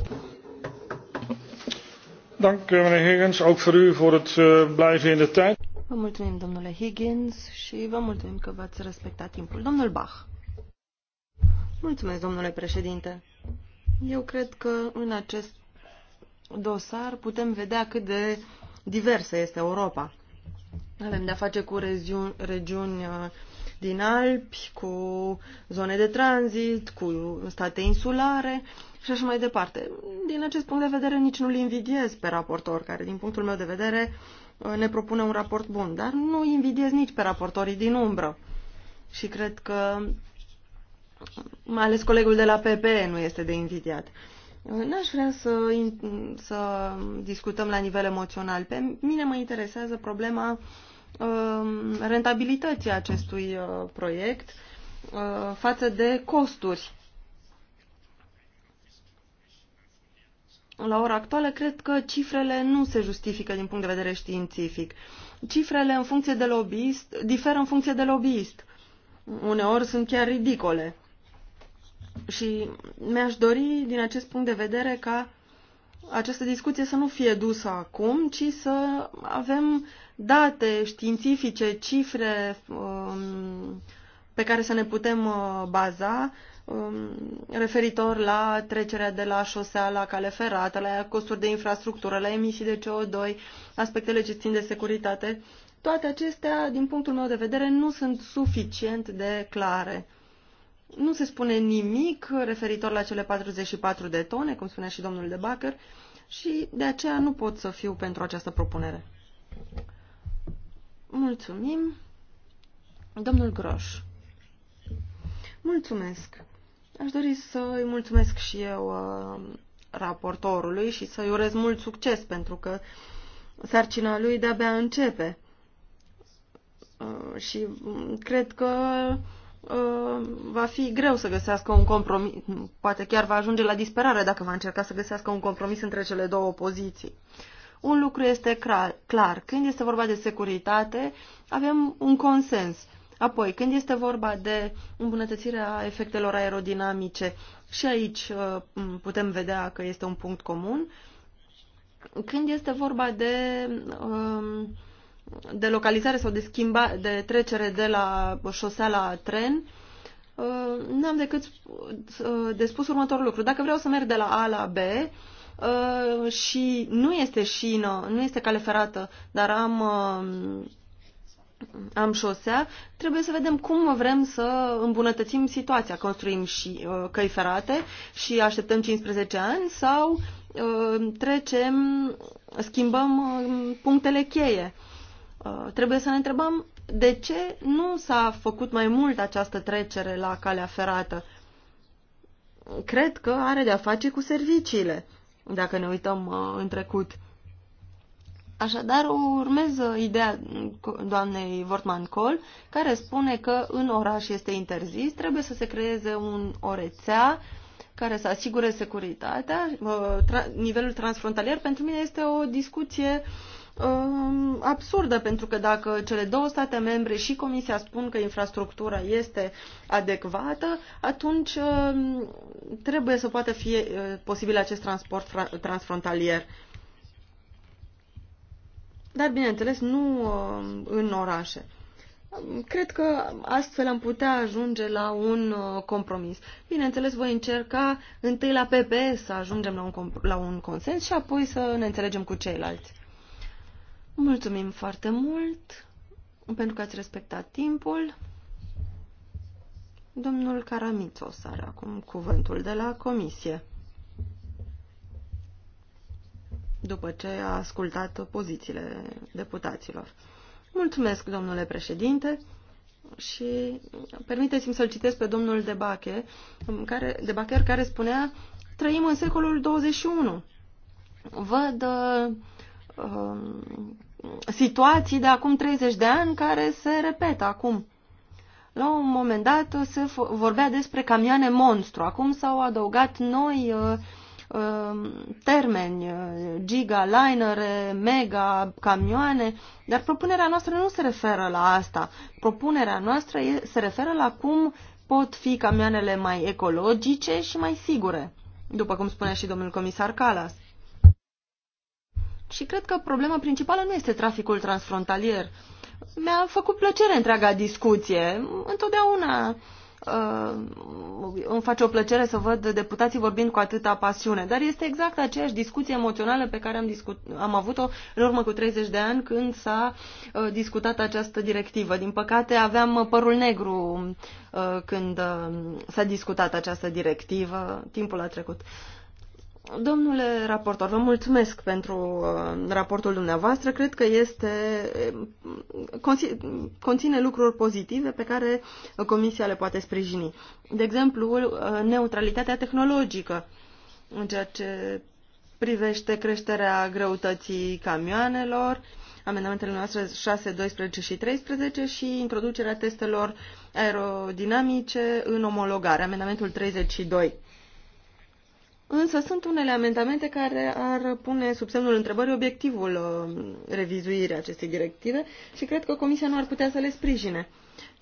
Dank meneer Higgins, ook voor u voor het eh, blijven in de tijd. Vă mulțumim, domnule Higgins, și vă mulțumim că v-ați respectat timpul. Domnul Bach. Mulțumesc, domnule președinte. Eu cred că în acest dosar putem vedea cât de diversă este Europa. Avem de-a face cu regiuni, uh, din Alpi, cu zone de tranzit, cu state insulare și așa mai departe. Din acest punct de vedere nici nu-l invidiez pe raportor, care din punctul meu de vedere Uh, ne propune un raport bun, dar nu invidiez nici pe raportorii din umbră. Și cred că mai ales colegul de la PPE nu este de invidiat. Uh, n-aș vrea să, să discutăm la nivel emoțional. Pe mine mă interesează problema um, rentabilității acestui uh, proiect față de costuri. la ora actuală, cred că cifrele nu se justifică din punct de vedere științific. Cifrele în funcție de lobbyist diferă în funcție de lobbyist. Uneori sunt chiar ridicole. Și mi-aș dori, din acest punct de vedere, ca această discuție să nu fie dusă acum, ci să avem date științifice, cifre um, pe care să ne putem uh, baza Um, referitor la trecerea de la șosea la cale ferată, la costuri de infrastructură, la emisii de CO2, aspectele ce țin de securitate, toate acestea, din punctul meu de vedere, nu sunt suficient de clare. Nu se spune nimic referitor la cele 44 de tone, cum spunea și domnul de Bacăr, și de aceea nu pot să fiu pentru această propunere. Mulțumim. Domnul Groș. Mulțumesc. Aș dori să îi mulțumesc și eu uh, raportorului și să-i urez mult succes, pentru că sarcina lui de-abia începe. Uh, și mm, cred că uh, va fi greu să găsească un compromis, poate chiar va ajunge la disperare dacă va încerca să găsească un compromis între cele două poziții. Un lucru este clar, când este vorba de securitate, avem un consens Apoi, când este vorba de îmbunătățirea efectelor aerodinamice, și aici uh, putem vedea că este un punct comun. Când este vorba de, um, de localizare sau de, schimba, de trecere de la șosea la tren, uh, n-am decât uh, de spus următorul lucru. Dacă vreau să merg de la A la B și nu este șină, nu este cale ferată, dar am um, am șosea, trebuie să vedem cum vrem să îmbunătățim situația. Construim și uh, căi ferate și așteptăm 15 ani sau uh, trecem, schimbăm uh, punctele cheie. Uh, trebuie să ne întrebăm de ce nu s-a făcut mai mult această trecere la calea ferată. Cred că are de-a face cu serviciile, dacă ne uităm uh, în trecut. Uh, Așadar, urmează ideea doamnei wortmann Kohl, care spune că în oraș este interzis, trebuie să se creeze un, o rețea care să asigure securitatea. Uh, nivelul transfrontalier pentru mine este o discuție um, absurdă, pentru că dacă cele două state membre și Comisia spun că infrastructura este adecvată, atunci um, trebuie să poată fi uh, posibil acest transport transfrontalier dar, bineînțeles, nu uh, în orașe. Um, cred că astfel am putea ajunge la un uh, compromis. Bineînțeles, voi încerca întâi la PP să ajungem la un, la un consens și apoi să ne înțelegem cu ceilalți. Mulțumim foarte mult pentru că ați respectat timpul. Domnul Caramitos are acum cuvântul de la comisie după ce a ascultat pozițiile deputaților. Mulțumesc, domnule președinte, și permiteți-mi să-l citesc pe domnul Debache, care, Debacher, care spunea trăim în secolul 21. Văd uh, um, situații de acum 30 de ani care se repetă acum. La un moment dat se vorbea despre camioane monstru. Acum s-au adăugat noi uh, Um, termeni, uh, giga, linere, mega, camioane, dar propunerea noastră nu se referă la asta. Propunerea noastră se referă la cum pot fi camioanele mai ecologice și mai sigure, după cum spunea și domnul comisar Calas. Și cred că problema principală nu este traficul transfrontalier. Mi-a făcut plăcere întreaga discuție. Întotdeauna uh, îmi face o plăcere să văd deputații vorbind cu atâta pasiune, dar este exact aceeași discuție emoțională pe care am, discut, am avut-o în urmă cu 30 de ani când s-a uh, discutat această directivă. Din păcate aveam uh, părul negru uh, când uh, s-a discutat această directivă, timpul a trecut. Uh, Domnule raportor, vă mulțumesc pentru uh, raportul dumneavoastră. Cred că este uh, conține lucruri pozitive pe care Comisia le poate sprijini. De exemplu, uh, neutralitatea tehnologică în ceea ce privește creșterea greutății camioanelor, amendamentele noastre 6, 12 și 13 și introducerea testelor aerodinamice în omologare, amendamentul 32 Însă sunt unele amendamente care ar pune sub semnul întrebării obiectivul uh, revizuirii acestei directive și cred că Comisia nu ar putea să le sprijine.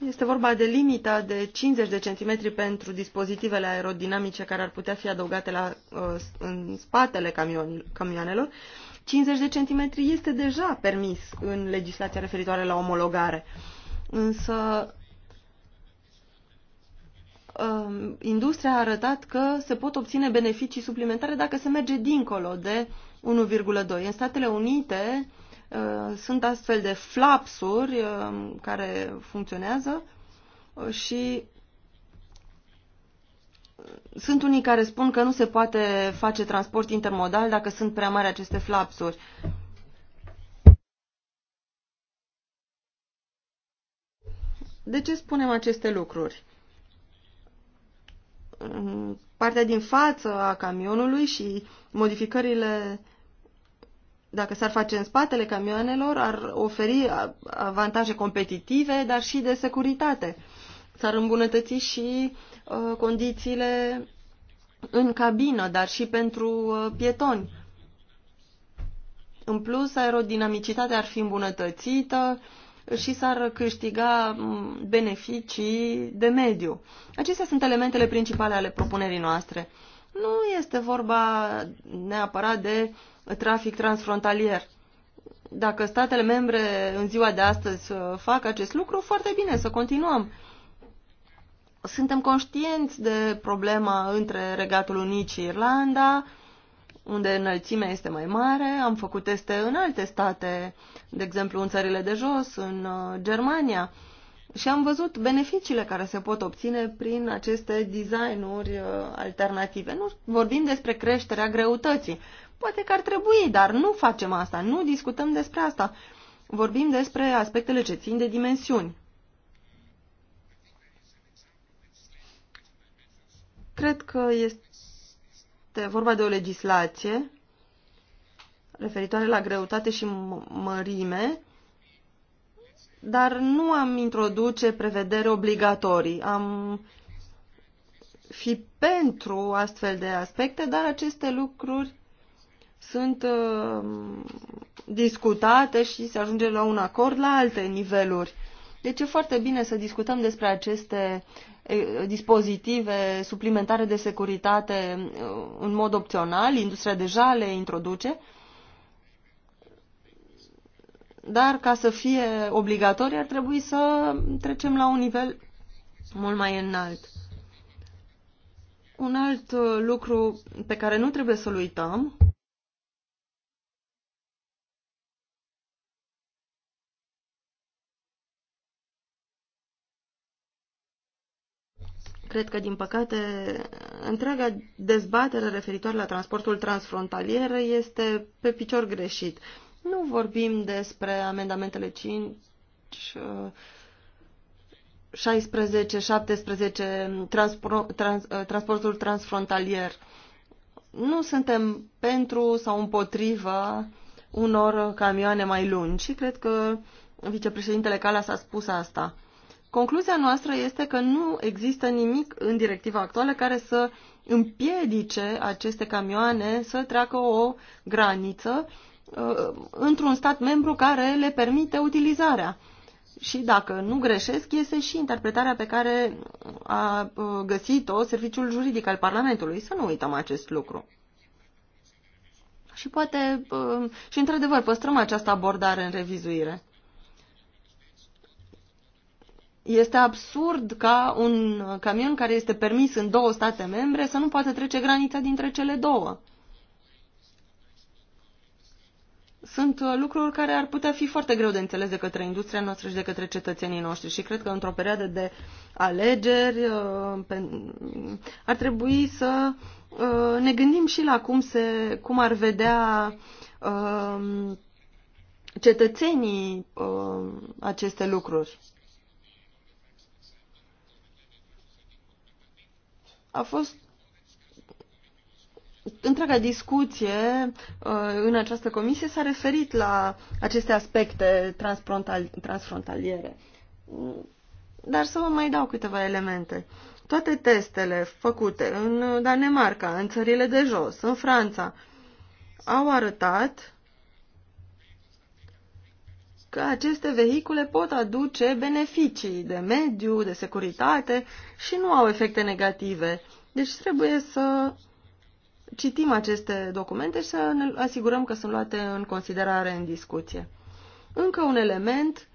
Este vorba de limita de 50 de centimetri pentru dispozitivele aerodinamice care ar putea fi adăugate la, uh, în spatele camioanelor. 50 de centimetri este deja permis în legislația referitoare la omologare. Însă Um, industria a arătat că se pot obține beneficii suplimentare dacă se merge dincolo de 1,2. În Statele Unite uh, sunt astfel de flapsuri uh, care funcționează și sunt unii care spun că nu se poate face transport intermodal dacă sunt prea mari aceste flapsuri. De ce spunem aceste lucruri? partea din față a camionului și modificările, dacă s-ar face în spatele camioanelor, ar oferi avantaje competitive, dar și de securitate. S-ar îmbunătăți și uh, condițiile în cabină, dar și pentru uh, pietoni. În plus, aerodinamicitatea ar fi îmbunătățită, uh, și s-ar câștiga mm, beneficii de mediu. Acestea sunt elementele principale ale propunerii noastre. Nu este vorba neapărat de trafic transfrontalier. Dacă statele membre în ziua de astăzi uh, fac acest lucru, foarte bine să continuăm. Suntem conștienți de problema între Regatul Unit și Irlanda, unde înălțimea este mai mare. Am făcut teste în alte state, de exemplu în țările de jos, în uh, Germania, și am văzut beneficiile care se pot obține prin aceste designuri uh, alternative. Nu vorbim despre creșterea greutății. Poate că ar trebui, dar nu facem asta, nu discutăm despre asta. Vorbim despre aspectele ce țin de dimensiuni. Cred că este este vorba de o legislație referitoare la greutate și mărime, dar nu am introduce prevedere obligatorii. Am fi pentru astfel de aspecte, dar aceste lucruri sunt uh, discutate și se ajunge la un acord la alte niveluri. Deci e foarte bine să discutăm despre aceste dispozitive suplimentare de securitate în mod opțional, industria deja le introduce, dar ca să fie obligatorii ar trebui să trecem la un nivel mult mai înalt. Un alt uh, lucru pe care nu trebuie să-l uităm Cred că, din păcate, întreaga dezbatere referitoare la transportul transfrontalier este pe picior greșit. Nu vorbim despre amendamentele 5, 16, 17, trans, transportul transfrontalier. Nu suntem pentru sau împotrivă unor camioane mai lungi și cred că vicepreședintele Calas a spus asta. Concluzia noastră este că nu există nimic în directiva actuală care să împiedice aceste camioane să treacă o graniță uh, într-un stat membru care le permite utilizarea. Și dacă nu greșesc, este și interpretarea pe care a uh, găsit-o Serviciul Juridic al Parlamentului. Să nu uităm acest lucru. Și poate, uh, și într-adevăr, păstrăm această abordare în revizuire. Este absurd ca un camion care este permis în două state membre să nu poată trece granița dintre cele două. Sunt uh, lucruri care ar putea fi foarte greu de înțeles de către industria noastră și de către cetățenii noștri și cred că într-o perioadă de alegeri uh, ar trebui să uh, ne gândim și la cum, se, cum ar vedea cetățenii aceste lucruri. A fost întreaga discuție uh, în această comisie s-a referit la aceste aspecte transfrontaliere. Dar să vă mai dau câteva elemente. Toate testele făcute în Danemarca, în țările de jos, în Franța, au arătat că aceste vehicule pot aduce beneficii de mediu, de securitate și nu au efecte negative. Deci trebuie să citim aceste documente și să ne asigurăm că sunt luate în considerare în discuție. Încă un element.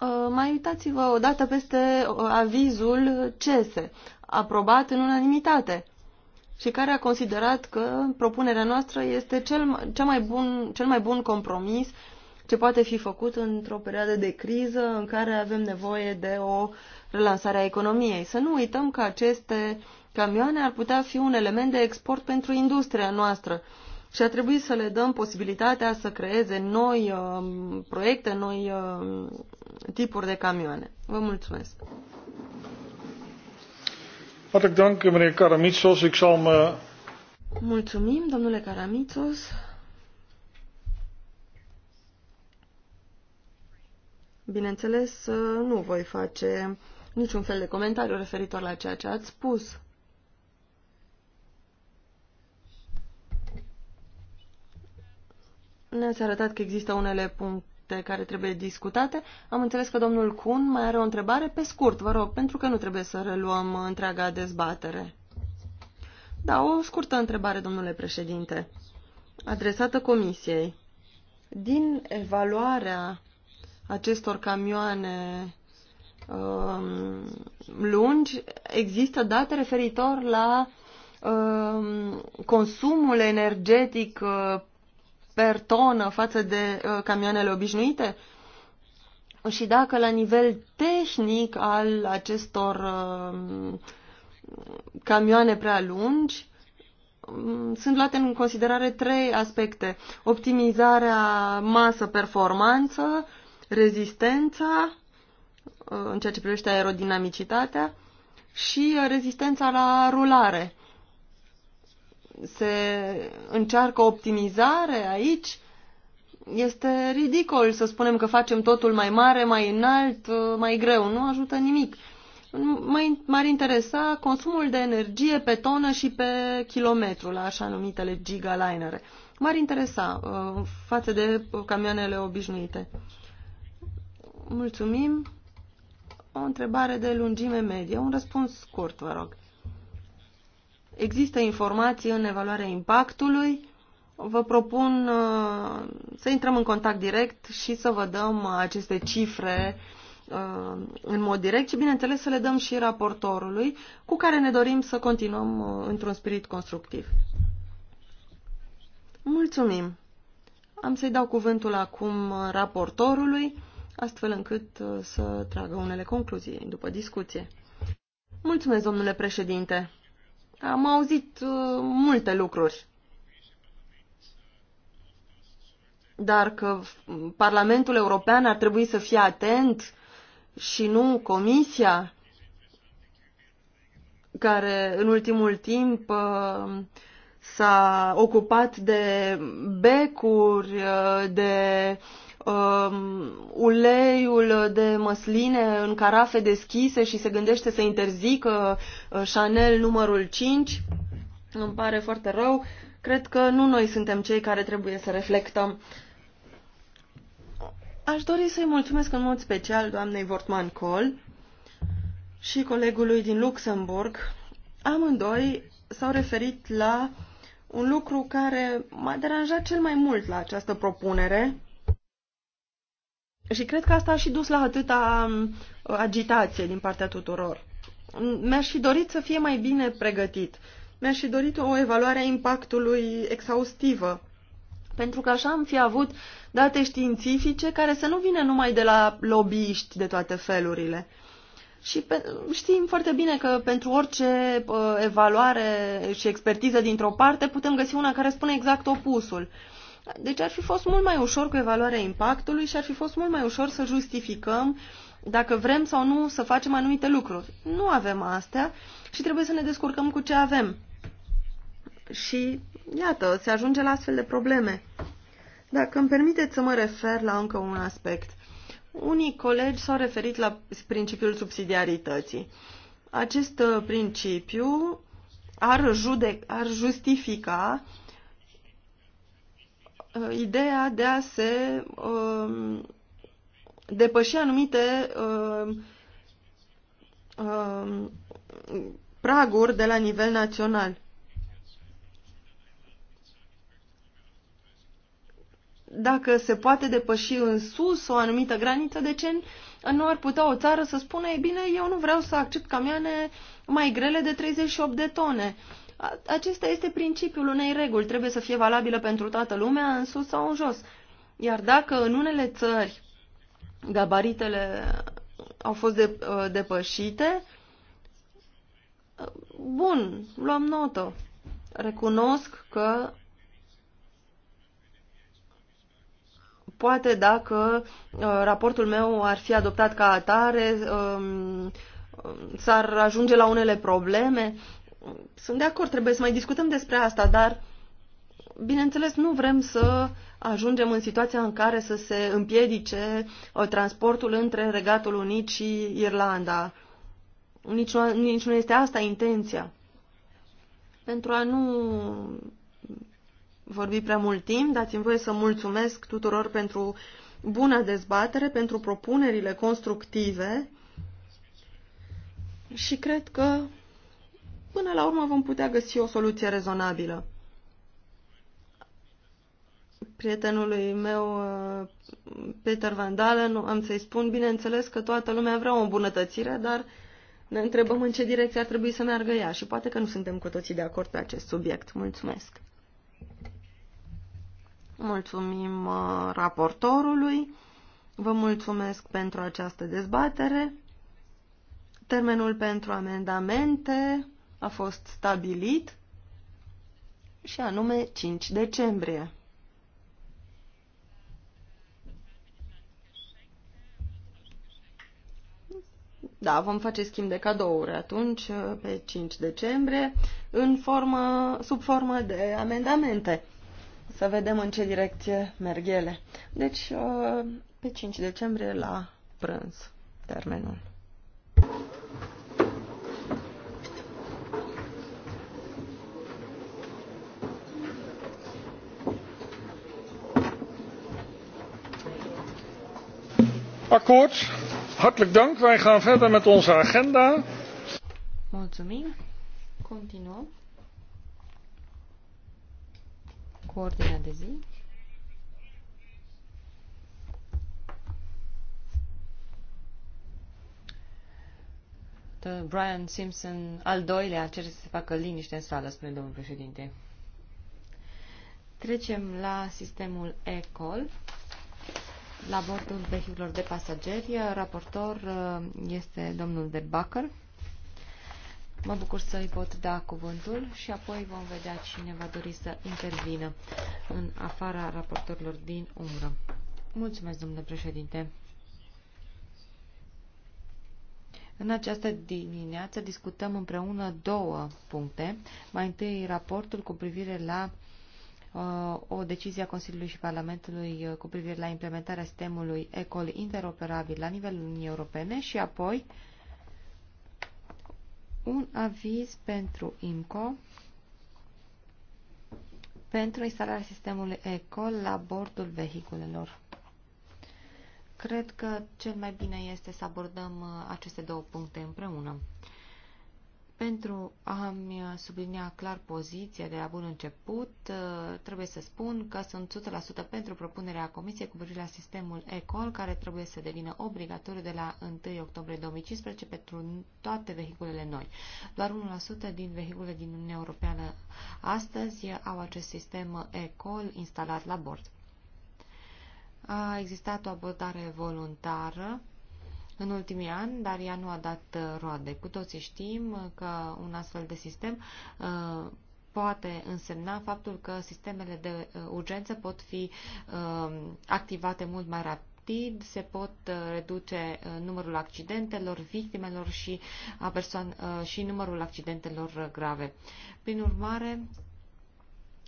Uh, mai uitați-vă odată peste uh, avizul CESE, aprobat în unanimitate și care a considerat că propunerea noastră este cel, cel, mai bun, cel mai bun compromis ce poate fi făcut într-o perioadă de criză în care avem nevoie de o relansare a economiei. Să nu uităm că aceste camioane ar putea fi un element de export pentru industria noastră și ar trebui să le dăm posibilitatea să creeze noi uh, proiecte, noi uh, tipuri de camioane. Vă mulțumesc! Hartelijk dank, meneer Karamitsos. Ik zal me... Mulțumim, domnule Karamitsos. Bineînțeles, uh, nu voi face niciun fel de comentariu referitor la ceea ce ați spus. Ne-ați arătat că există unele puncte aspecte care trebuie discutate. Am înțeles că domnul Kun mai are o întrebare. Pe scurt, vă rog, pentru că nu trebuie să reluăm întreaga dezbatere. Da, o scurtă întrebare, domnule președinte, adresată Comisiei. Din evaluarea acestor camioane um, lungi, există date referitor la um, consumul energetic uh, per tonă față de uh, camioanele obișnuite? Și dacă la nivel tehnic al acestor uh, camioane prea lungi, mm, sunt luate în considerare trei aspecte. Optimizarea masă-performanță, rezistența, uh, în ceea ce privește aerodinamicitatea, și rezistența la rulare se încearcă optimizare aici, este ridicol să spunem că facem totul mai mare, mai înalt, mai greu. Nu ajută nimic. M-ar interesa consumul de energie pe tonă și pe kilometru la așa numitele gigalinere. M-ar interesa uh, față de camioanele obișnuite. Mulțumim. O întrebare de lungime medie. Un răspuns scurt, vă rog. Există informații în evaluarea impactului. Vă propun uh, să intrăm în contact direct și să vă dăm aceste cifre uh, în mod direct și, bineînțeles, să le dăm și raportorului, cu care ne dorim să continuăm uh, într-un spirit constructiv. Mulțumim! Am să-i dau cuvântul acum raportorului, astfel încât să tragă unele concluzii după discuție. Mulțumesc, domnule președinte! Am auzit uh, multe lucruri. Dar că Parlamentul European ar trebui să fie atent și nu Comisia, care în ultimul timp uh, s-a ocupat de becuri, uh, de uh, uh, uleiul de măsline în carafe deschise și se gândește să interzică uh, Chanel numărul 5. Îmi pare foarte rău. Cred că nu noi suntem cei care trebuie să reflectăm. Aș dori să-i mulțumesc în mod special doamnei Vortman Col și colegului din Luxemburg. Amândoi s-au referit la un lucru care m-a deranjat cel mai mult la această propunere și cred că asta a și dus la atâta um, agitație din partea tuturor. Mi-aș fi dorit să fie mai bine pregătit. Mi-aș fi dorit o evaluare a impactului exhaustivă. Pentru că așa am fi avut date științifice care să nu vină numai de la lobbyiști de toate felurile. Și pe, știm foarte bine că pentru orice uh, evaluare și expertiză dintr-o parte putem găsi una care spune exact opusul. Uh, deci ar fi fost mult mai ușor cu evaluarea impactului și ar fi fost mult mai ușor să justificăm dacă vrem sau nu să facem anumite lucruri. Nu avem astea și trebuie să ne descurcăm cu ce avem. Și iată, se ajunge la astfel de probleme. Dacă îmi permiteți să mă refer la încă un aspect. Unii colegi s-au referit la principiul subsidiarității. Acest uh, principiu ar, judec, ar justifica uh, uh, ideea de a se uh, depăși anumite uh, uh, praguri de la nivel național. Dacă se poate depăși în sus o anumită graniță, de ce nu ar putea o țară să spună, e bine, eu nu vreau să accept camioane mai grele de 38 de tone. Uh, acesta este principiul unei reguli, trebuie să fie valabilă pentru toată lumea, în sus sau în jos. Iar dacă în unele țări gabaritele au fost de, ă, depășite, bun, luăm notă. Recunosc că poate dacă ă, raportul meu ar fi adoptat ca atare, ă, s-ar ajunge la unele probleme, sunt de acord, trebuie să mai discutăm despre asta, dar bineînțeles nu vrem să ajungem în situația în care să se împiedice uh, transportul între Regatul Unit și Irlanda. Nici nu, nici nu este asta intenția. Pentru a nu vorbi prea mult timp, dați-mi voie să mulțumesc tuturor pentru bună dezbatere, pentru propunerile constructive și cred că Până la urmă vom putea găsi o soluție rezonabilă. Prietenului meu, uh, Peter Van Dalen, am să-i spun, bineînțeles că toată lumea vrea o îmbunătățire, dar ne întrebăm în ce direcție ar trebui să meargă ea și poate că nu suntem cu toții de acord pe acest subiect. Mulțumesc! Mulțumim uh, raportorului, vă mulțumesc pentru această dezbatere. Termenul pentru amendamente a fost stabilit și anume 5 decembrie. Da, vom face schimb de cadouri atunci, pe 5 decembrie, în formă, sub formă de amendamente. Să vedem în ce direcție merg ele. Deci, uh, pe 5 decembrie la prânz, termenul. Akkoord. Hartelijk dank. Wij gaan verder met onze agenda. Mulțumim. Continuăm cu ordinea de zi. Brian Simpson, al doilea, cere să se facă liniște în sală, spune domnul președinte. Trecem la sistemul ECOL la bordul vehiculor de pasageri. Raportor uh, este domnul de Bacăr. Mă bucur să-i pot da cuvântul și apoi vom vedea cine va dori să intervină în afara raportorilor din umbră. Mulțumesc, domnule președinte. În această dimineață discutăm împreună două puncte. Mai întâi raportul cu privire la Uh, o decizie a Consiliului și Parlamentului uh, cu privire la implementarea sistemului ECOL interoperabil la nivelul Uniunii Europene și apoi un aviz pentru IMCO pentru instalarea sistemului ECOL la bordul vehiculelor. Cred că cel mai bine este să abordăm uh, aceste două puncte împreună. Pentru a-mi sublinia clar poziția de la bun început, uh, trebuie să spun că sunt 100% pentru propunerea Comisiei cu privire la sistemul ECOL, care trebuie să devină obligatoriu de la 1 octombrie 2015 pentru toate vehiculele noi. Doar 1% din vehiculele din Uniunea Europeană astăzi au acest sistem ECOL instalat la bord. A existat o abordare voluntară în ultimii ani, dar ea nu a dat uh, roade. Cu toții știm uh, că un astfel de sistem uh, poate însemna faptul că sistemele de urgență pot fi activate mult mai rapid se pot reduce numărul accidentelor, victimelor și, a persoan- și numărul accidentelor grave. Prin urmare,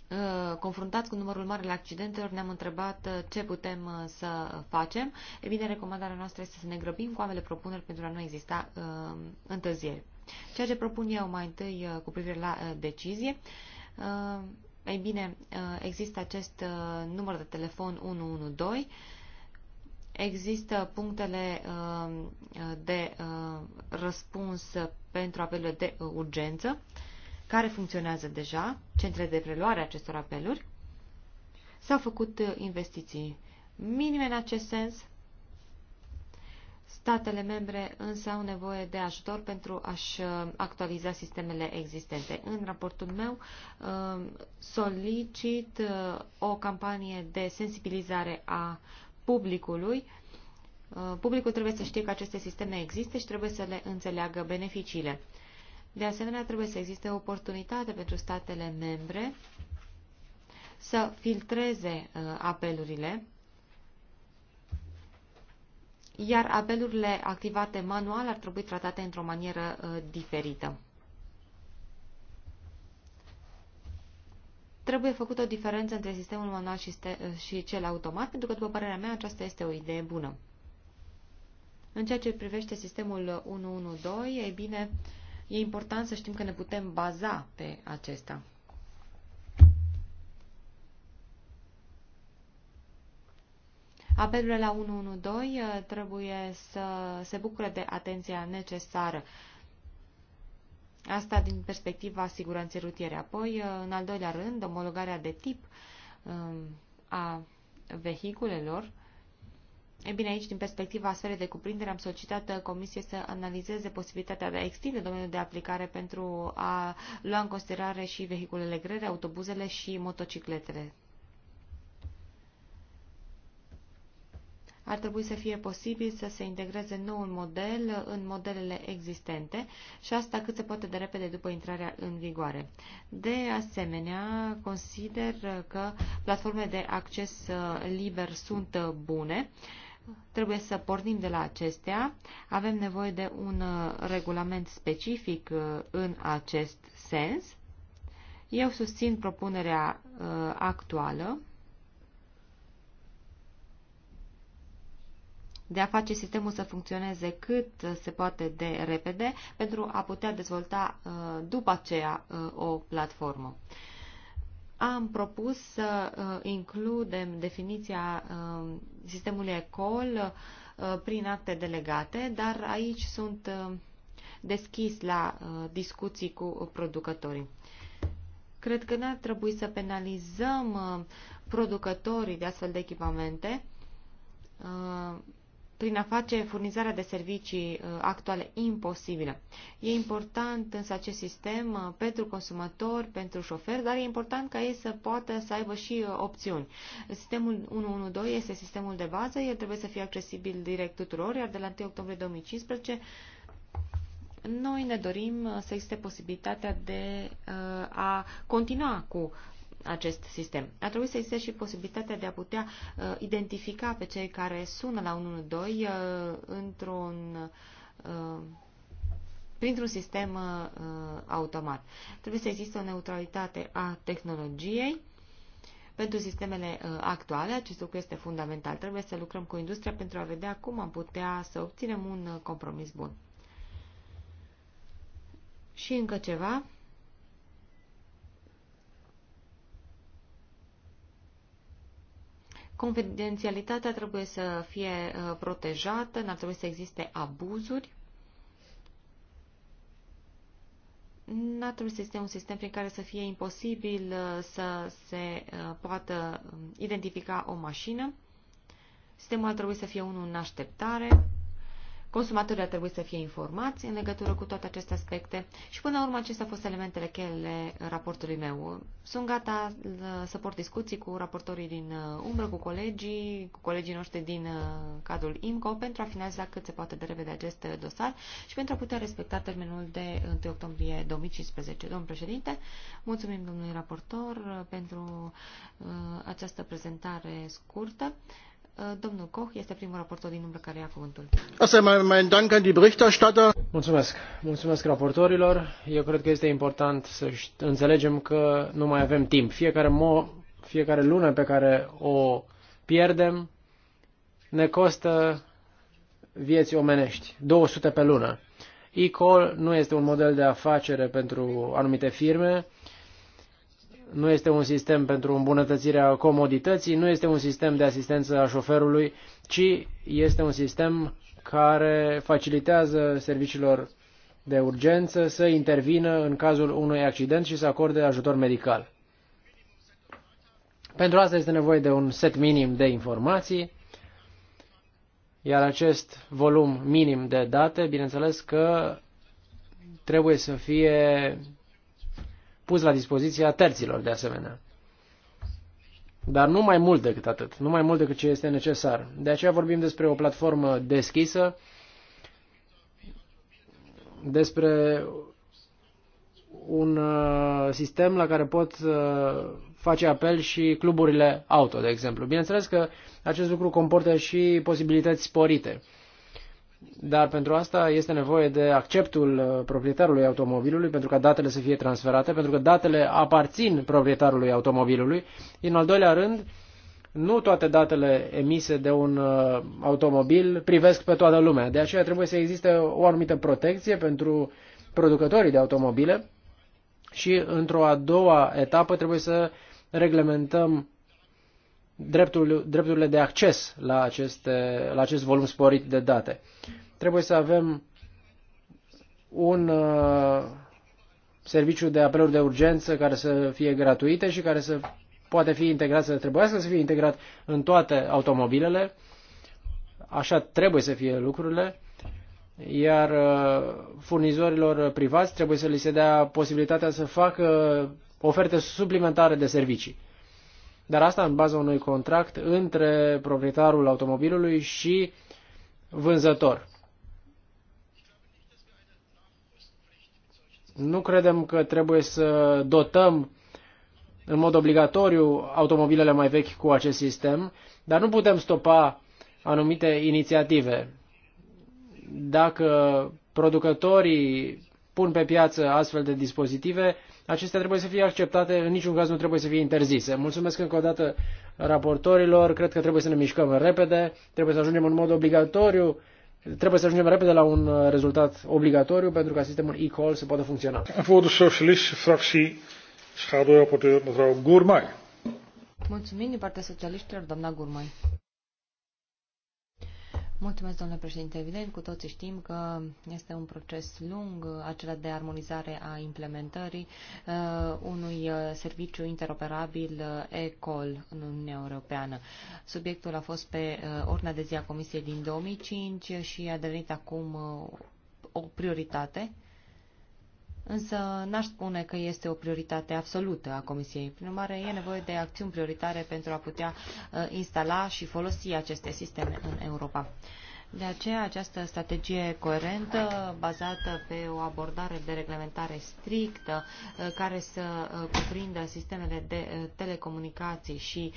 Uh, confruntat cu numărul mare al accidentelor, ne-am întrebat uh, ce putem uh, să facem. E bine, recomandarea noastră este să ne grăbim cu ambele propuneri pentru a nu exista întârzieri. Ceea ce propun eu mai întâi cu privire la decizie, ei bine, există acest număr de telefon 112, există punctele de răspuns pentru apelurile de urgență, care funcționează deja, centre de preluare a acestor apeluri. S-au făcut uh, investiții minime în acest sens. Statele membre însă au nevoie de ajutor pentru a-și uh, actualiza sistemele existente. În raportul meu uh, solicit o campanie de sensibilizare a publicului Publicul trebuie să știe că aceste sisteme există și trebuie să le înțeleagă beneficiile. De asemenea, trebuie să existe oportunitate pentru statele membre să filtreze uh, apelurile, iar apelurile activate manual ar trebui tratate într-o manieră uh, diferită. Trebuie făcută o diferență între sistemul manual și, uh, și cel automat, pentru că, după părerea mea, aceasta este o idee bună. În ceea ce privește sistemul 112, ei bine, uh, E important să știm că ne putem baza pe acesta. Apelurile la 112 uh, trebuie să se bucure de atenția necesară. Asta din perspectiva siguranței rutiere. Apoi, uh, în al doilea rând, omologarea de tip um, a vehiculelor E bine, aici, din perspectiva sferei de cuprindere, am solicitat uh, Comisiei să analizeze posibilitatea de a extinde domeniul de aplicare pentru a lua în considerare și vehiculele grele, autobuzele și motocicletele. ar trebui să fie posibil să se integreze noul model în modelele existente și asta cât se poate de repede după intrarea în vigoare. De asemenea, consider că platformele de acces uh, liber sunt uh, bune Trebuie să pornim de la acestea. Avem nevoie de un uh, regulament specific uh, în acest sens. Eu susțin propunerea uh, actuală de a face sistemul să funcționeze cât se poate de repede pentru a putea dezvolta după aceea o platformă am propus să uh, includem definiția uh, sistemului ECOL uh, prin acte delegate, dar aici sunt deschis la discuții cu producătorii. Cred că n-ar trebui să penalizăm producătorii de astfel de echipamente prin a face furnizarea de servicii uh, actuale imposibilă. E important însă acest sistem uh, pentru consumator, pentru șofer, dar e important ca ei să poată să aibă și uh, opțiuni. Sistemul 112 este sistemul de bază, el trebuie să fie accesibil direct tuturor, iar de la 1 octombrie 2015 noi ne dorim să existe posibilitatea de a continua cu acest sistem. A trebuit să existe și posibilitatea de a putea uh, identifica pe cei care sună la 112 uh, într-un uh, printr-un sistem uh, automat. Trebuie să existe o neutralitate a tehnologiei pentru sistemele uh, actuale. Acest lucru este fundamental. Trebuie să lucrăm cu industria pentru a vedea cum am putea să obținem un uh, compromis bun. Și încă ceva, Confidențialitatea trebuie să fie uh, protejată, n-ar trebui să existe abuzuri. N-ar trebui să existe un sistem prin care să fie imposibil uh, să se uh, poată um, identifica o mașină. Sistemul ar trebui să fie unul în așteptare Consumatorii ar trebui să fie informați în legătură cu toate aceste aspecte și până la urmă acestea au fost elementele cheie raportului meu. Sunt gata uh, să port discuții cu raportorii din uh, umbră, cu colegii, cu colegii noștri din uh, cadrul IMCO pentru a finaliza cât se poate de repede acest dosar și pentru a putea respecta termenul de 1 octombrie 2015. Domnul președinte, mulțumim domnului raportor pentru această prezentare scurtă. Uh, domnul Koch este primul raportor din umbră care ia cuvântul. Mulțumesc. Mulțumesc raportorilor. Eu cred că este important să înțelegem că nu mai avem timp. Fiecare, mo- fiecare lună pe care o pierdem ne costă vieți omenești. 200 pe lună. E-call nu este un model de afacere pentru anumite firme nu este un sistem pentru îmbunătățirea comodității, nu este un sistem de asistență a șoferului, ci este un sistem care facilitează serviciilor de urgență să intervină în cazul unui accident și să acorde ajutor medical. Pentru asta este nevoie de un set minim de informații, iar acest volum minim de date, bineînțeles că trebuie să fie pus la dispoziția terților de asemenea. Dar nu mai mult decât atât, nu mai mult decât ce este necesar. De aceea vorbim despre o platformă deschisă, despre un uh, sistem la care pot uh, face apel și cluburile auto, de exemplu. Bineînțeles că acest lucru comportă și posibilități sporite dar pentru asta este nevoie de acceptul uh, proprietarului automobilului pentru ca datele să fie transferate, pentru că datele aparțin proprietarului automobilului. În al doilea rând, nu toate datele emise de un uh, automobil privesc pe toată lumea. De aceea trebuie să existe o anumită protecție pentru producătorii de automobile și într-o a doua etapă trebuie să reglementăm dreptul, drepturile de acces la, aceste, la acest volum sporit de date. Trebuie să avem un uh, serviciu de apeluri de urgență care să fie gratuite și care să poate fi integrat, să trebuiască să fie integrat în toate automobilele. Așa trebuie să fie lucrurile. Iar uh, furnizorilor privați trebuie să li se dea posibilitatea să facă oferte suplimentare de servicii dar asta în baza unui contract între proprietarul automobilului și vânzător. Nu credem că trebuie să dotăm în mod obligatoriu automobilele mai vechi cu acest sistem, dar nu putem stopa anumite inițiative. Dacă producătorii pun pe piață astfel de dispozitive, acestea trebuie să fie acceptate, în niciun caz nu trebuie să fie interzise. Mulțumesc încă o dată raportorilor, cred că trebuie să ne mișcăm repede, trebuie să ajungem în mod obligatoriu, trebuie să ajungem repede la un rezultat obligatoriu pentru ca sistemul e-call să poată funcționa. Voor de socialistische fractie, schaduwrapporteur mevrouw Mulțumim din partea socialiștilor, doamna Gurmai. Mulțumesc, domnule președinte. Evident, cu toții știm că este un proces lung, acela de armonizare a implementării uh, unui uh, serviciu interoperabil uh, ECOL în Uniunea Europeană. Subiectul a fost pe uh, ordinea de zi a Comisiei din 2005 și a devenit acum uh, o prioritate uh, însă n-aș spune că este o prioritate absolută a Comisiei. Prin urmare, e nevoie de acțiuni prioritare pentru a putea uh, instala și folosi aceste sisteme în Europa. De aceea, această strategie coerentă, bazată pe o abordare de reglementare strictă, uh, care să uh, cuprindă sistemele de uh, telecomunicații și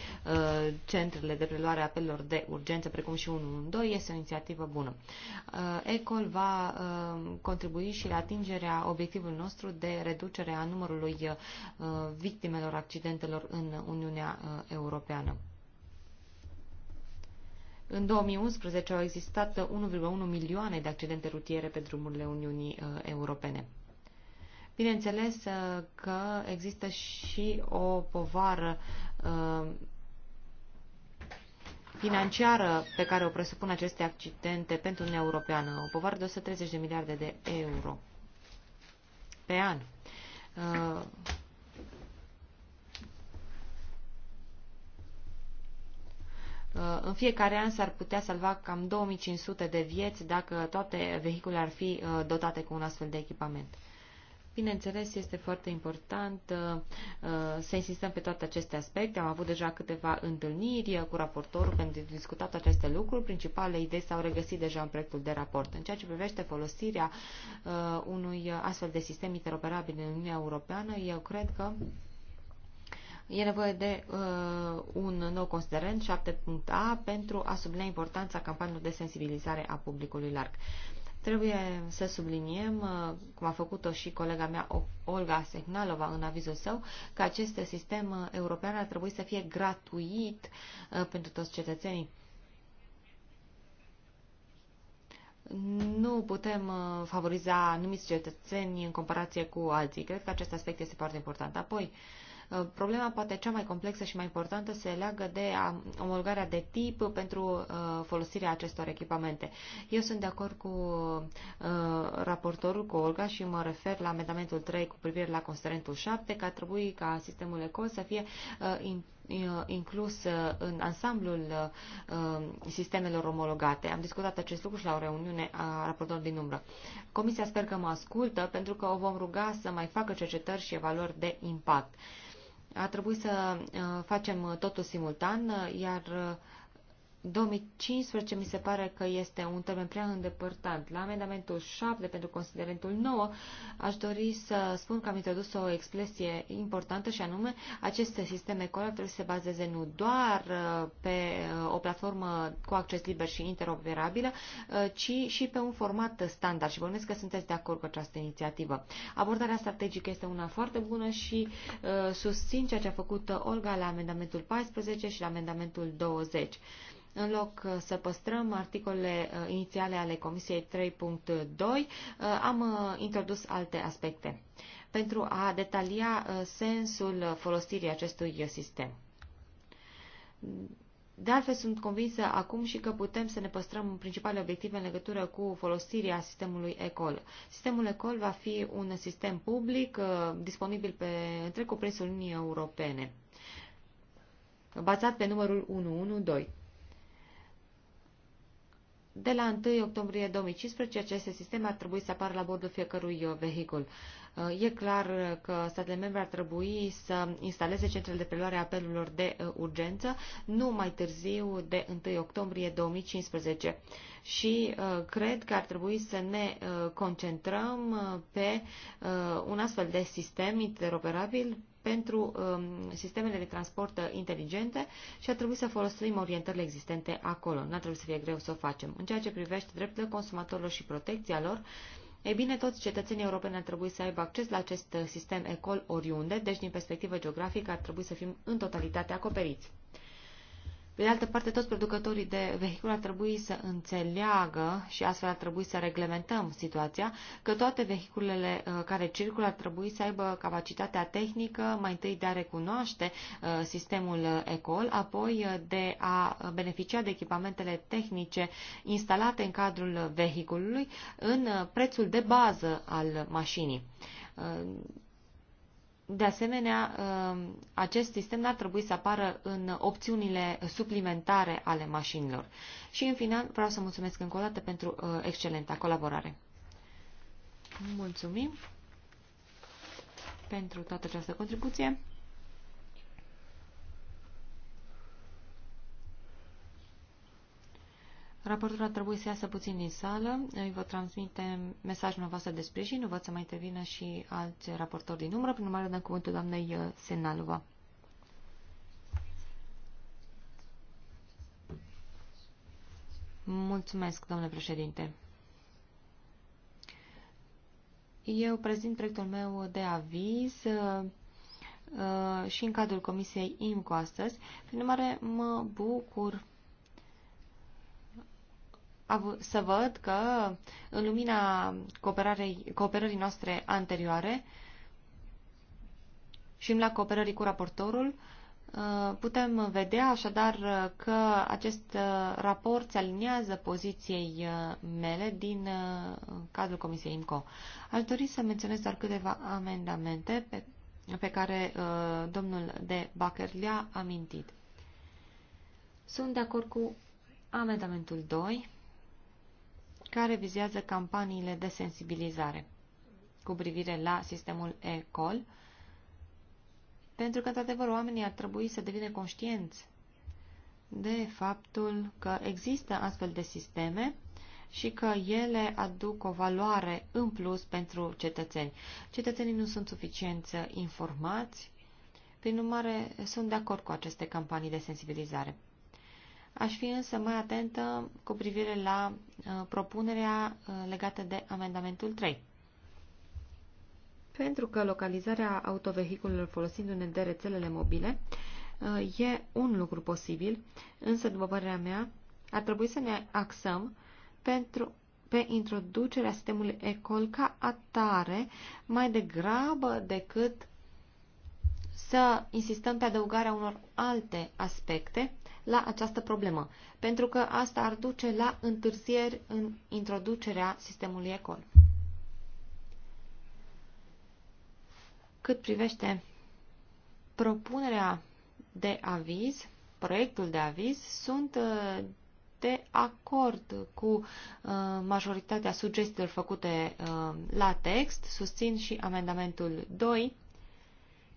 centrele de preluare a apelurilor de urgență, precum și 112, este o inițiativă bună. ECOL va contribui și la atingerea obiectivului nostru de reducere a numărului victimelor accidentelor în Uniunea Europeană. În 2011 au existat 1,1 milioane de accidente rutiere pe drumurile Uniunii uh, Europene. Bineînțeles uh, că există și o povară uh, financiară pe care o presupun aceste accidente pentru Uniunea Europeană, o povară de 130 de miliarde de euro pe an. Uh, în fiecare an s-ar putea salva cam 2500 de vieți dacă toate vehiculele ar fi uh, dotate cu un astfel de echipament. Bineînțeles, este foarte important uh, să insistăm pe toate aceste aspecte. Am avut deja câteva întâlniri cu raportorul când am discutat aceste lucruri. Principalele idei s-au regăsit deja în proiectul de raport. În ceea ce privește folosirea unui astfel de sistem interoperabil în Uniunea Europeană, eu cred că E nevoie de uh, un nou considerent 7.a pentru a sublinia importanța campaniilor de sensibilizare a publicului larg. Trebuie să subliniem, uh, cum a făcut-o și colega mea Olga Sehnalova în avizul său, că acest sistem uh, european ar trebui să fie gratuit uh, pentru toți cetățenii. Nu putem favoriza anumiți cetățeni în comparație cu alții. Cred că acest aspect este foarte important. Apoi, uh, Uh, problema poate cea mai complexă și mai importantă se leagă de um, omologarea de tip pentru uh, folosirea acestor echipamente. Eu sunt de acord cu uh, raportorul, cu Olga, și mă refer la amendamentul 3 cu privire la considerentul 7, că ar trebui ca sistemul ECO să fie inclus în ansamblul sistemelor omologate. Am discutat acest lucru și la o reuniune a raportorilor din umbră. Comisia sper că mă ascultă pentru că o vom ruga să mai facă cercetări și evaluări de impact. A trebuit să uh, facem uh, totul simultan, uh, iar 2015 mi se pare că este un termen prea îndepărtat. La amendamentul 7 pentru considerentul 9 aș dori să spun că am introdus o expresie importantă și anume aceste sisteme core trebuie să se bazeze nu doar uh, pe uh, o platformă cu acces liber și interoperabilă, uh, ci și pe un format standard și bănuiesc că sunteți de acord cu această inițiativă. Abordarea strategică este una foarte bună și susțin ceea ce a făcut Olga la amendamentul 14 și la amendamentul 20. În loc uh, să păstrăm articolele uh, inițiale ale Comisiei 3.2, uh, am introdus alte aspecte pentru a detalia sensul folosirii acestui sistem. De altfel, sunt convinsă acum și că putem să ne păstrăm principalele obiective în legătură cu folosirea sistemului ECOL. Sistemul ECOL va fi un sistem public disponibil pe întreg cuprinsul Uniunii Europene, bazat pe numărul 112 de la 1 octombrie 2015 aceste sisteme ar trebui să apară la bordul fiecărui uh, vehicul. Uh, e clar uh, că statele membre ar trebui să instaleze centrele de preluare a apelurilor de urgență nu mai târziu de 1 octombrie 2015 și cred că ar trebui să ne concentrăm pe un astfel de sistem interoperabil pentru um, sistemele de transport inteligente și a trebuit să folosim orientările existente acolo. Nu a trebuit să fie greu să o facem. În ceea ce privește drepturile consumatorilor și protecția lor, ei bine, toți cetățenii europeni ar trebui să aibă acces la acest uh, sistem ECOL oriunde, deci din perspectivă geografică ar trebui să fim în totalitate acoperiți. Pe de altă parte, toți producătorii de vehicule ar trebui să înțeleagă și astfel ar trebui să reglementăm situația că toate vehiculele uh, care circulă ar trebui să aibă capacitatea tehnică mai întâi de a recunoaște uh, sistemul uh, ECOL, apoi de a beneficia de echipamentele tehnice instalate în cadrul vehiculului în prețul de bază al mașinii de asemenea, um, acest sistem n-ar trebui să apară în opțiunile suplimentare ale mașinilor. Și, în final, vreau să mulțumesc încă o dată pentru uh, excelenta colaborare. Mulțumim pentru toată această contribuție. Raportul ar trebui să iasă puțin din sală. Îi vă transmite mesajul dumneavoastră de sprijin. Nu văd să mai intervină și alți raportori din umbră. Prin urmare, dăm cuvântul doamnei uh, Senalova. Mulțumesc, domnule președinte. Eu prezint proiectul meu de aviz uh, uh, și în cadrul Comisiei IMCO astăzi. Prin urmare, mă bucur să văd că, în lumina cooperării noastre anterioare și în la cooperării cu raportorul, uh, putem vedea așadar că acest uh, raport se aliniază poziției uh, mele din cadrul Comisiei IMCO. Aș dori să menționez doar câteva amendamente pe, pe care domnul de Bacher le-a amintit. Sunt de acord cu amendamentul 2, care vizează campaniile de sensibilizare cu privire la sistemul ECOL, pentru că, într-adevăr, oamenii ar trebui să devină conștienți de faptul că există astfel de sisteme și că ele aduc o valoare în plus pentru cetățeni. Cetățenii nu sunt suficient informați, prin urmare sunt de acord cu aceste campanii de sensibilizare. Aș fi însă mai atentă cu privire la uh, propunerea uh, legată de amendamentul 3. Pentru că localizarea autovehiculelor folosindu-ne de rețelele mobile uh, e un lucru posibil, însă, după părerea mea, ar trebui să ne axăm pentru, pe introducerea sistemului ECOL ca atare mai degrabă decât să insistăm pe adăugarea unor alte aspecte la această problemă, pentru că asta ar duce la întârzieri în introducerea sistemului ECOL. Cât privește propunerea de aviz, proiectul de aviz, sunt uh, de acord cu uh, majoritatea sugestiilor făcute uh, la text, susțin și amendamentul 2,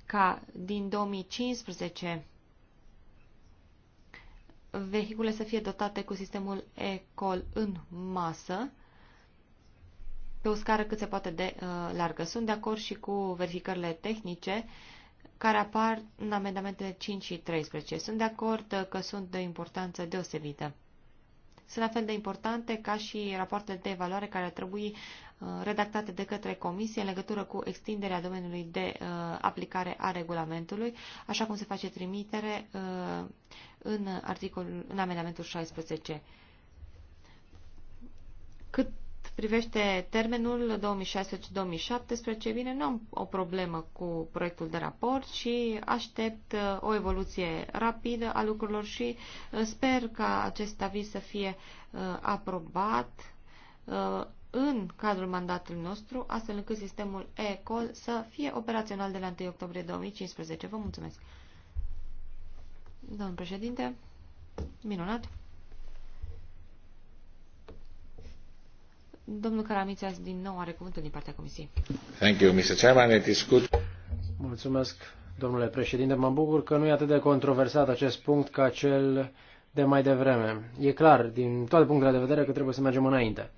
ca din 2015 vehicule să fie dotate cu sistemul ECOL în masă, pe o scară cât se poate de uh, largă. Sunt de acord și cu verificările tehnice care apar în amendamentele 5 și 13. Sunt de acord uh, că sunt de importanță deosebită sunt la fel de importante ca și rapoartele de evaluare care ar trebui uh, redactate de către Comisie în legătură cu extinderea domeniului de uh, aplicare a regulamentului, așa cum se face trimitere uh, în, articol în amendamentul 16. Cât privește termenul 2016-2017, bine, nu am o problemă cu proiectul de raport și aștept uh, o evoluție rapidă a lucrurilor și uh, sper ca acest aviz să fie uh, aprobat în cadrul mandatului nostru, astfel încât sistemul ECOL să fie operațional de la 1 octombrie 2015. Vă mulțumesc! Domnul președinte, minunat! Domnul Caramițas din nou are cuvântul din partea Comisiei. Thank you, Mr. Chairman. It is good. Mulțumesc, domnule președinte. Mă bucur că nu e atât de controversat acest punct ca cel de mai devreme. E clar, din toate punctele de vedere, că trebuie să mergem înainte.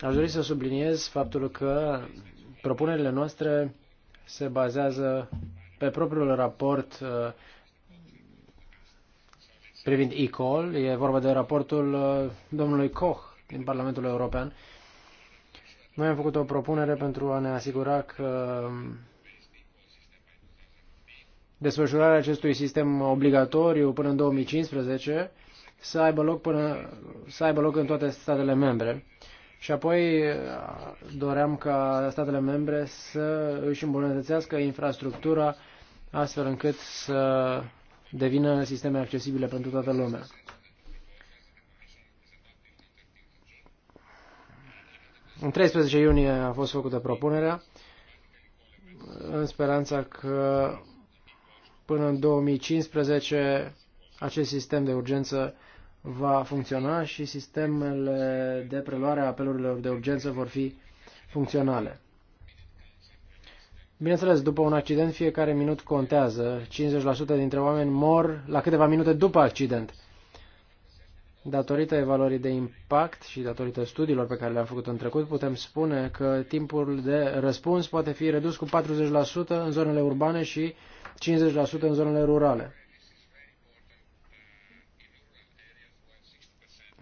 Aș dori să subliniez faptul că propunerile noastre se bazează pe propriul raport uh, privind e-call. E vorba de raportul uh, domnului Koch prin Parlamentul European. Noi am făcut o propunere pentru a ne asigura că desfășurarea acestui sistem obligatoriu până în 2015 să aibă loc, până, să aibă loc în toate statele membre. Și apoi uh, doream ca statele membre să își îmbunătățească infrastructura astfel încât să devină sisteme accesibile pentru toată lumea. În 13 iunie a fost făcută propunerea, în speranța că până în 2015 acest sistem de urgență va funcționa și sistemele de preluare a apelurilor de urgență vor fi funcționale. Bineînțeles, după un accident, fiecare minut contează. 50% dintre oameni mor la câteva minute după accident. Datorită evaluării de impact și datorită studiilor pe care le-am făcut în trecut, putem spune că timpul de răspuns poate fi redus cu 40% în zonele urbane și 50% în zonele rurale.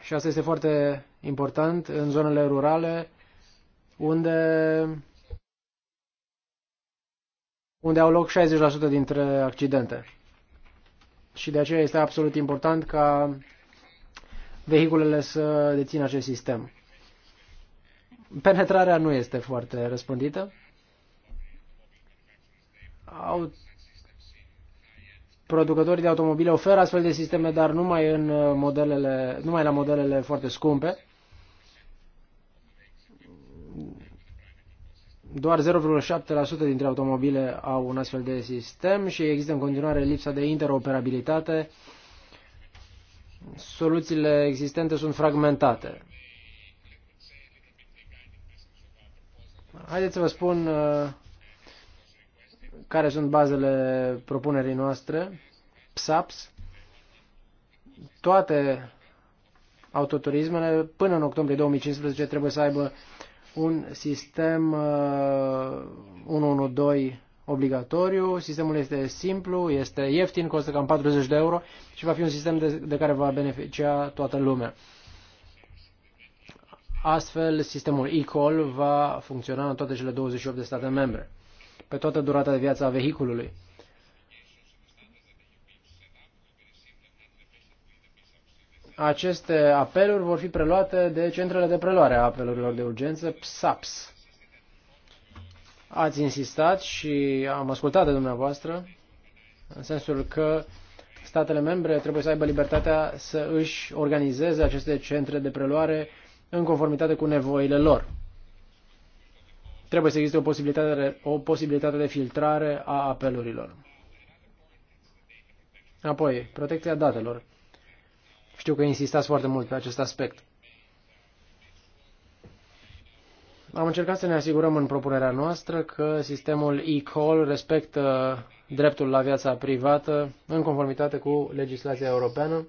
Și asta este foarte important în zonele rurale, unde, unde au loc 60% dintre accidente. Și de aceea este absolut important ca vehiculele să dețină acest sistem. Penetrarea nu este foarte răspândită. Au... Producătorii de automobile oferă astfel de sisteme, dar numai, în uh, modelele, numai la modelele foarte scumpe. Doar 0,7% dintre automobile au un astfel de sistem și există în continuare lipsa de interoperabilitate soluțiile existente sunt fragmentate. Haideți să vă spun uh, care sunt bazele propunerii noastre. PSAPS, toate autoturismele până în octombrie 2015 trebuie să aibă un sistem uh, 112 obligatoriu, sistemul este simplu, este ieftin, costă cam 40 de euro și va fi un sistem de, de care va beneficia toată lumea. Astfel, sistemul e-call va funcționa în toate cele 28 de state membre, pe toată durata de viață a vehiculului. Aceste apeluri vor fi preluate de centrele de preluare a apelurilor de urgență, PSAPS ați insistat și am ascultat de dumneavoastră, în sensul că statele membre trebuie să aibă libertatea să își organizeze aceste centre de preluare în conformitate cu nevoile lor. Trebuie să existe o posibilitate, o posibilitate de filtrare a apelurilor. Apoi, protecția datelor. Știu că insistați foarte mult pe acest aspect. Am încercat să ne asigurăm în propunerea noastră că sistemul e-call respectă dreptul la viața privată în conformitate cu legislația europeană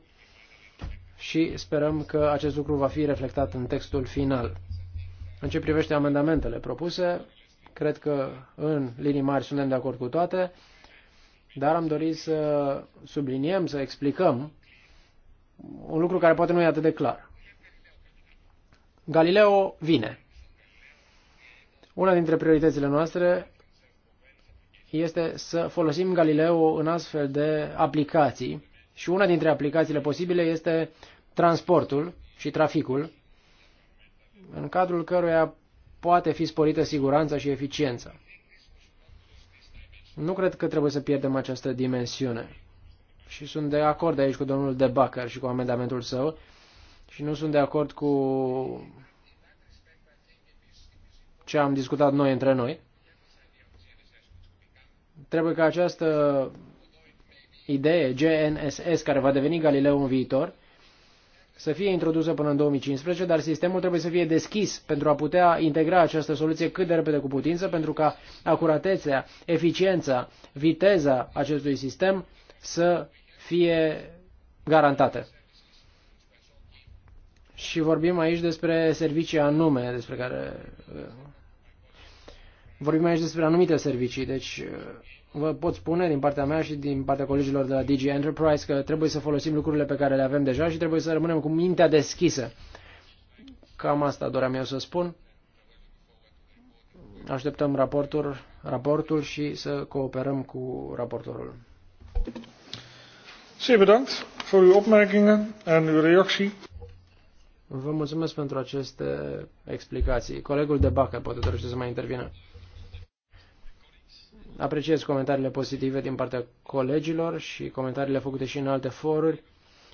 și sperăm că acest lucru va fi reflectat în textul final. În ce privește amendamentele propuse, cred că în linii mari suntem de acord cu toate, dar am dorit să subliniem, să explicăm un lucru care poate nu e atât de clar. Galileo vine. Una dintre prioritățile noastre este să folosim Galileo în astfel de aplicații și una dintre aplicațiile posibile este transportul și traficul, în cadrul căruia poate fi sporită siguranța și eficiența. Nu cred că trebuie să pierdem această dimensiune. Și sunt de acord aici cu domnul Debacker și cu amendamentul său și nu sunt de acord cu ce am discutat noi între noi. Trebuie ca această idee, GNSS, care va deveni Galileo în viitor, să fie introdusă până în 2015, dar sistemul trebuie să fie deschis pentru a putea integra această soluție cât de repede cu putință, pentru ca acuratețea, eficiența, viteza acestui sistem să fie garantată Și vorbim aici despre servicii anume despre care, Vorbim aici despre anumite servicii, deci uh, vă pot spune din partea mea și din partea colegilor de la DG Enterprise că trebuie să folosim lucrurile pe care le avem deja și trebuie să rămânem cu mintea deschisă. Cam asta doream eu să spun. Așteptăm raportul, raportul și să cooperăm cu raportorul. Vă mulțumesc pentru aceste explicații. Colegul de Bacă poate dorește să mai intervină. Apreciez comentariile pozitive din partea colegilor și comentariile făcute și în alte foruri.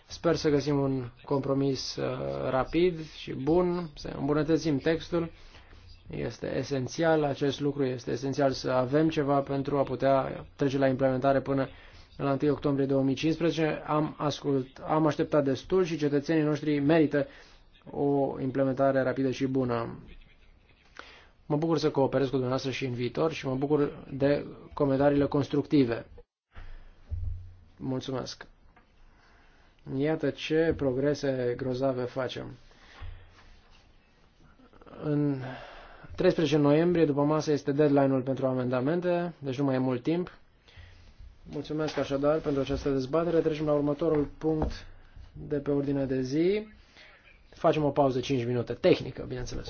Sper să găsim un compromis uh, rapid și bun, să îmbunătățim textul. Este esențial acest lucru, este esențial să avem ceva pentru a putea trece la implementare până la 1 octombrie 2015. Am, ascult, am așteptat destul și cetățenii noștri merită o implementare rapidă și bună. Mă bucur să cooperez cu dumneavoastră și în viitor și mă bucur de comentariile constructive. Mulțumesc. Iată ce progrese grozave facem. În 13 noiembrie, după masă, este deadline-ul pentru amendamente, deci nu mai e mult timp. Mulțumesc așadar pentru această dezbatere. Trecem la următorul punct de pe ordinea de zi. Facem o pauză 5 minute, tehnică, bineînțeles.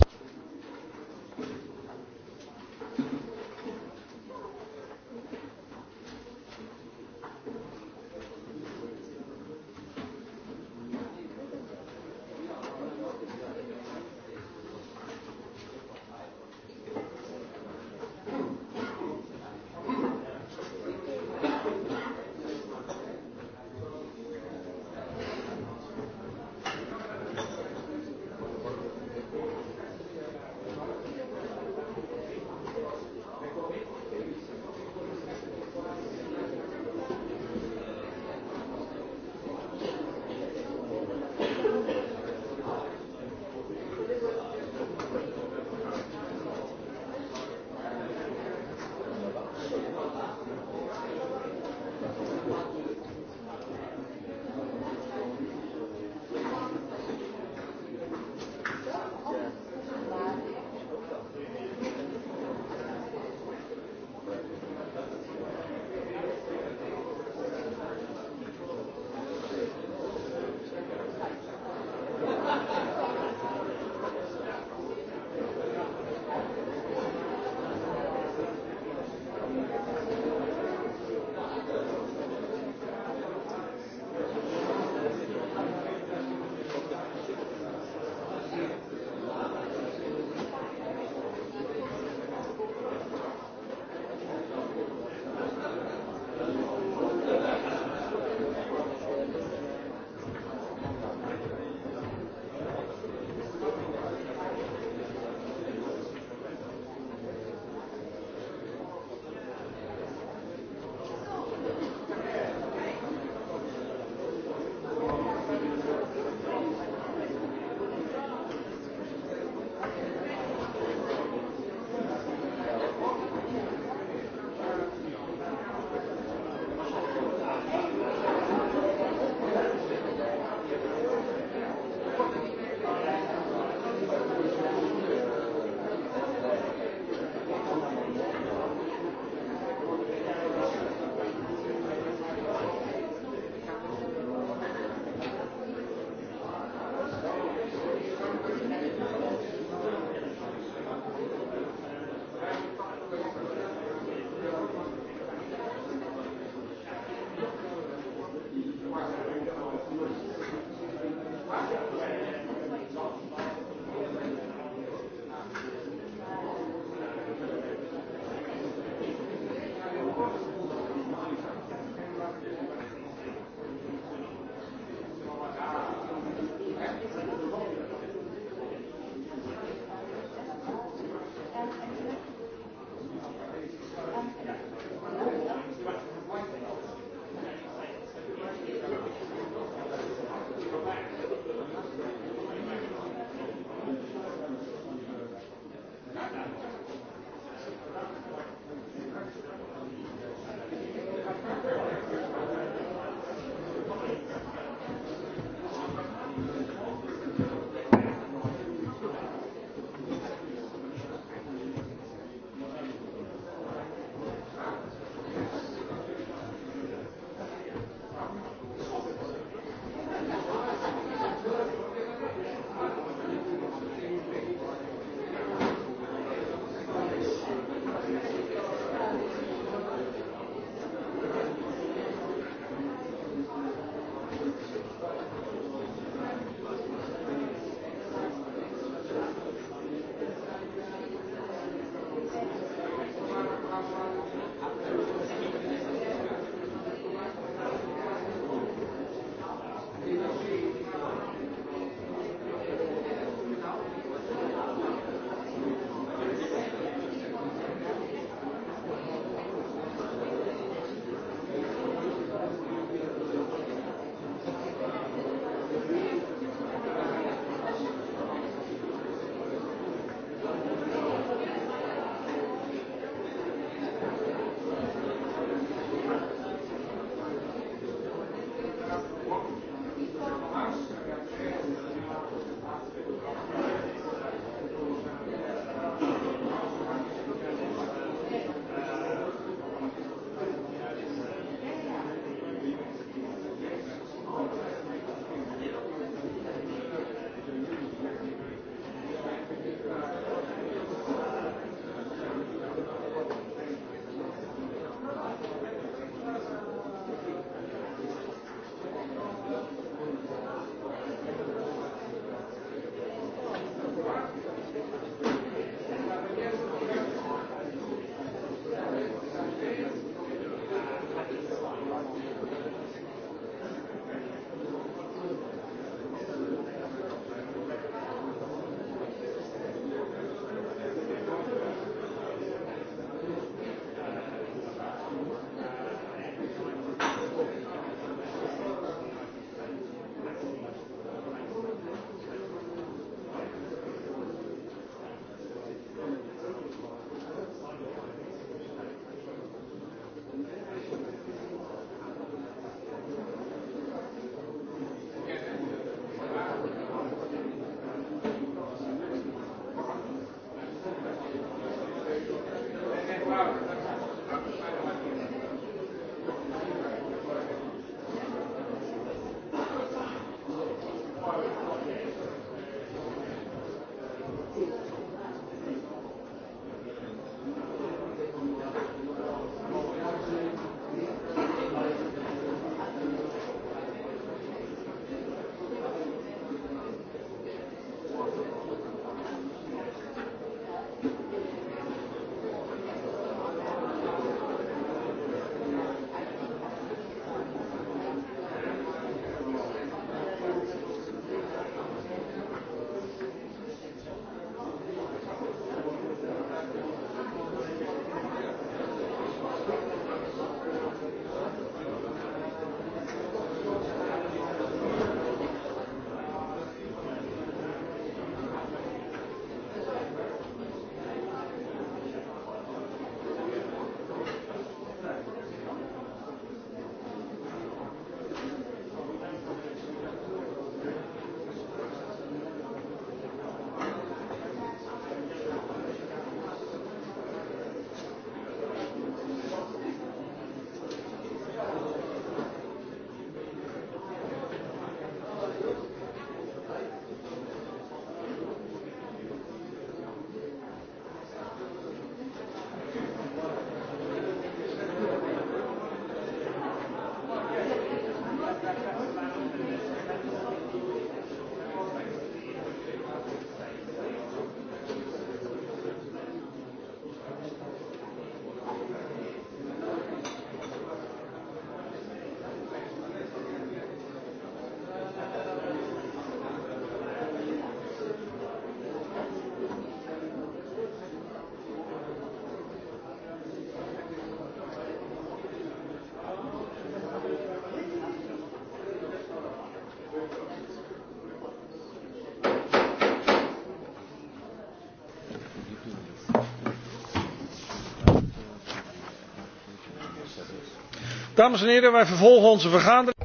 Dames en heren, wij vervolgen onze vergadering.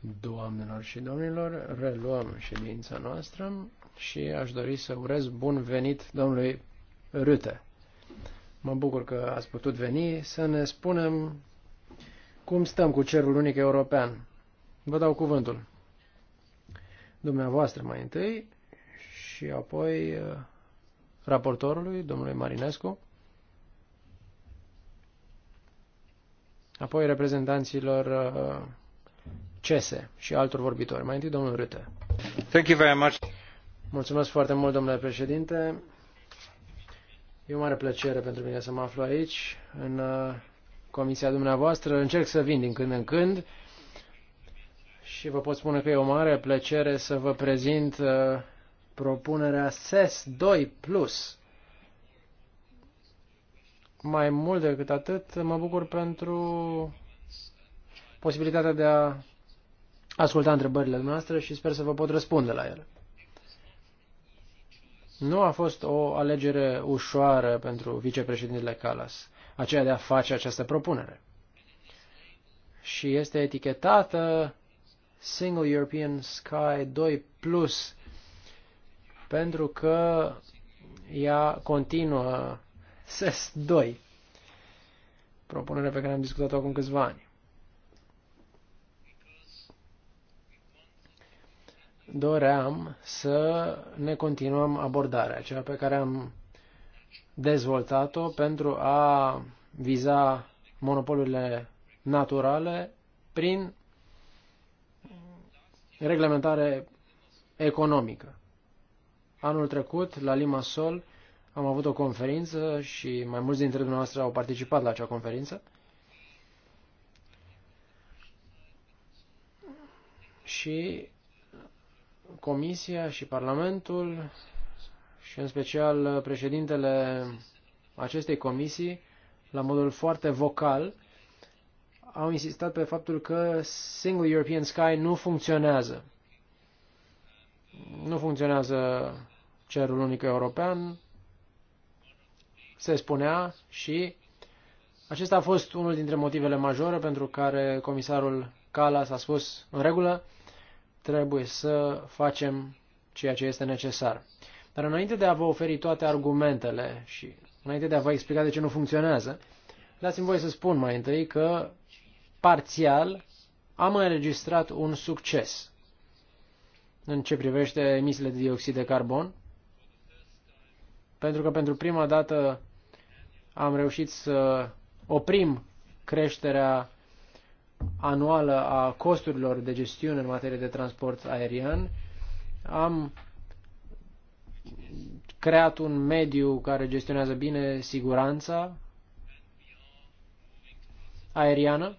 Doamnelor și domnilor, reluăm ședința noastră și aș dori să urez bun venit domnului Rute. Mă bucur că ați putut veni să ne spunem cum stăm cu cerul unic european. Vă dau cuvântul. Dumneavoastră mai întâi și apoi eh, raportorului, domnului Marinescu. apoi reprezentanților uh, CESE și altor vorbitori. Mai întâi, domnul Rute. Thank you very much. Mulțumesc foarte mult, domnule președinte. E o mare plăcere pentru mine să mă aflu aici, în uh, comisia dumneavoastră. Încerc să vin din când în când și vă pot spune că e o mare plăcere să vă prezint uh, propunerea SES 2+. Plus mai mult decât atât, mă bucur pentru posibilitatea de a asculta întrebările noastre și sper să vă pot răspunde la ele. Nu a fost o alegere ușoară pentru vicepreședintele Calas, aceea de a face această propunere. Și este etichetată Single European Sky 2 Plus, pentru că ea continuă SES 2, propunerea pe care am discutat-o acum câțiva ani. Doream să ne continuăm abordarea, aceea pe care am dezvoltat-o pentru a viza monopolurile naturale prin reglementare economică. Anul trecut, la Limassol, am avut o conferință și mai mulți dintre dumneavoastră au participat la acea conferință. Și Comisia și Parlamentul și în special președintele acestei comisii, la modul foarte vocal, au insistat pe faptul că Single European Sky nu funcționează. Nu funcționează cerul unic european, se spunea și acesta a fost unul dintre motivele majore pentru care comisarul Calas a spus, în regulă, trebuie să facem ceea ce este necesar. Dar înainte de a vă oferi toate argumentele și înainte de a vă explica de ce nu funcționează, dați-mi voi să spun mai întâi că, parțial, am înregistrat un succes în ce privește emisiile de dioxid de carbon, pentru că pentru prima dată am reușit să oprim creșterea anuală a costurilor de gestiune în materie de transport aerian. Am creat un mediu care gestionează bine siguranța aeriană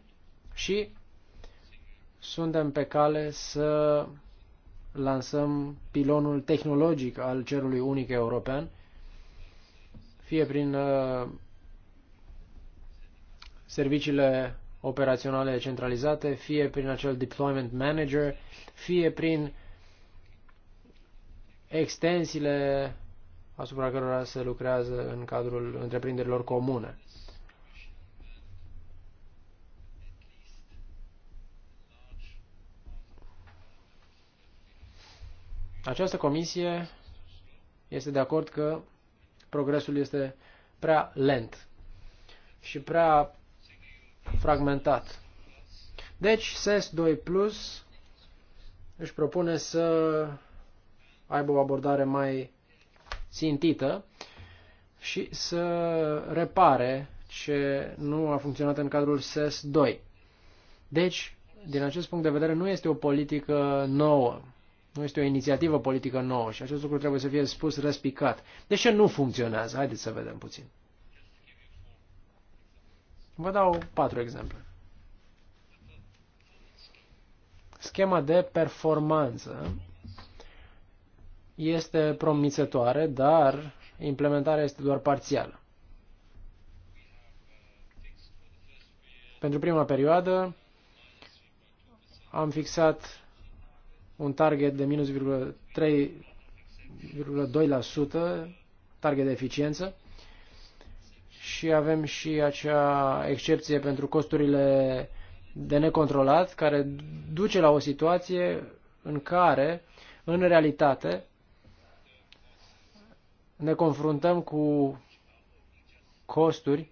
și suntem pe cale să lansăm pilonul tehnologic al cerului unic european, fie prin uh, serviciile operaționale centralizate, fie prin acel deployment manager, fie prin extensiile asupra cărora se lucrează în cadrul întreprinderilor comune. Această comisie este de acord că progresul este prea lent și prea fragmentat. Deci, SES 2 Plus își propune să aibă o abordare mai țintită și să repare ce nu a funcționat în cadrul SES 2. Deci, din acest punct de vedere, nu este o politică nouă. Nu este o inițiativă politică nouă și acest lucru trebuie să fie spus răspicat. De ce nu funcționează? Haideți să vedem puțin. Vă dau patru exemple. Schema de performanță este promițătoare, dar implementarea este doar parțială. Pentru prima perioadă am fixat un target de minus 3,2%, target de eficiență, și avem și acea excepție pentru costurile de necontrolat, care duce la o situație în care, în realitate, ne confruntăm cu costuri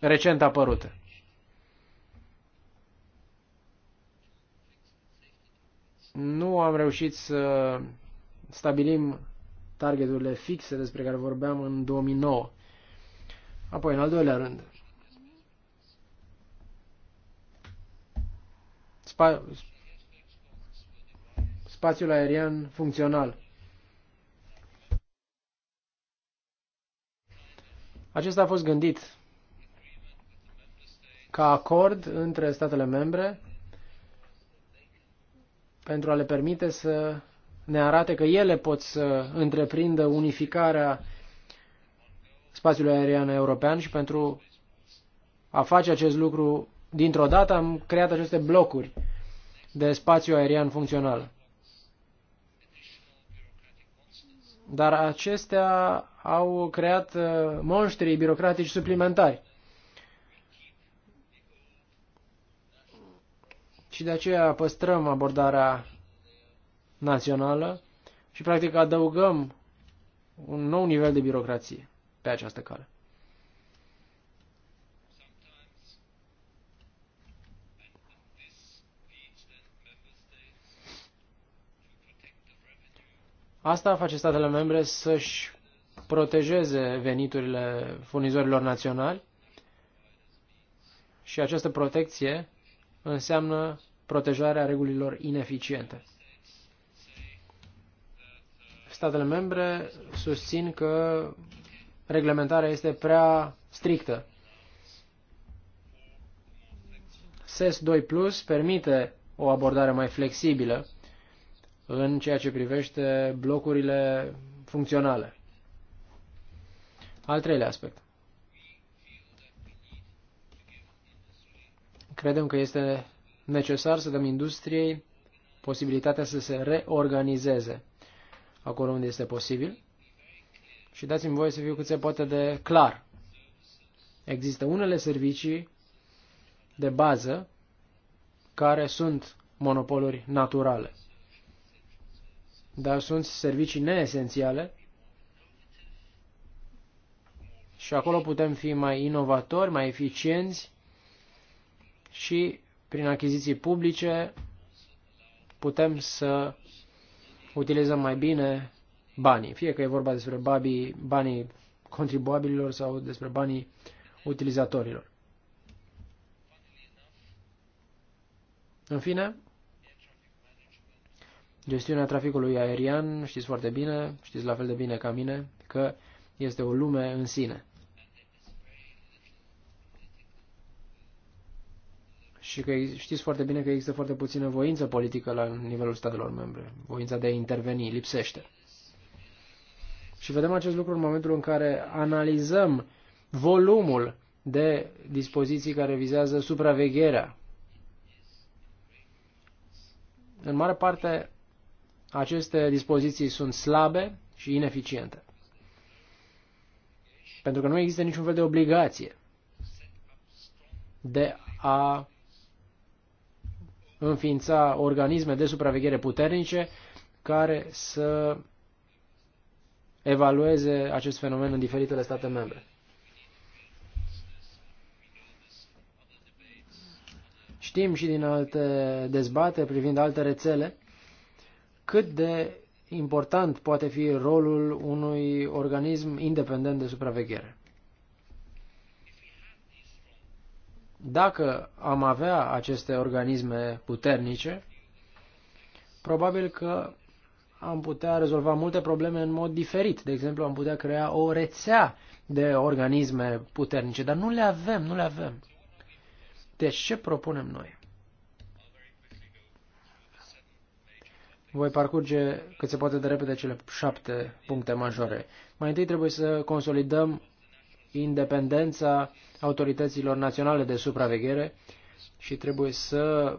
recent apărute. Nu am reușit să stabilim targeturile fixe despre care vorbeam în 2009. Apoi, în al doilea rând, spa spațiul aerian funcțional. Acesta a fost gândit ca acord între statele membre pentru a le permite să ne arate că ele pot să întreprindă unificarea spațiului aerian european și pentru a face acest lucru dintr-o dată am creat aceste blocuri de spațiu aerian funcțional. Dar acestea au creat uh, monștri birocratici suplimentari. Și de aceea păstrăm abordarea națională și practic adăugăm un nou nivel de birocrație pe această cale. Asta face statele membre să-și protejeze veniturile furnizorilor naționali și această protecție înseamnă protejarea regulilor ineficiente statele membre susțin că reglementarea este prea strictă. SES 2 Plus permite o abordare mai flexibilă în ceea ce privește blocurile funcționale. Al treilea aspect. Credem că este necesar să dăm industriei posibilitatea să se reorganizeze acolo unde este posibil. Și dați-mi voie să fiu cât se poate de clar. Există unele servicii de bază care sunt monopoluri naturale. Dar sunt servicii neesențiale și acolo putem fi mai inovatori, mai eficienți și prin achiziții publice putem să utilizăm mai bine banii, fie că e vorba despre banii, banii contribuabililor sau despre banii utilizatorilor. În fine, gestiunea traficului aerian, știți foarte bine, știți la fel de bine ca mine, că este o lume în sine. și că știți foarte bine că există foarte puțină voință politică la nivelul statelor membre. Voința de a interveni lipsește. Și vedem acest lucru în momentul în care analizăm volumul de dispoziții care vizează supravegherea. În mare parte, aceste dispoziții sunt slabe și ineficiente. Pentru că nu există niciun fel de obligație de a înființa organisme de supraveghere puternice care să evalueze acest fenomen în diferitele state membre. Știm și din alte dezbate privind alte rețele cât de important poate fi rolul unui organism independent de supraveghere. Dacă am avea aceste organisme puternice, probabil că am putea rezolva multe probleme în mod diferit. De exemplu, am putea crea o rețea de organisme puternice, dar nu le avem, nu le avem. Deci ce propunem noi? Voi parcurge cât se poate de repede cele șapte puncte majore. Mai întâi trebuie să consolidăm independența autorităților naționale de supraveghere și trebuie să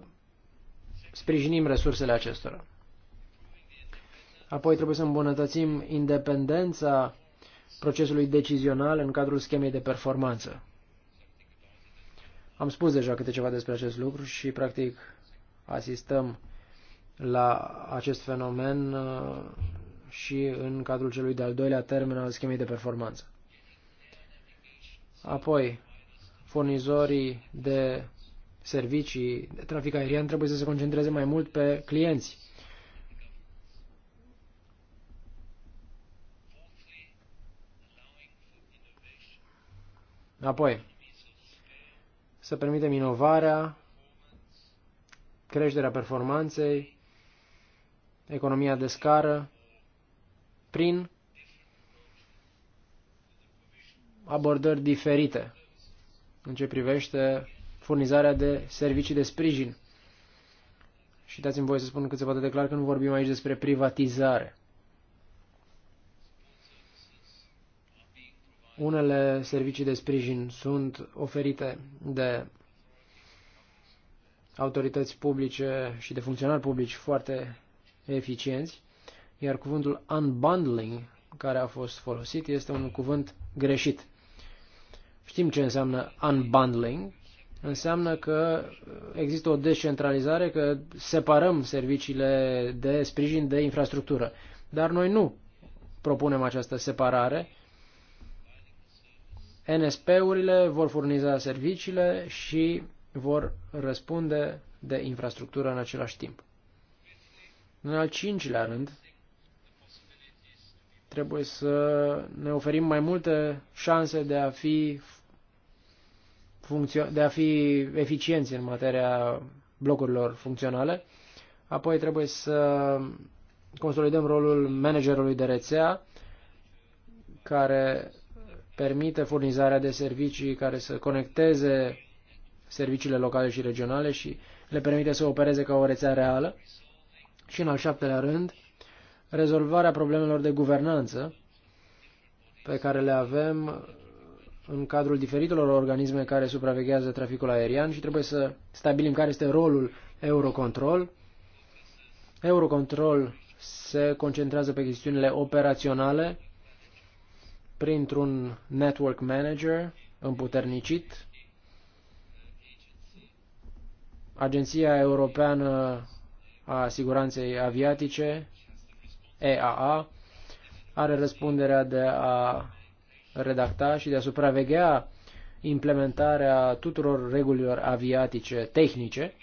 sprijinim resursele acestora. Apoi trebuie să îmbunătățim independența procesului decizional în cadrul schemei de performanță. Am spus deja câte ceva despre acest lucru și, practic, asistăm la acest fenomen uh, și în cadrul celui de-al doilea termen al schemei de performanță. Apoi, furnizorii de servicii de trafic aerian trebuie să se concentreze mai mult pe clienți. Apoi, să permitem inovarea, creșterea performanței, economia de scară, prin abordări diferite în ce privește furnizarea de servicii de sprijin. Și dați-mi voie să spun cât se poate de clar că nu vorbim aici despre privatizare. Unele servicii de sprijin sunt oferite de autorități publice și de funcționari publici foarte eficienți, iar cuvântul unbundling care a fost folosit este un cuvânt greșit. Știm ce înseamnă unbundling, înseamnă că există o descentralizare, că separăm serviciile de sprijin de infrastructură. Dar noi nu propunem această separare. NSP-urile vor furniza serviciile și vor răspunde de infrastructură în același timp. În al cincilea rând, trebuie să ne oferim mai multe șanse de a fi de a fi eficienți în materia blocurilor funcționale. Apoi trebuie să consolidăm rolul managerului de rețea, care permite furnizarea de servicii care să conecteze serviciile locale și regionale și le permite să opereze ca o rețea reală. Și în al șaptelea rând, rezolvarea problemelor de guvernanță pe care le avem în cadrul diferitelor organisme care supraveghează traficul aerian și trebuie să stabilim care este rolul Eurocontrol. Eurocontrol se concentrează pe chestiunile operaționale printr-un network manager împuternicit. Agenția Europeană a Siguranței Aviatice, EAA, are răspunderea de a redacta și de a supraveghea implementarea tuturor regulilor aviatice tehnice,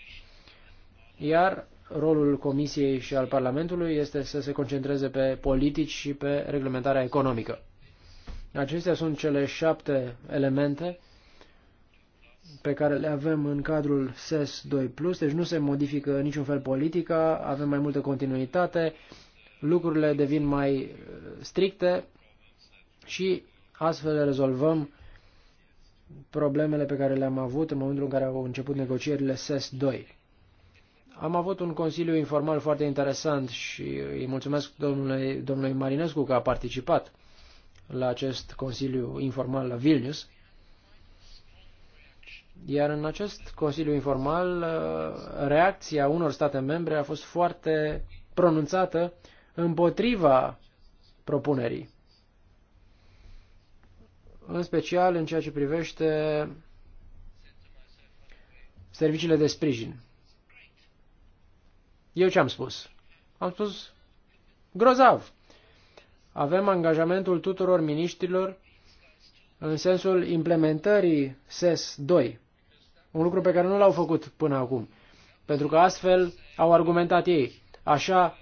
iar rolul Comisiei și al Parlamentului este să se concentreze pe politici și pe reglementarea economică. Acestea sunt cele șapte elemente pe care le avem în cadrul SES 2+, deci nu se modifică niciun fel politica, avem mai multă continuitate, lucrurile devin mai uh, stricte și Astfel rezolvăm problemele pe care le-am avut în momentul în care au început negocierile SES 2. Am avut un consiliu informal foarte interesant și îi mulțumesc domnului, domnului Marinescu că a participat la acest consiliu informal la Vilnius. Iar în acest consiliu informal, reacția unor state membre a fost foarte pronunțată împotriva propunerii în special în ceea ce privește serviciile de sprijin. Eu ce am spus? Am spus grozav. Avem angajamentul tuturor miniștrilor în sensul implementării SES 2, un lucru pe care nu l-au făcut până acum, pentru că astfel au argumentat ei. Așa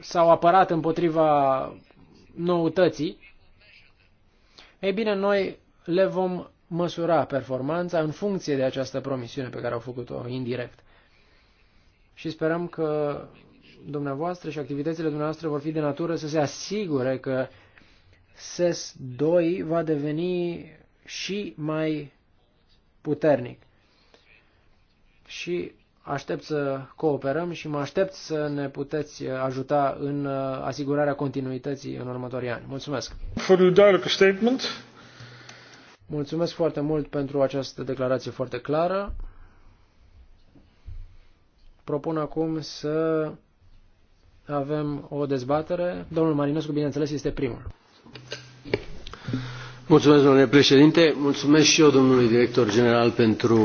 s-au apărat împotriva noutății ei bine, noi le vom măsura performanța în funcție de această promisiune pe care au făcut-o indirect. Și sperăm că dumneavoastră și activitățile dumneavoastră vor fi de natură să se asigure că SES 2 va deveni și mai puternic. Și Aștept să cooperăm și mă aștept să ne puteți ajuta în uh, asigurarea continuității în următorii ani. Mulțumesc! For your direct statement. Mulțumesc foarte mult pentru această declarație foarte clară. Propun acum să avem o dezbatere. Domnul Marinescu, bineînțeles, este primul. Mulțumesc, domnule președinte. Mulțumesc și eu, domnului director general, pentru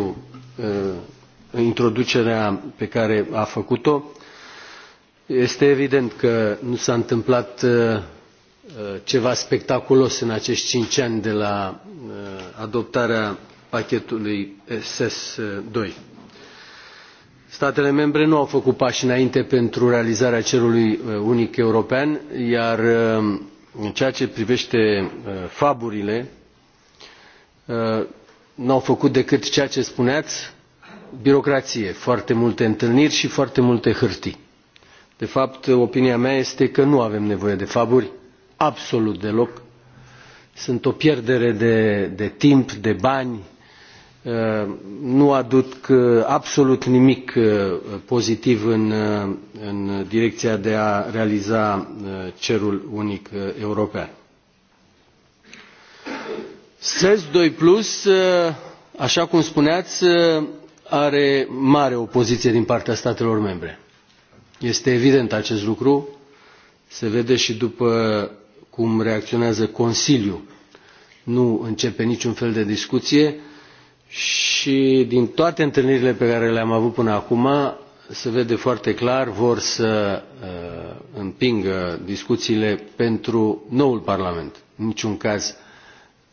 uh, introducerea pe care a făcut-o. Este evident că nu s-a întâmplat uh, uh, ceva spectaculos în acești cinci ani de la uh, adoptarea pachetului SES 2. Statele membre nu au făcut pași înainte pentru realizarea cerului unic european, iar în ceea ce privește faburile, nu au făcut decât ceea ce spuneați, birocrație, foarte multe întâlniri și foarte multe hârtii. De fapt, opinia mea este că nu avem nevoie de faburi, absolut deloc. Sunt o pierdere de, de timp, de bani, uh, nu aduc uh, absolut nimic uh, pozitiv în, în direcția de a realiza cerul unic european. SES 2 Plus, așa cum spuneați, are mare opoziție din partea statelor membre. Este evident acest lucru, se vede și după cum reacționează Consiliul. Nu începe niciun fel de discuție și din toate întâlnirile pe care le-am avut până acum, se vede foarte clar, vor să uh, împingă discuțiile pentru noul Parlament. În niciun caz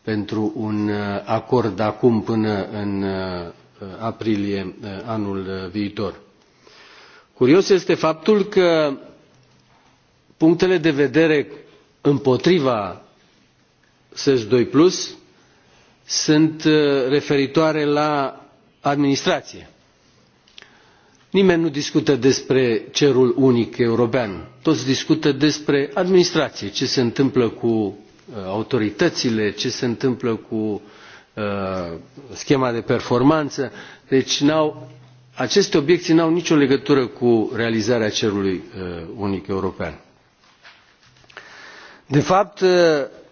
pentru un uh, acord acum până în uh, Uh, aprilie uh, anul uh, viitor. Curios este faptul că punctele de vedere împotriva SES 2 Plus sunt referitoare la administrație. Nimeni nu discută despre cerul unic european. Toți discută despre administrație, ce se întâmplă cu autoritățile, ce se întâmplă cu Uh, schema de performanță. Deci aceste obiecții n-au nicio legătură cu realizarea cerului uh, unic european. De fapt, uh,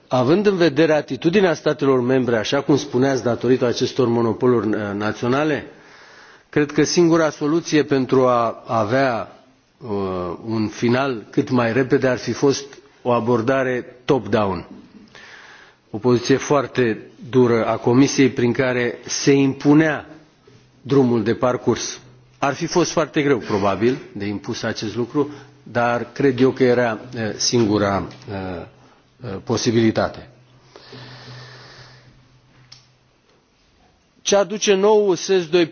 având în vedere atitudinea statelor membre, așa cum spuneați, datorită acestor monopoluri naționale, cred că singura soluție pentru a avea un final cât mai repede ar fi fost o abordare top-down o poziție foarte dură a Comisiei prin care se impunea drumul de parcurs. Ar fi fost foarte greu, probabil, de impus acest lucru, dar cred eu că era eh, singura eh, eh, posibilitate. ce aduce nou ses ii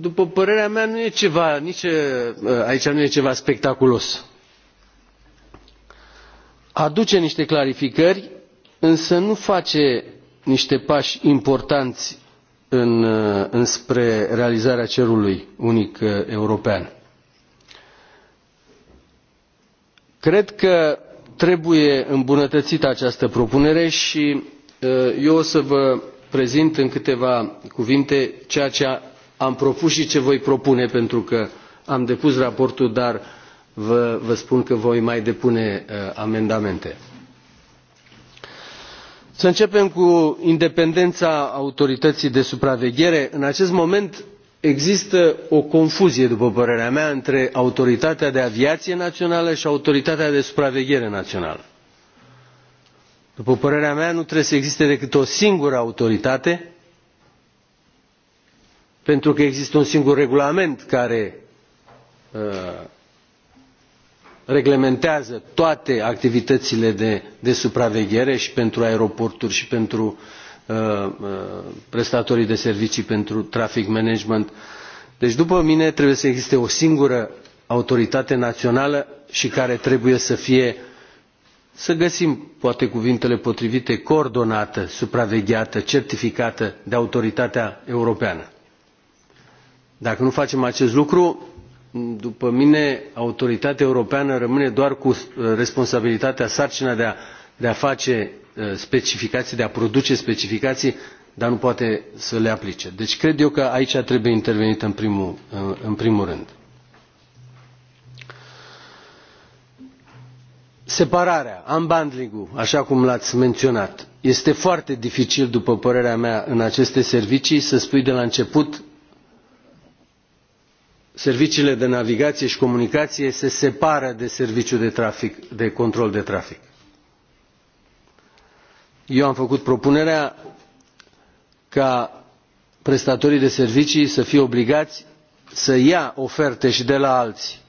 după părerea mea nu e ceva nici aici nu e ceva spectaculos aduce niște clarificări însă nu face niște pași importanți în, uh, înspre realizarea cerului unic uh, european. Cred că trebuie îmbunătățită această propunere și uh, eu o să vă prezint în câteva cuvinte ceea ce am propus și ce voi propune, pentru că am depus raportul, dar vă, vă spun că voi mai depune amendamente să începem cu independența autorității de supraveghere în acest moment există o confuzie după părerea mea între autoritatea de aviație națională și autoritatea de supraveghere națională. după părerea mea nu trebuie să existe decât o singură autoritate pentru că există un singur regulament care uh, reglementează toate activitățile de, de supraveghere și pentru aeroporturi și pentru uh, uh prestatorii de servicii pentru traffic management. Deci, după mine, trebuie să existe o singură autoritate națională și care trebuie să fie, să găsim poate cuvintele potrivite, coordonată, supravegheată, certificată de autoritatea europeană. Dacă nu facem acest lucru, după mine autoritatea europeană rămâne doar cu uh, responsabilitatea sarcina de a, de a face uh, specificații de a produce specificații dar nu poate să le aplice. deci cred eu că aici trebuie intervenit în primul, uh, în primul rând. separarea unbundling ul așa cum l ați menționat este foarte dificil după părerea mea în aceste servicii să spui de la început serviciile de navigație și comunicație se separă de serviciul de, trafic, de control de trafic. Eu am făcut propunerea ca prestatorii de servicii să fie obligați să ia oferte și de la alți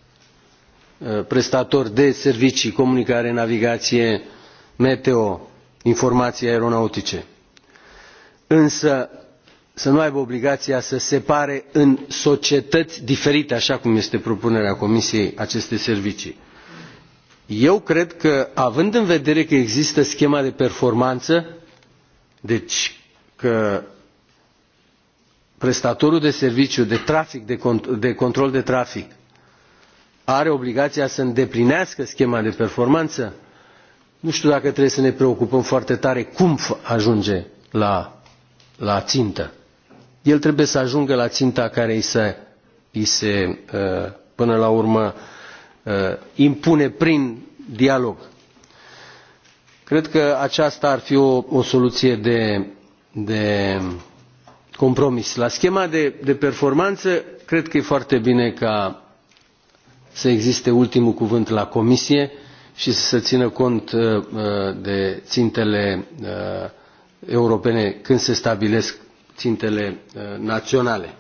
uh, prestatori de servicii, comunicare, navigație, meteo, informații aeronautice. Însă să nu aibă obligația să separe în societăți diferite, așa cum este propunerea Comisiei, aceste servicii. Eu cred că, având în vedere că există schema de performanță, deci că prestatorul de serviciu de, trafic, de, cont de control de trafic are obligația să îndeplinească schema de performanță, nu știu dacă trebuie să ne preocupăm foarte tare cum ajunge la, la țintă el trebuie să ajungă la ținta care îi se, îi se uh, până la urmă uh, impune prin dialog. Cred că aceasta ar fi o, o soluție de, de compromis. La schema de, de performanță, cred că e foarte bine ca să existe ultimul cuvânt la comisie și să se țină cont uh, de țintele europene când se stabilesc țintele uh, naționale.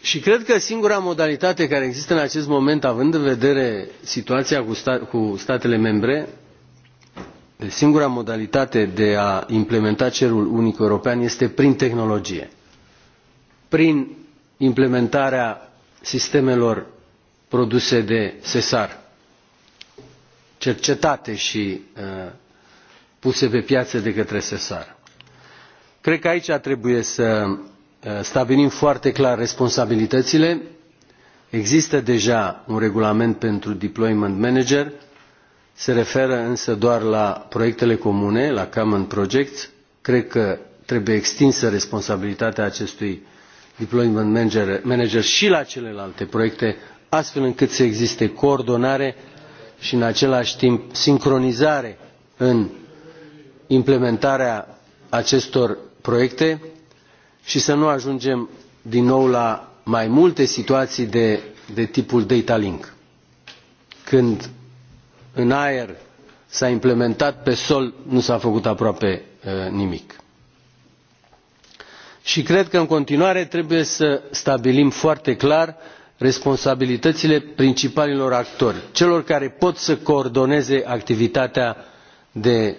Și cred că singura modalitate care există în acest moment, având în vedere situația cu, sta cu statele membre, singura modalitate de a implementa cerul unic european este prin tehnologie, prin implementarea sistemelor produse de SESAR, cercetate și uh, puse pe piață de către SESAR cred că aici trebuie să ă, stabilim foarte clar responsabilitățile există deja un regulament pentru deployment manager se referă însă doar la proiectele comune la common projects cred că trebuie extinsă responsabilitatea acestui deployment manager, manager și la celelalte proiecte astfel încât să existe coordonare și în același timp sincronizare în implementarea acestor proiecte și să nu ajungem din nou la mai multe situații de, de tipul data link. Când în aer s-a implementat, pe sol nu s-a făcut aproape uh, nimic. Și cred că în continuare trebuie să stabilim foarte clar responsabilitățile principalilor actori, celor care pot să coordoneze activitatea de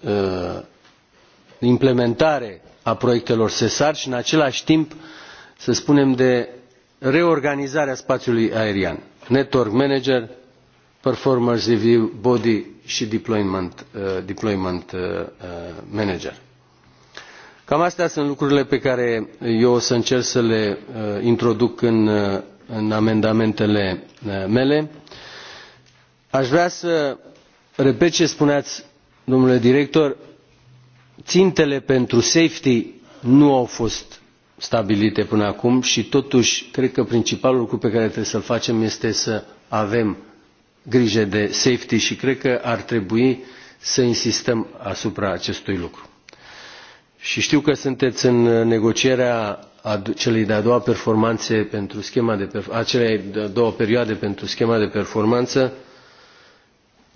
uh, implementare a proiectelor sesar și în același timp să spunem de reorganizarea spațiului aerian network manager performance review body și deployment, uh, deployment uh, uh, manager. Cam astea sunt lucrurile pe care eu o să încerc să le uh, introduc în, uh, în amendamentele uh, mele. Aș vrea să repet ce spuneați, domnule director, țintele pentru safety nu au fost stabilite până acum și totuși cred că principalul lucru pe care trebuie să l facem este să avem grijă de safety și cred că ar trebui să insistăm asupra acestui lucru. Și știu că sunteți în negocierea celei de-a doua performanțe pentru schema de acelei de două perioade pentru schema de performanță.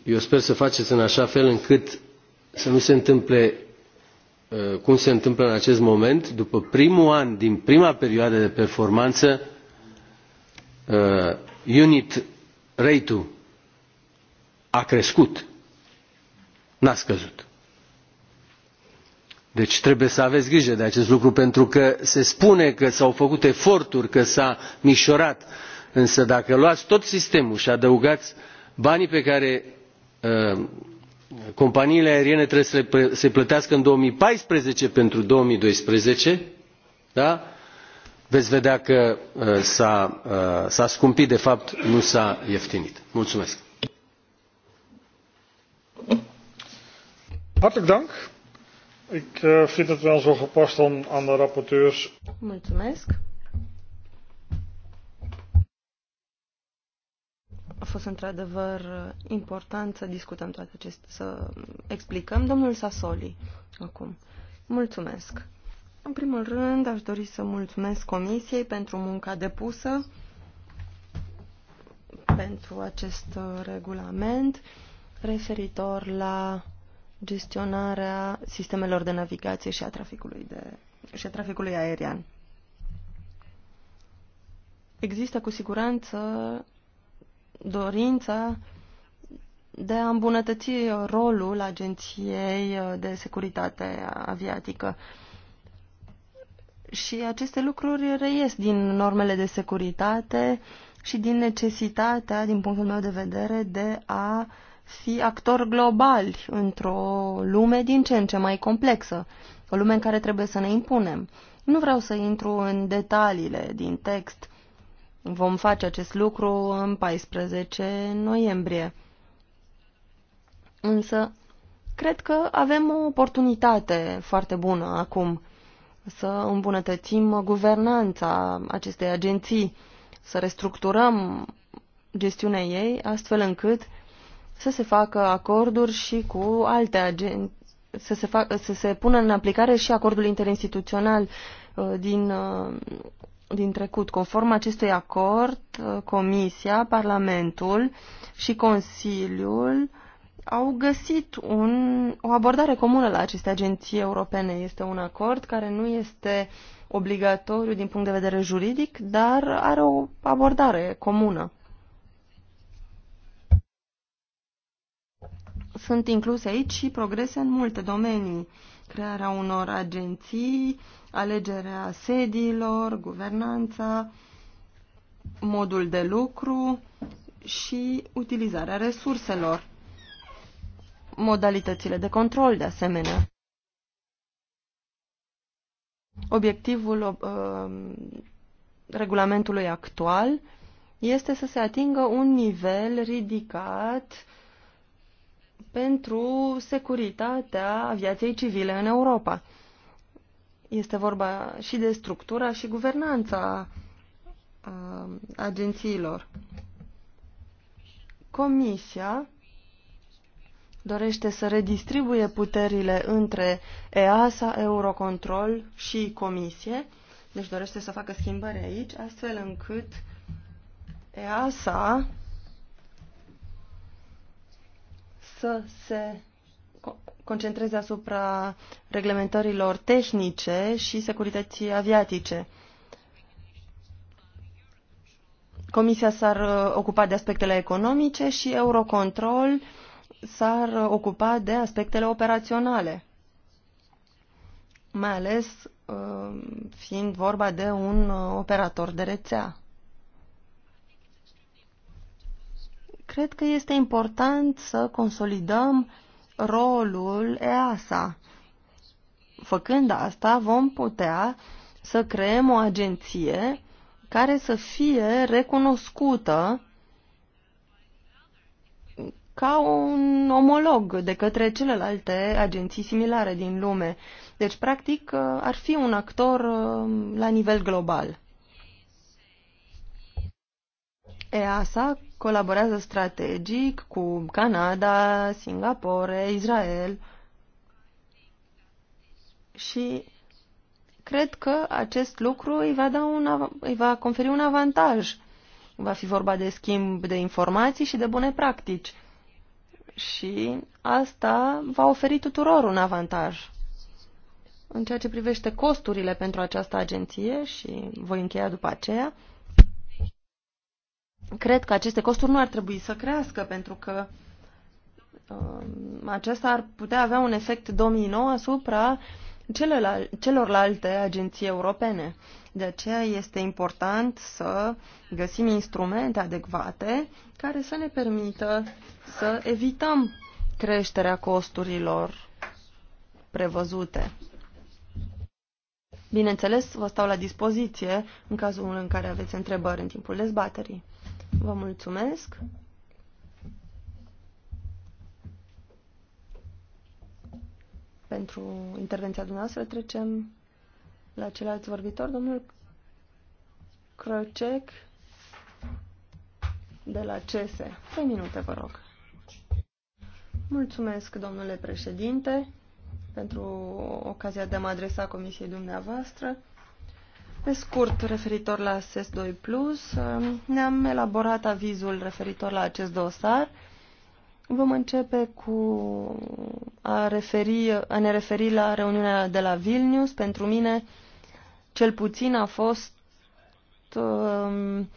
Eu sper să faceți în așa fel încât să nu se întâmple Uh, cum se întâmplă în acest moment după primul an din prima perioadă de performanță uh, unit rate-ul a crescut n-a scăzut deci trebuie să aveți grijă de acest lucru pentru că se spune că s-au făcut eforturi, că s-a mișorat. Însă dacă luați tot sistemul și adăugați banii pe care uh, companiile aeriene trebuie să se plătească în două mii paisprezece pentru două mii doisprezece da? veți vedea că uh, s a uh, scumpit de fapt nu s a ieftinit. mulțumesc. Hartelijk dank. Ik uh, vind het wel zo gepast om aan de rapporteurs. Mulțumesc. A fost într-adevăr uh, important să discutăm toate acestea, să explicăm. Domnul Sasoli, acum. Mulțumesc. În primul rând, aș dori să mulțumesc Comisiei pentru munca depusă, pentru acest uh, regulament referitor la gestionarea sistemelor de navigație și a traficului, de, și a traficului aerian. Există cu siguranță dorința de a îmbunătăți rolul Agenției de Securitate Aviatică. Și aceste lucruri reies din normele de securitate și din necesitatea, din punctul meu de vedere, de a fi actor global într-o lume din ce în ce mai complexă, o lume în care trebuie să ne impunem. Nu vreau să intru în detaliile din text, Vom face acest lucru în 14 noiembrie. Însă, cred că avem o oportunitate foarte bună acum să îmbunătățim guvernanța acestei agenții, să restructurăm gestiunea ei astfel încât să se facă acorduri și cu alte agenții, să se, fac, să se pună în aplicare și acordul interinstituțional uh, din uh, din trecut. Conform acestui acord, uh, Comisia, Parlamentul și Consiliul au găsit un, o abordare comună la aceste agenții europene. Este un acord care nu este obligatoriu din punct de vedere juridic, dar are o abordare comună. Sunt incluse aici și progrese în multe domenii. Crearea unor agenții, alegerea sediilor, guvernanța, modul de lucru și utilizarea resurselor, modalitățile de control de asemenea. Obiectivul uh, regulamentului actual este să se atingă un nivel ridicat pentru securitatea aviației civile în Europa. Este vorba și de structura și guvernanța uh, agențiilor. Comisia dorește să redistribuie puterile între EASA, Eurocontrol și Comisie, deci dorește să facă schimbări aici, astfel încât EASA să se concentreze asupra reglementărilor tehnice și securității aviatice. Comisia s-ar uh, ocupa de aspectele economice și Eurocontrol s-ar uh, ocupa de aspectele operaționale, mai ales uh, fiind vorba de un operator de rețea. Cred că este important să consolidăm rolul EASA. Făcând asta, vom putea să creăm o agenție care să fie recunoscută ca un omolog de către celelalte agenții similare din lume. Deci, practic, ar fi un actor uh, la nivel global. EASA colaborează strategic cu Canada, Singapore, Israel și cred că acest lucru îi va, da un, îi va conferi un avantaj. Va fi vorba de schimb de informații și de bune practici. Și asta va oferi tuturor un avantaj. În ceea ce privește costurile pentru această agenție, și voi încheia după aceea, cred că aceste costuri nu ar trebui să crească, pentru că uh, acesta ar putea avea un efect domino asupra celelal celorlalte agenții europene. De aceea este important să găsim instrumente adecvate care să ne permită să evităm creșterea costurilor prevăzute. Bineînțeles, vă stau la dispoziție în cazul în care aveți întrebări în timpul dezbaterii. Vă mulțumesc. Pentru intervenția dumneavoastră trecem la celălalt vorbitor, domnul Crăcec de la CESE. Trei minute, vă rog. Mulțumesc, domnule președinte, pentru ocazia de a mă adresa comisiei dumneavoastră. Pe scurt, referitor la SES2+, um, ne-am elaborat avizul referitor la acest dosar. Vom începe cu a, referi, a ne referi la reuniunea de la Vilnius. Pentru mine, cel puțin a fost... Um,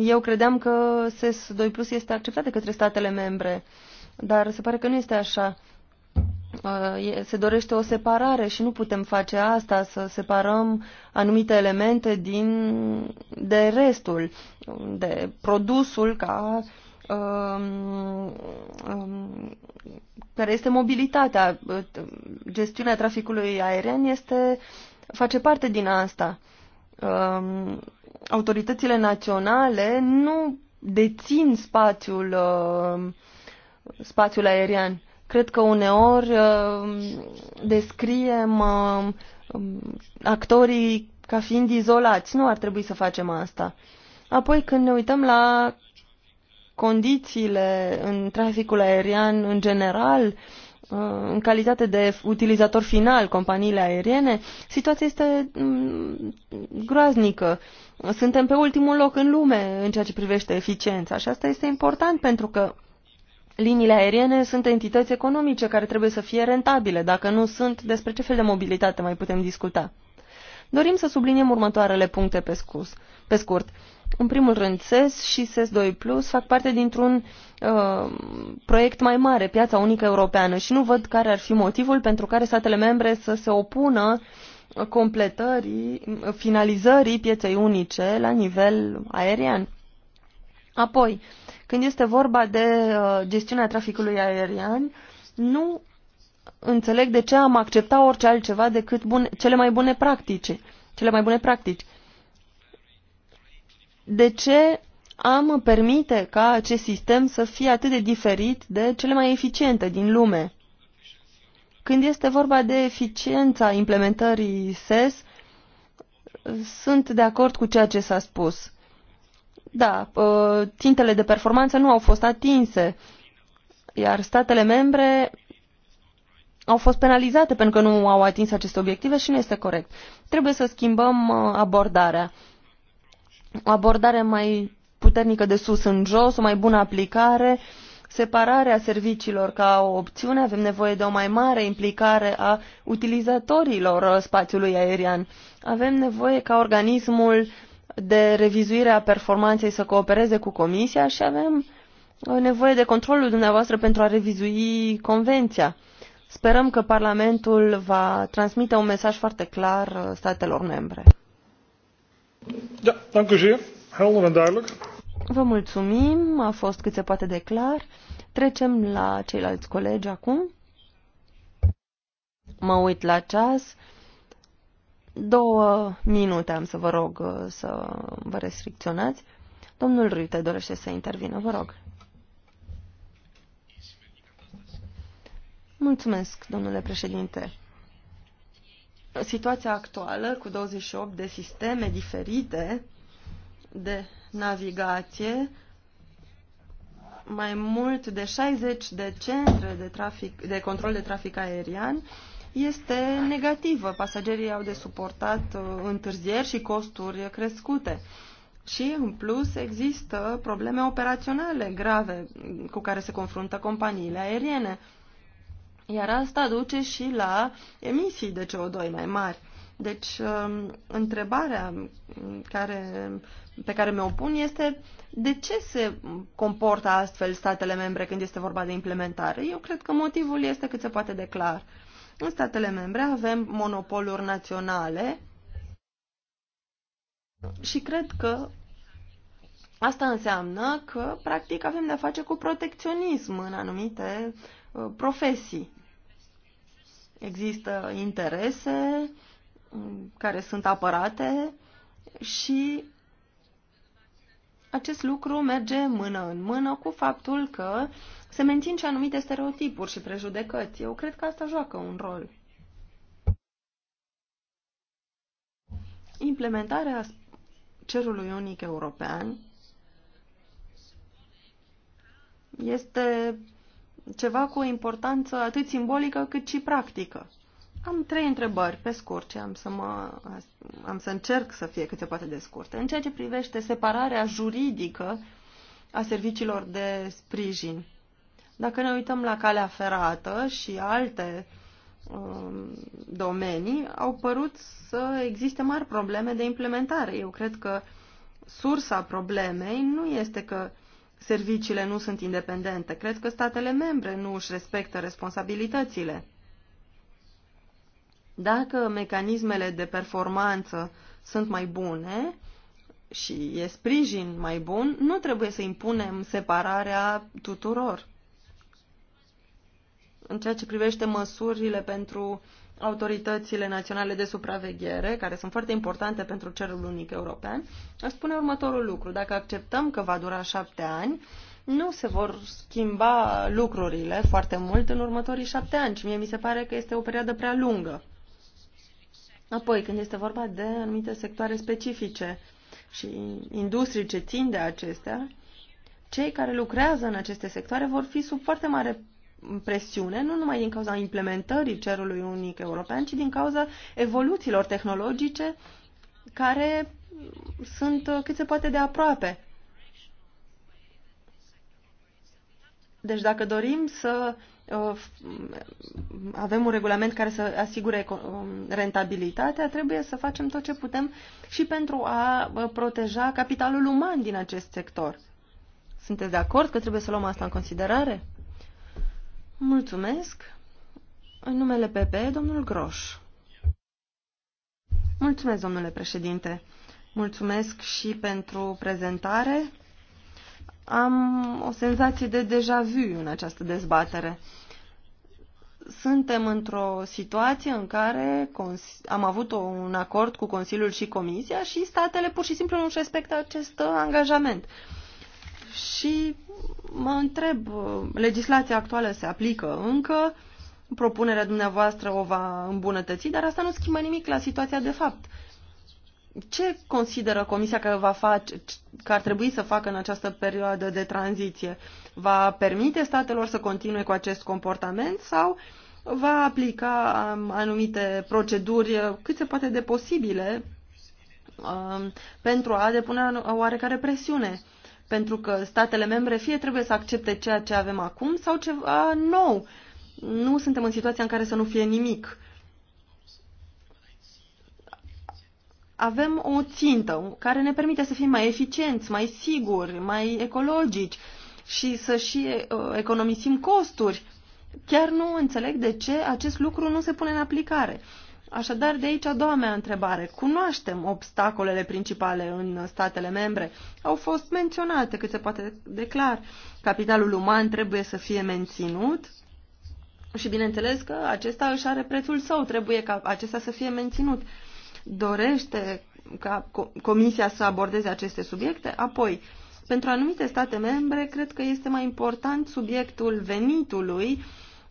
eu credeam că SES2 Plus este acceptat de către statele membre, dar se pare că nu este așa. Uh, se dorește o separare și nu putem face asta, să separăm anumite elemente din, de restul, de produsul ca um, um, care este mobilitatea. Gestiunea traficului aerian este, face parte din asta. Um, autoritățile naționale nu dețin spațiul, uh, spațiul aerian Cred că uneori uh, descriem uh, actorii ca fiind izolați. Nu ar trebui să facem asta. Apoi, când ne uităm la condițiile în traficul aerian în general, uh, în calitate de utilizator final, companiile aeriene, situația este mm, groaznică. Suntem pe ultimul loc în lume în ceea ce privește eficiența și asta este important pentru că liniile aeriene sunt entități economice care trebuie să fie rentabile. Dacă nu sunt, despre ce fel de mobilitate mai putem discuta? Dorim să subliniem următoarele puncte pe, scurs, pe scurt. În primul rând, SES și SES 2 Plus fac parte dintr-un uh, proiect mai mare, piața unică europeană, și nu văd care ar fi motivul pentru care statele membre să se opună completării, finalizării pieței unice la nivel aerian. Apoi, uh, când este vorba de uh, gestiunea traficului aerian, nu înțeleg de ce am acceptat orice altceva decât bune, cele mai bune practici. Cele mai bune practici. De ce am permite ca acest sistem să fie atât de diferit de cele mai eficiente din lume? Când este vorba de eficiența implementării SES, sunt de acord cu ceea ce s-a spus da, ă, țintele de performanță nu au fost atinse, iar statele membre au fost penalizate pentru că nu au atins aceste obiective și nu este corect. Trebuie să schimbăm ă, abordarea. O abordare mai puternică de sus în jos, o mai bună aplicare, separarea serviciilor ca o opțiune, avem nevoie de o mai mare implicare a utilizatorilor ă, spațiului aerian. Avem nevoie ca organismul de revizuire a performanței să coopereze cu Comisia și avem uh, nevoie de controlul dumneavoastră pentru a revizui Convenția. Sperăm că Parlamentul va transmite un mesaj foarte clar uh, statelor membre. Da, dank u zeer. Helder en duidelijk. Vă mulțumim, a fost cât se poate de clar. Trecem la ceilalți colegi acum. Mă uit la ceas. Două minute am să vă rog uh, să vă restricționați. Domnul Rute dorește să intervină, vă rog. Mulțumesc, domnule președinte. Situația actuală cu 28 de sisteme diferite de navigație, mai mult de 60 de centre de, trafic, de control de trafic aerian este negativă. Pasagerii au de suportat uh, întârzieri și costuri crescute. Și, în plus, există probleme operaționale grave cu care se confruntă companiile aeriene. Iar asta duce și la emisii de CO2 mai mari. Deci, um, întrebarea care, pe care mi-o pun este de ce se comportă astfel statele membre când este vorba de implementare? Eu cred că motivul este cât se poate declar. clar. În statele membre avem monopoluri naționale și cred că asta înseamnă că, practic, avem de-a face cu protecționism în anumite uh, profesii. Există interese um, care sunt apărate și acest lucru merge mână în mână cu faptul că uh, se mențin și anumite stereotipuri și prejudecăți. Eu cred că asta joacă un rol. Implementarea cerului unic european este ceva cu o importanță atât simbolică cât și practică. Am trei întrebări, pe scurt, ce am să, mă, am să încerc să fie cât se poate de scurte. În ceea ce privește separarea juridică a serviciilor de sprijin, dacă ne uităm la calea ferată și alte um, domenii, au părut să existe mari probleme de implementare. Eu cred că sursa problemei nu este că serviciile nu sunt independente. Cred că statele membre nu își respectă responsabilitățile. Dacă mecanismele de performanță sunt mai bune și e sprijin mai bun, nu trebuie să impunem separarea tuturor în ceea ce privește măsurile pentru autoritățile naționale de supraveghere, care sunt foarte importante pentru cerul unic european, aș spune următorul lucru. Dacă acceptăm că va dura șapte ani, nu se vor schimba lucrurile foarte mult în următorii șapte ani și mie mi se pare că este o perioadă prea lungă. Apoi, când este vorba de anumite sectoare specifice și industrii ce țin de acestea, cei care lucrează în aceste sectoare vor fi sub foarte mare presiune, nu numai din cauza implementării cerului unic european, ci din cauza evoluțiilor tehnologice care sunt cât se poate de aproape. Deci dacă dorim să uh, avem un regulament care să asigure um, rentabilitatea, trebuie să facem tot ce putem și pentru a uh, proteja capitalul uman din acest sector. Sunteți de acord că trebuie să luăm asta în considerare? Mulțumesc. În numele PP, domnul Groș. Mulțumesc, domnule președinte. Mulțumesc și pentru prezentare. Am o senzație de deja vu în această dezbatere. Suntem într-o situație în care am avut un acord cu Consiliul și Comisia și statele pur și simplu nu-și respectă acest angajament. Uh, și mă întreb, legislația actuală se aplică încă, propunerea dumneavoastră o va îmbunătăți, dar asta nu schimbă nimic la situația de fapt. Ce consideră Comisia că, va face, că ar trebui să facă în această perioadă de tranziție? Va permite statelor să continue cu acest comportament sau va aplica um, anumite proceduri cât se poate de posibile um, pentru a depune oarecare presiune? pentru că statele membre fie trebuie să accepte ceea ce avem acum sau ceva nou. Nu suntem în situația în care să nu fie nimic. Avem o țintă care ne permite să fim mai eficienți, mai siguri, mai ecologici și să și uh, economisim costuri. Chiar nu înțeleg de ce acest lucru nu se pune în aplicare. Așadar, de aici a doua mea întrebare. Cunoaștem obstacolele principale în statele membre. Au fost menționate cât se poate declar. Capitalul uman trebuie să fie menținut și bineînțeles că acesta își are prețul său. Trebuie ca acesta să fie menținut. Dorește ca Comisia să abordeze aceste subiecte? Apoi, pentru anumite state membre, cred că este mai important subiectul venitului uh,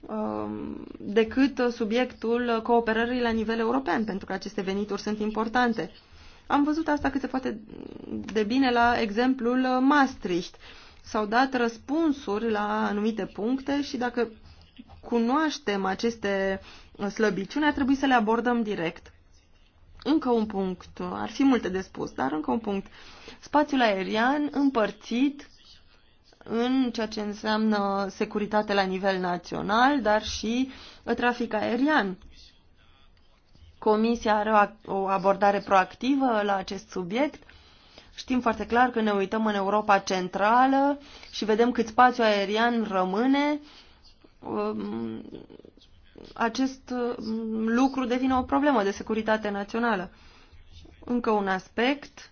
Um, decât subiectul cooperării la nivel european, pentru că aceste venituri sunt importante. Am văzut asta cât se poate de bine la exemplul Maastricht. S-au dat răspunsuri la anumite puncte și dacă cunoaștem aceste slăbiciuni, ar trebui să le abordăm direct. Încă un punct, ar fi multe de spus, dar încă un punct. Spațiul aerian împărțit în ceea ce înseamnă securitate la nivel național, dar și trafic aerian. Comisia are o abordare proactivă la acest subiect. Știm foarte clar că ne uităm în Europa Centrală și vedem cât spațiu aerian rămâne. Um, acest um, lucru devine o problemă de securitate națională. Încă un aspect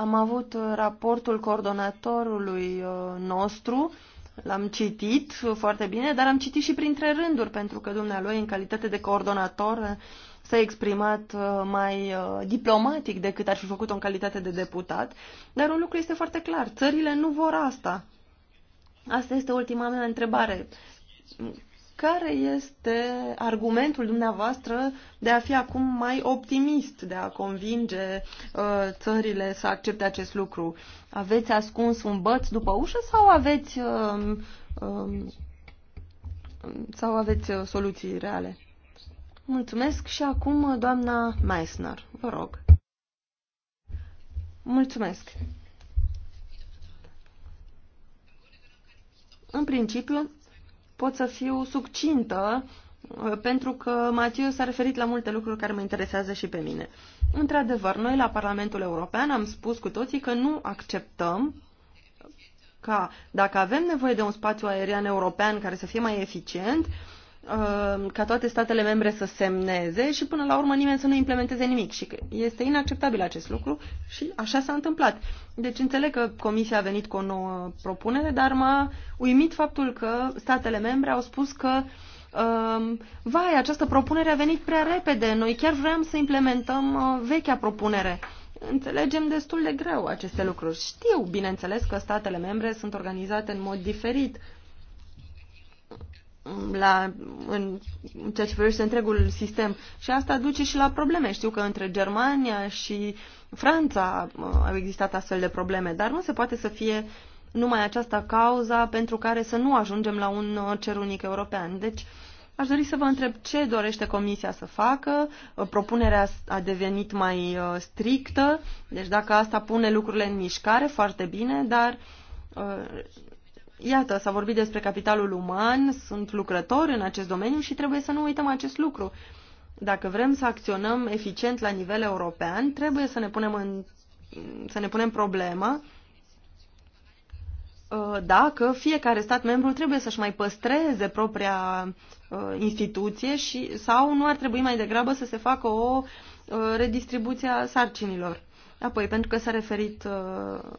am avut uh, raportul coordonatorului uh, nostru, l-am citit uh, foarte bine, dar am citit și printre rânduri, pentru că dumnealui, în calitate de coordonator, s-a exprimat mai diplomatic decât ar fi făcut-o în calitate de deputat. Dar un lucru este foarte clar, țările nu vor asta. Asta este ultima mea întrebare. Care este argumentul dumneavoastră de a fi acum mai optimist, de a convinge uh, țările să accepte acest lucru? Aveți ascuns un băț după ușă sau aveți, uh, uh, sau aveți uh, soluții reale? Mulțumesc și acum uh, doamna Meissner, vă rog. Mulțumesc. În principiu, pot să fiu succintă uh, pentru că Matiu s-a referit la multe lucruri care mă interesează și pe mine. Într-adevăr, noi la Parlamentul European am spus cu toții că nu acceptăm ca dacă avem nevoie de un spațiu aerian european care să fie mai eficient, uh, Uh, ca toate statele membre să semneze și până la urmă nimeni să nu implementeze nimic. Și este inacceptabil acest lucru și așa s-a întâmplat. Deci înțeleg că Comisia a venit cu o nouă propunere, dar m-a uimit faptul că statele membre au spus că um, vai, această propunere a venit prea repede, noi chiar vreau să implementăm uh, vechea propunere. Înțelegem destul de greu aceste lucruri. Știu, bineînțeles, că statele membre sunt organizate în mod diferit la, în ceea ce privește întregul sistem. Și asta duce și la probleme. Știu că între Germania și Franța uh, au existat astfel de probleme, dar nu se poate să fie numai aceasta cauza pentru care să nu ajungem la un uh, cer unic european. Deci, aș dori să vă întreb ce dorește Comisia să facă. Uh, propunerea a devenit mai strictă, deci dacă asta pune lucrurile în mișcare, foarte bine, dar Iată, s-a vorbit despre capitalul uman, sunt lucrători în acest domeniu și trebuie să nu uităm acest lucru. Dacă vrem să acționăm eficient la nivel european, trebuie să ne punem, în, să ne punem problema uh, dacă fiecare stat membru trebuie să-și mai păstreze propria uh, instituție și, sau nu ar trebui mai degrabă să se facă o uh, redistribuție a sarcinilor. Apoi, pentru că s-a referit,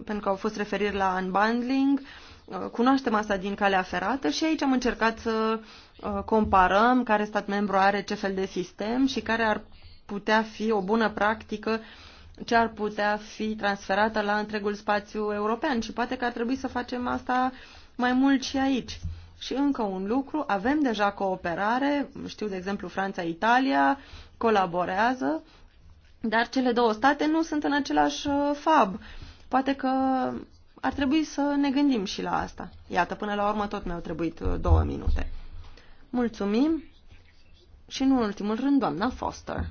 pentru că au fost referiri la unbundling, Uh, cunoaștem asta din calea ferată și aici am încercat să uh, comparăm care stat membru are ce fel de sistem și care ar putea fi o bună practică ce ar putea fi transferată la întregul spațiu european și poate că ar trebui să facem asta mai mult și aici. Și încă un lucru, avem deja cooperare, știu de exemplu Franța-Italia, colaborează, dar cele două state nu sunt în același uh, fab. Poate că ar trebui să ne gândim și la asta. Iată, până la urmă tot mi-au trebuit uh, două minute. Mulțumim și, în ultimul rând, doamna Foster.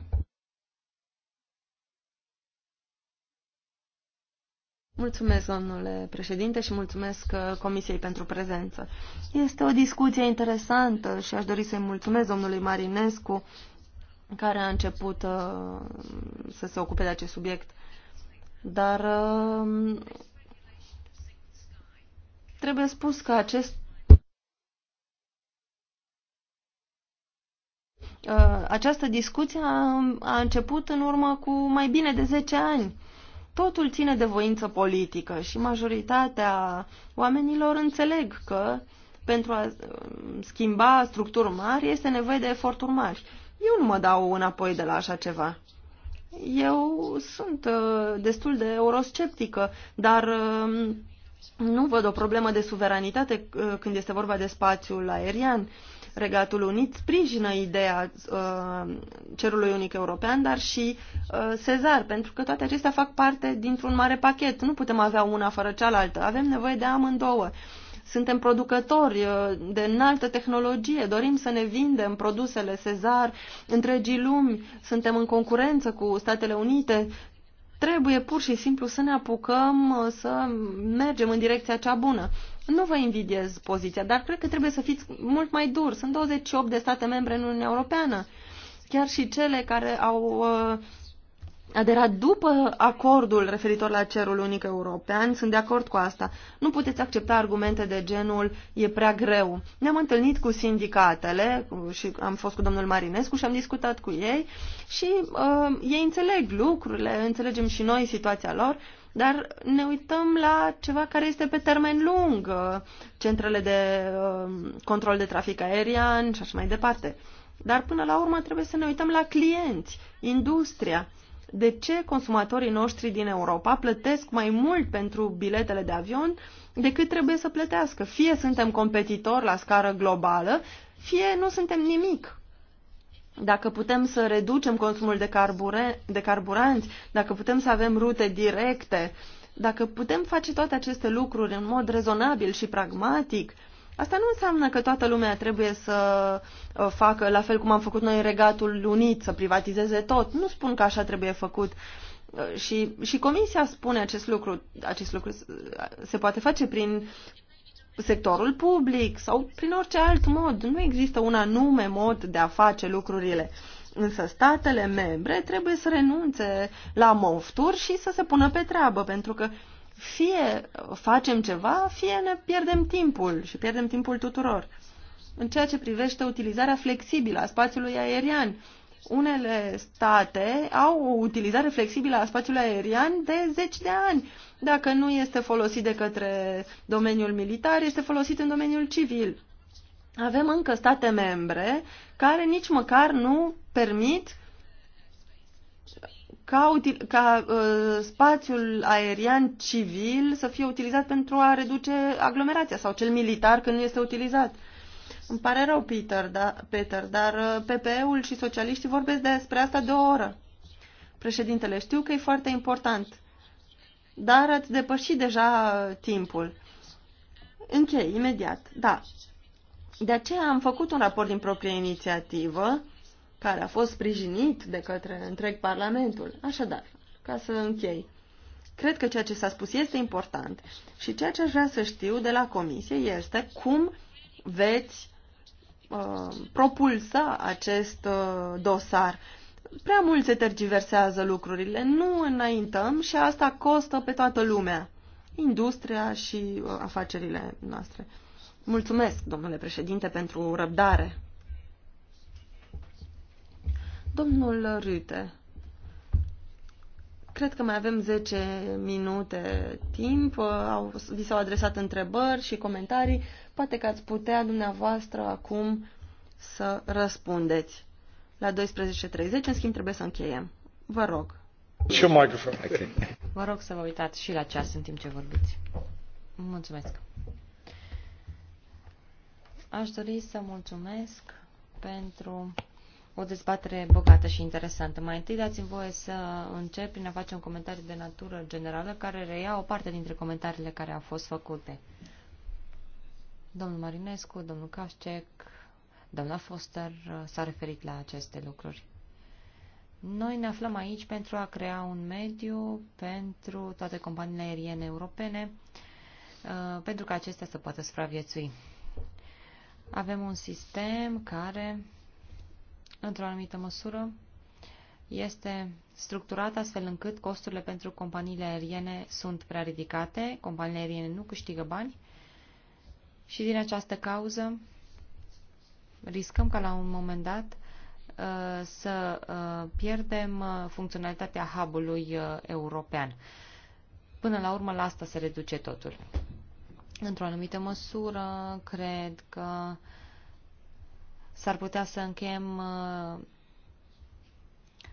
Mulțumesc, domnule președinte, și mulțumesc uh, Comisiei pentru prezență. Este o discuție interesantă și aș dori să-i mulțumesc domnului Marinescu, care a început uh, să se ocupe de acest subiect. Dar uh, Trebuie spus că acest uh, această discuție a început în urmă cu mai bine de 10 ani. Totul ține de voință politică și majoritatea oamenilor înțeleg că pentru a uh, schimba structuri mari este nevoie de eforturi mari. Eu nu mă dau înapoi de la așa ceva. Eu sunt uh, destul de eurosceptică, dar um, nu văd o problemă de suveranitate uh, când este vorba de spațiul aerian. Regatul Unit sprijină ideea uh, cerului unic european, dar și uh, Sezar, pentru că toate acestea fac parte dintr-un mare pachet. Nu putem avea una fără cealaltă. Avem nevoie de amândouă. Suntem producători uh, de înaltă tehnologie, dorim să ne vindem produsele Sezar întregii lumi, suntem în concurență cu Statele Unite Trebuie pur și simplu să ne apucăm uh, să mergem în direcția cea bună. Nu vă invidiez poziția, dar cred că trebuie să fiți mult mai dur. Sunt 28 de state membre în Uniunea Europeană. Chiar și cele care au uh, aderat după acordul referitor la cerul unic european, sunt de acord cu asta. Nu puteți accepta argumente de genul e prea greu. Ne-am întâlnit cu sindicatele și am fost cu domnul Marinescu și am discutat cu ei și uh, ei înțeleg lucrurile, înțelegem și noi situația lor, dar ne uităm la ceva care este pe termen lung, uh, centrele de uh, control de trafic aerian și așa mai departe. Dar până la urmă trebuie să ne uităm la clienți, industria de ce consumatorii noștri din Europa plătesc mai mult pentru biletele de avion decât trebuie să plătească. Fie suntem competitori la scară globală, fie nu suntem nimic. Dacă putem să reducem consumul de, carbure, de carburanți, dacă putem să avem rute directe, dacă putem face toate aceste lucruri în mod rezonabil și pragmatic, Asta nu înseamnă că toată lumea trebuie să uh, facă la fel cum am făcut noi Regatul Unit, să privatizeze tot. Nu spun că așa trebuie făcut. Uh, și, și Comisia spune acest lucru. Acest lucru uh, se poate face prin sectorul public sau prin orice alt mod. Nu există un anume mod de a face lucrurile. Însă statele membre trebuie să renunțe la mofturi și să se pună pe treabă, pentru că uh, fie facem ceva, fie ne pierdem timpul și pierdem timpul tuturor. În ceea ce privește utilizarea flexibilă a spațiului aerian, unele state au o utilizare flexibilă a spațiului aerian de zeci de ani. Dacă nu este folosit de către domeniul militar, este folosit în domeniul civil. Avem încă state membre care nici măcar nu permit ca, util, ca uh, spațiul aerian civil să fie utilizat pentru a reduce aglomerația sau cel militar când nu este utilizat. Îmi pare rău, Peter, da, Peter dar uh, PPE-ul și socialiștii vorbesc despre asta de o oră. Președintele, știu că e foarte important, dar ați depășit deja uh, timpul. Închei, imediat, da. De aceea am făcut un raport din proprie inițiativă care a fost sprijinit de către întreg Parlamentul. Așadar, ca să închei, cred că ceea ce s-a spus este important și ceea ce aș vrea să știu de la Comisie este cum veți uh, propulsa acest uh, dosar. Prea mult se tergiversează lucrurile, nu înaintăm și asta costă pe toată lumea, industria și uh, afacerile noastre. Mulțumesc, domnule președinte, pentru răbdare. Domnul Rüte, cred că mai avem 10 minute timp. Au, vi s-au adresat întrebări și comentarii. Poate că ați putea dumneavoastră acum să răspundeți. La 12.30, în schimb, trebuie să încheiem. Vă rog. Și un microfon. Vă rog să vă uitați și la ceas în timp ce vorbiți. Mulțumesc. Aș dori să mulțumesc pentru o dezbatere bogată și interesantă. Mai întâi dați-mi voie să încep prin a face un comentariu de natură generală care reia o parte dintre comentariile care au fost făcute. Domnul Marinescu, domnul Cașcec, doamna Foster s-a referit la aceste lucruri. Noi ne aflăm aici pentru a crea un mediu pentru toate companiile aeriene europene, uh, pentru că acestea să poată supraviețui. Avem un sistem care într-o anumită măsură, este structurat astfel încât costurile pentru companiile aeriene sunt prea ridicate, companiile aeriene nu câștigă bani și din această cauză riscăm ca la un moment dat uh, să uh, pierdem uh, funcționalitatea hub-ului european. Până la urmă, la asta se reduce totul. Într-o anumită măsură, cred că uh, S-ar putea să încheiem uh,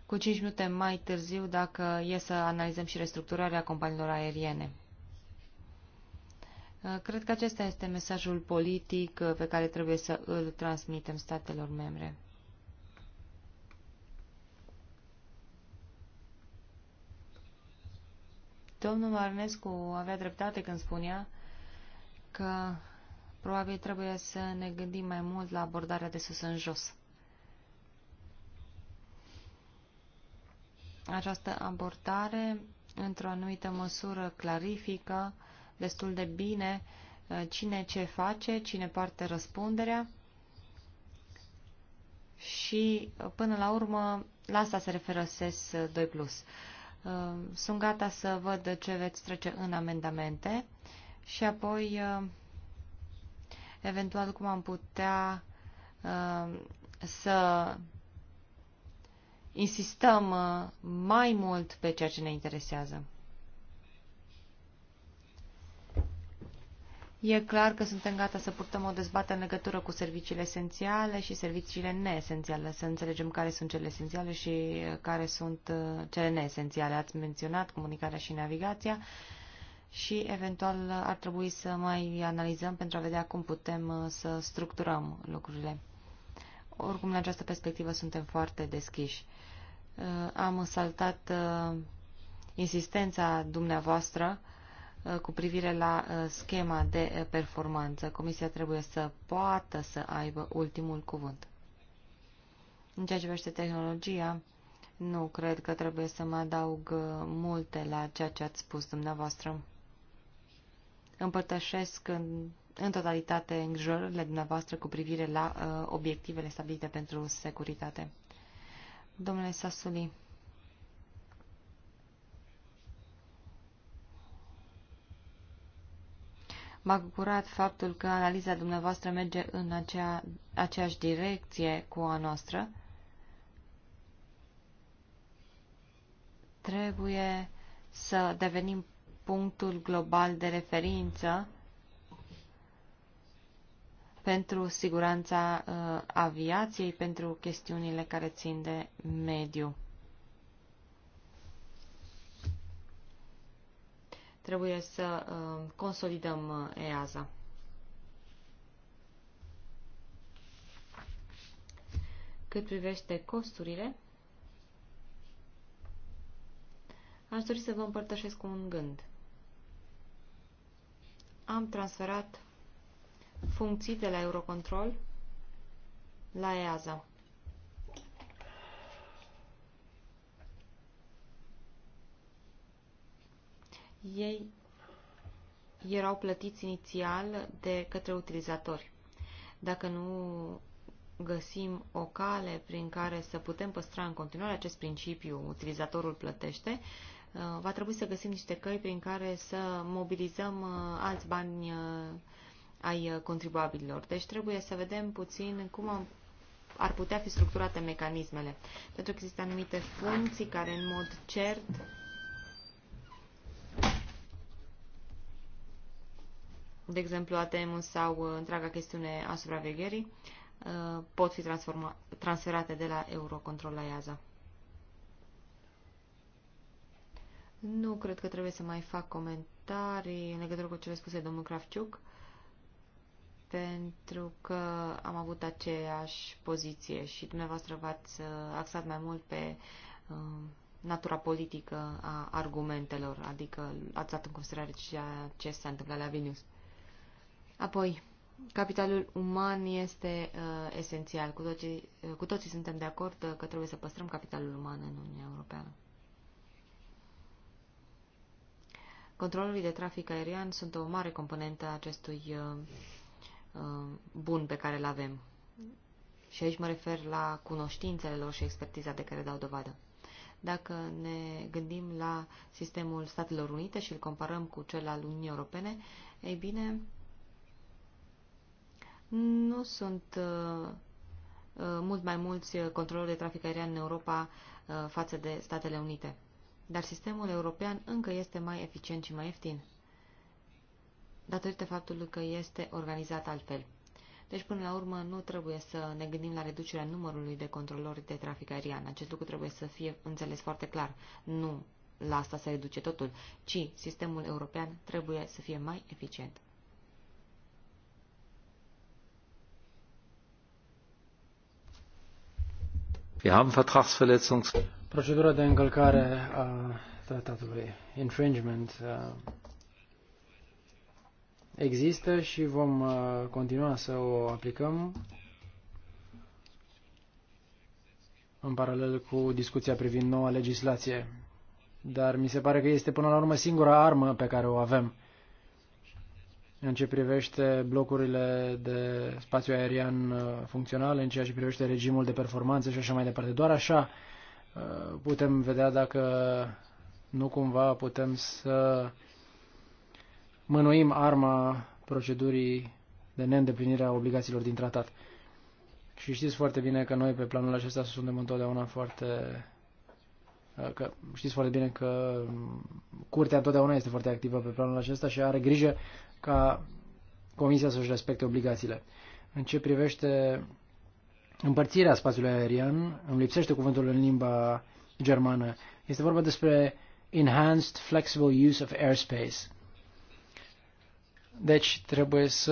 cu 5 minute mai târziu dacă e să analizăm și restructurarea companiilor aeriene. Uh, cred că acesta este mesajul politic uh, pe care trebuie să îl transmitem statelor membre. Domnul Arnescu avea dreptate când spunea că Probabil trebuie să ne gândim mai mult la abordarea de sus în jos. Această abordare, într-o anumită măsură, clarifică destul de bine uh, cine ce face, cine parte răspunderea și, uh, până la urmă, la asta se referă SES 2+. Uh, sunt gata să văd ce veți trece în amendamente și apoi eventual cum am putea uh, să insistăm uh, mai mult pe ceea ce ne interesează. E clar că suntem gata să purtăm o dezbatere în legătură cu serviciile esențiale și serviciile neesențiale, să înțelegem care sunt cele esențiale și care sunt uh, cele neesențiale. Ați menționat comunicarea și navigația. Uh, și eventual ar trebui să mai analizăm pentru a vedea cum putem uh, să structurăm lucrurile. Oricum, în această perspectivă suntem foarte deschiși. Uh, am saltat uh, insistența dumneavoastră cu privire la schema de performanță. Comisia trebuie să poată să aibă ultimul cuvânt. În ceea ce privește tehnologia, nu cred că trebuie să mă adaug multe la ceea ce ați spus dumneavoastră împărtășesc în, în totalitate îngrijorările dumneavoastră cu privire la uh, obiectivele stabilite pentru securitate. Domnule Sasuli, M-a bucurat faptul că analiza dumneavoastră merge în acea, aceeași direcție cu a noastră. Trebuie să devenim punctul global de referință pentru siguranța uh, aviației, pentru chestiunile care țin de mediu. Trebuie să uh, consolidăm uh, EASA. Cât privește costurile, aș dori să vă împărtășesc un gând am transferat funcții de la Eurocontrol la EASA. Ei erau plătiți inițial de către utilizatori. Dacă nu găsim o cale prin care să putem păstra în continuare acest principiu, utilizatorul plătește, Uh, va trebui să găsim niște căi prin care să mobilizăm uh, alți bani uh, ai contribuabililor. Deci trebuie să vedem puțin cum ar putea fi structurate mecanismele. Pentru că există anumite funcții care în mod cert de exemplu ATM-ul sau întreaga chestiune a supravegherii, pot fi transferate de la Eurocontrol la IAZA. Nu cred că trebuie să mai fac comentarii în legătură cu cele spuse domnul Kravciuc, pentru că am avut aceeași poziție și dumneavoastră v-ați uh, axat mai mult pe uh, natura politică a argumentelor, adică ați dat în considerare ceea ce s-a întâmplat la Vinius. Apoi, capitalul uman este uh, esențial. Cu toții, uh, cu toții suntem de acord că trebuie să păstrăm capitalul uman în Uniunea Europeană. Controlului de trafic aerian sunt o mare componentă a acestui uh, uh, bun pe care îl avem. Și aici mă refer la cunoștințele lor și expertiza de care dau dovadă. Dacă ne gândim la sistemul Statelor Unite și îl comparăm cu cel al Uniunii Europene, ei bine, nu sunt uh, uh mult mai mulți controlori de trafic aerian în Europa uh, față de Statele Unite dar sistemul european încă este mai eficient și mai ieftin, datorită faptului că este organizat altfel. Deci, până la urmă, nu trebuie să ne gândim la reducerea numărului de controlori de trafic aerian. Acest lucru trebuie să fie înțeles foarte clar. Nu la asta se reduce totul, ci sistemul european trebuie să fie mai eficient. Wir haben Vertragsverletzungs Procedura de încălcare a tratatului, infringement, uh, există și vom uh, continua să o aplicăm în paralel cu discuția privind noua legislație. Dar mi se pare că este până la urmă singura armă pe care o avem în ce privește blocurile de spațiu aerian uh, funcțional, în ceea ce privește regimul de performanță și așa mai departe. Doar așa Uh, putem vedea dacă nu cumva putem să mânuim arma procedurii de neîndeplinire a obligațiilor din tratat. Și știți foarte bine că noi pe planul acesta suntem întotdeauna foarte... Uh, că știți foarte bine că curtea întotdeauna este foarte activă pe planul acesta și are grijă ca comisia să-și respecte obligațiile. În ce privește împărțirea spațiului aerian, îmi lipsește cuvântul în limba germană, este vorba despre enhanced flexible use of airspace. Deci trebuie să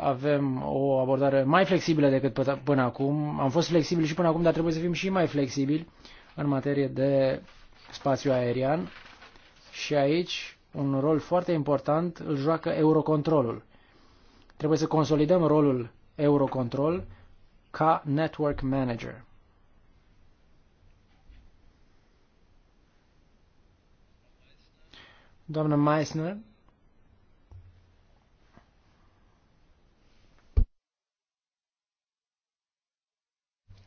avem o abordare mai flexibilă decât până acum. Am fost flexibili și până acum, dar trebuie să fim și mai flexibili în materie de spațiu aerian. Și aici un rol foarte important îl joacă Eurocontrolul. Trebuie să consolidăm rolul Eurocontrol ca network manager. Doamna Meissner,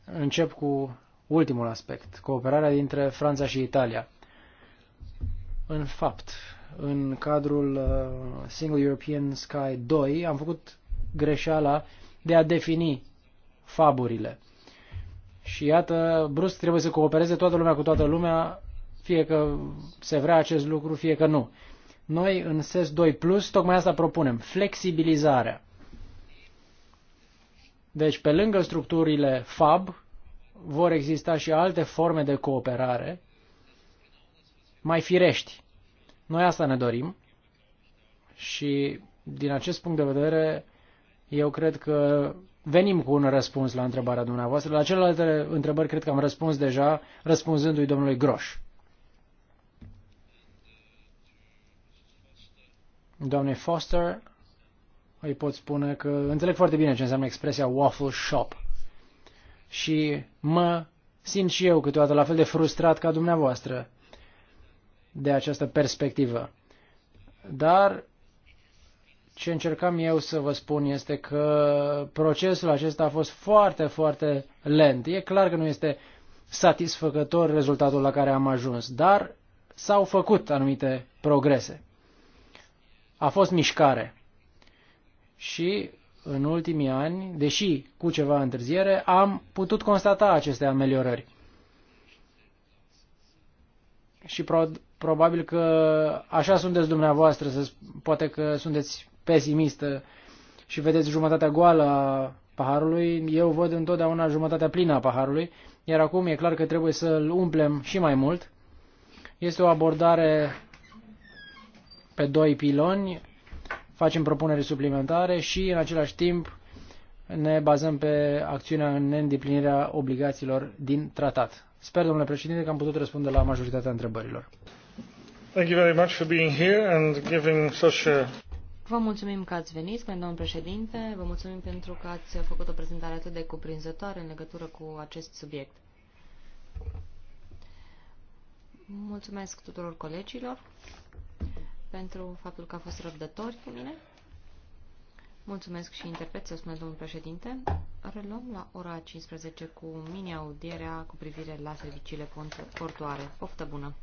încep cu ultimul aspect, cooperarea dintre Franța și Italia. În fapt, în cadrul uh, Single European Sky 2 am făcut greșeala de a defini faburile. Și iată, brusc trebuie să coopereze toată lumea cu toată lumea, fie că se vrea acest lucru, fie că nu. Noi în SES 2 Plus tocmai asta propunem, flexibilizarea. Deci pe lângă structurile FAB vor exista și alte forme de cooperare mai firești. Noi asta ne dorim și din acest punct de vedere eu cred că venim cu un răspuns la întrebarea dumneavoastră. La celelalte întrebări cred că am răspuns deja răspunzându-i domnului Groș. Doamne Foster, îi pot spune că înțeleg foarte bine ce înseamnă expresia waffle shop. Și mă simt și eu câteodată la fel de frustrat ca dumneavoastră de această perspectivă. Dar ce încercam eu să vă spun este că procesul acesta a fost foarte, foarte lent. E clar că nu este satisfăcător rezultatul la care am ajuns, dar s-au făcut anumite progrese. A fost mișcare. Și în ultimii ani, deși cu ceva întârziere, am putut constata aceste ameliorări. Și pro- probabil că așa sunteți dumneavoastră, să poate că sunteți pesimistă și vedeți jumătatea goală a paharului, eu văd întotdeauna jumătatea plină a paharului, iar acum e clar că trebuie să-l umplem și mai mult. Este o abordare pe doi piloni, facem propuneri suplimentare și în același timp ne bazăm pe acțiunea în neîndeplinirea obligațiilor din tratat. Sper, domnule președinte, că am putut răspunde la majoritatea întrebărilor. Thank you very much for being here and giving such a... Vă mulțumim că ați venit, spune domnul președinte, vă mulțumim pentru că ați făcut o prezentare atât de cuprinzătoare în legătură cu acest subiect. Mulțumesc tuturor colegilor pentru faptul că a fost răbdători cu mine. Mulțumesc și interpreție, spune domnul președinte. Reluăm la ora 15 cu mini-audierea cu privire la serviciile portoare. Poftă bună!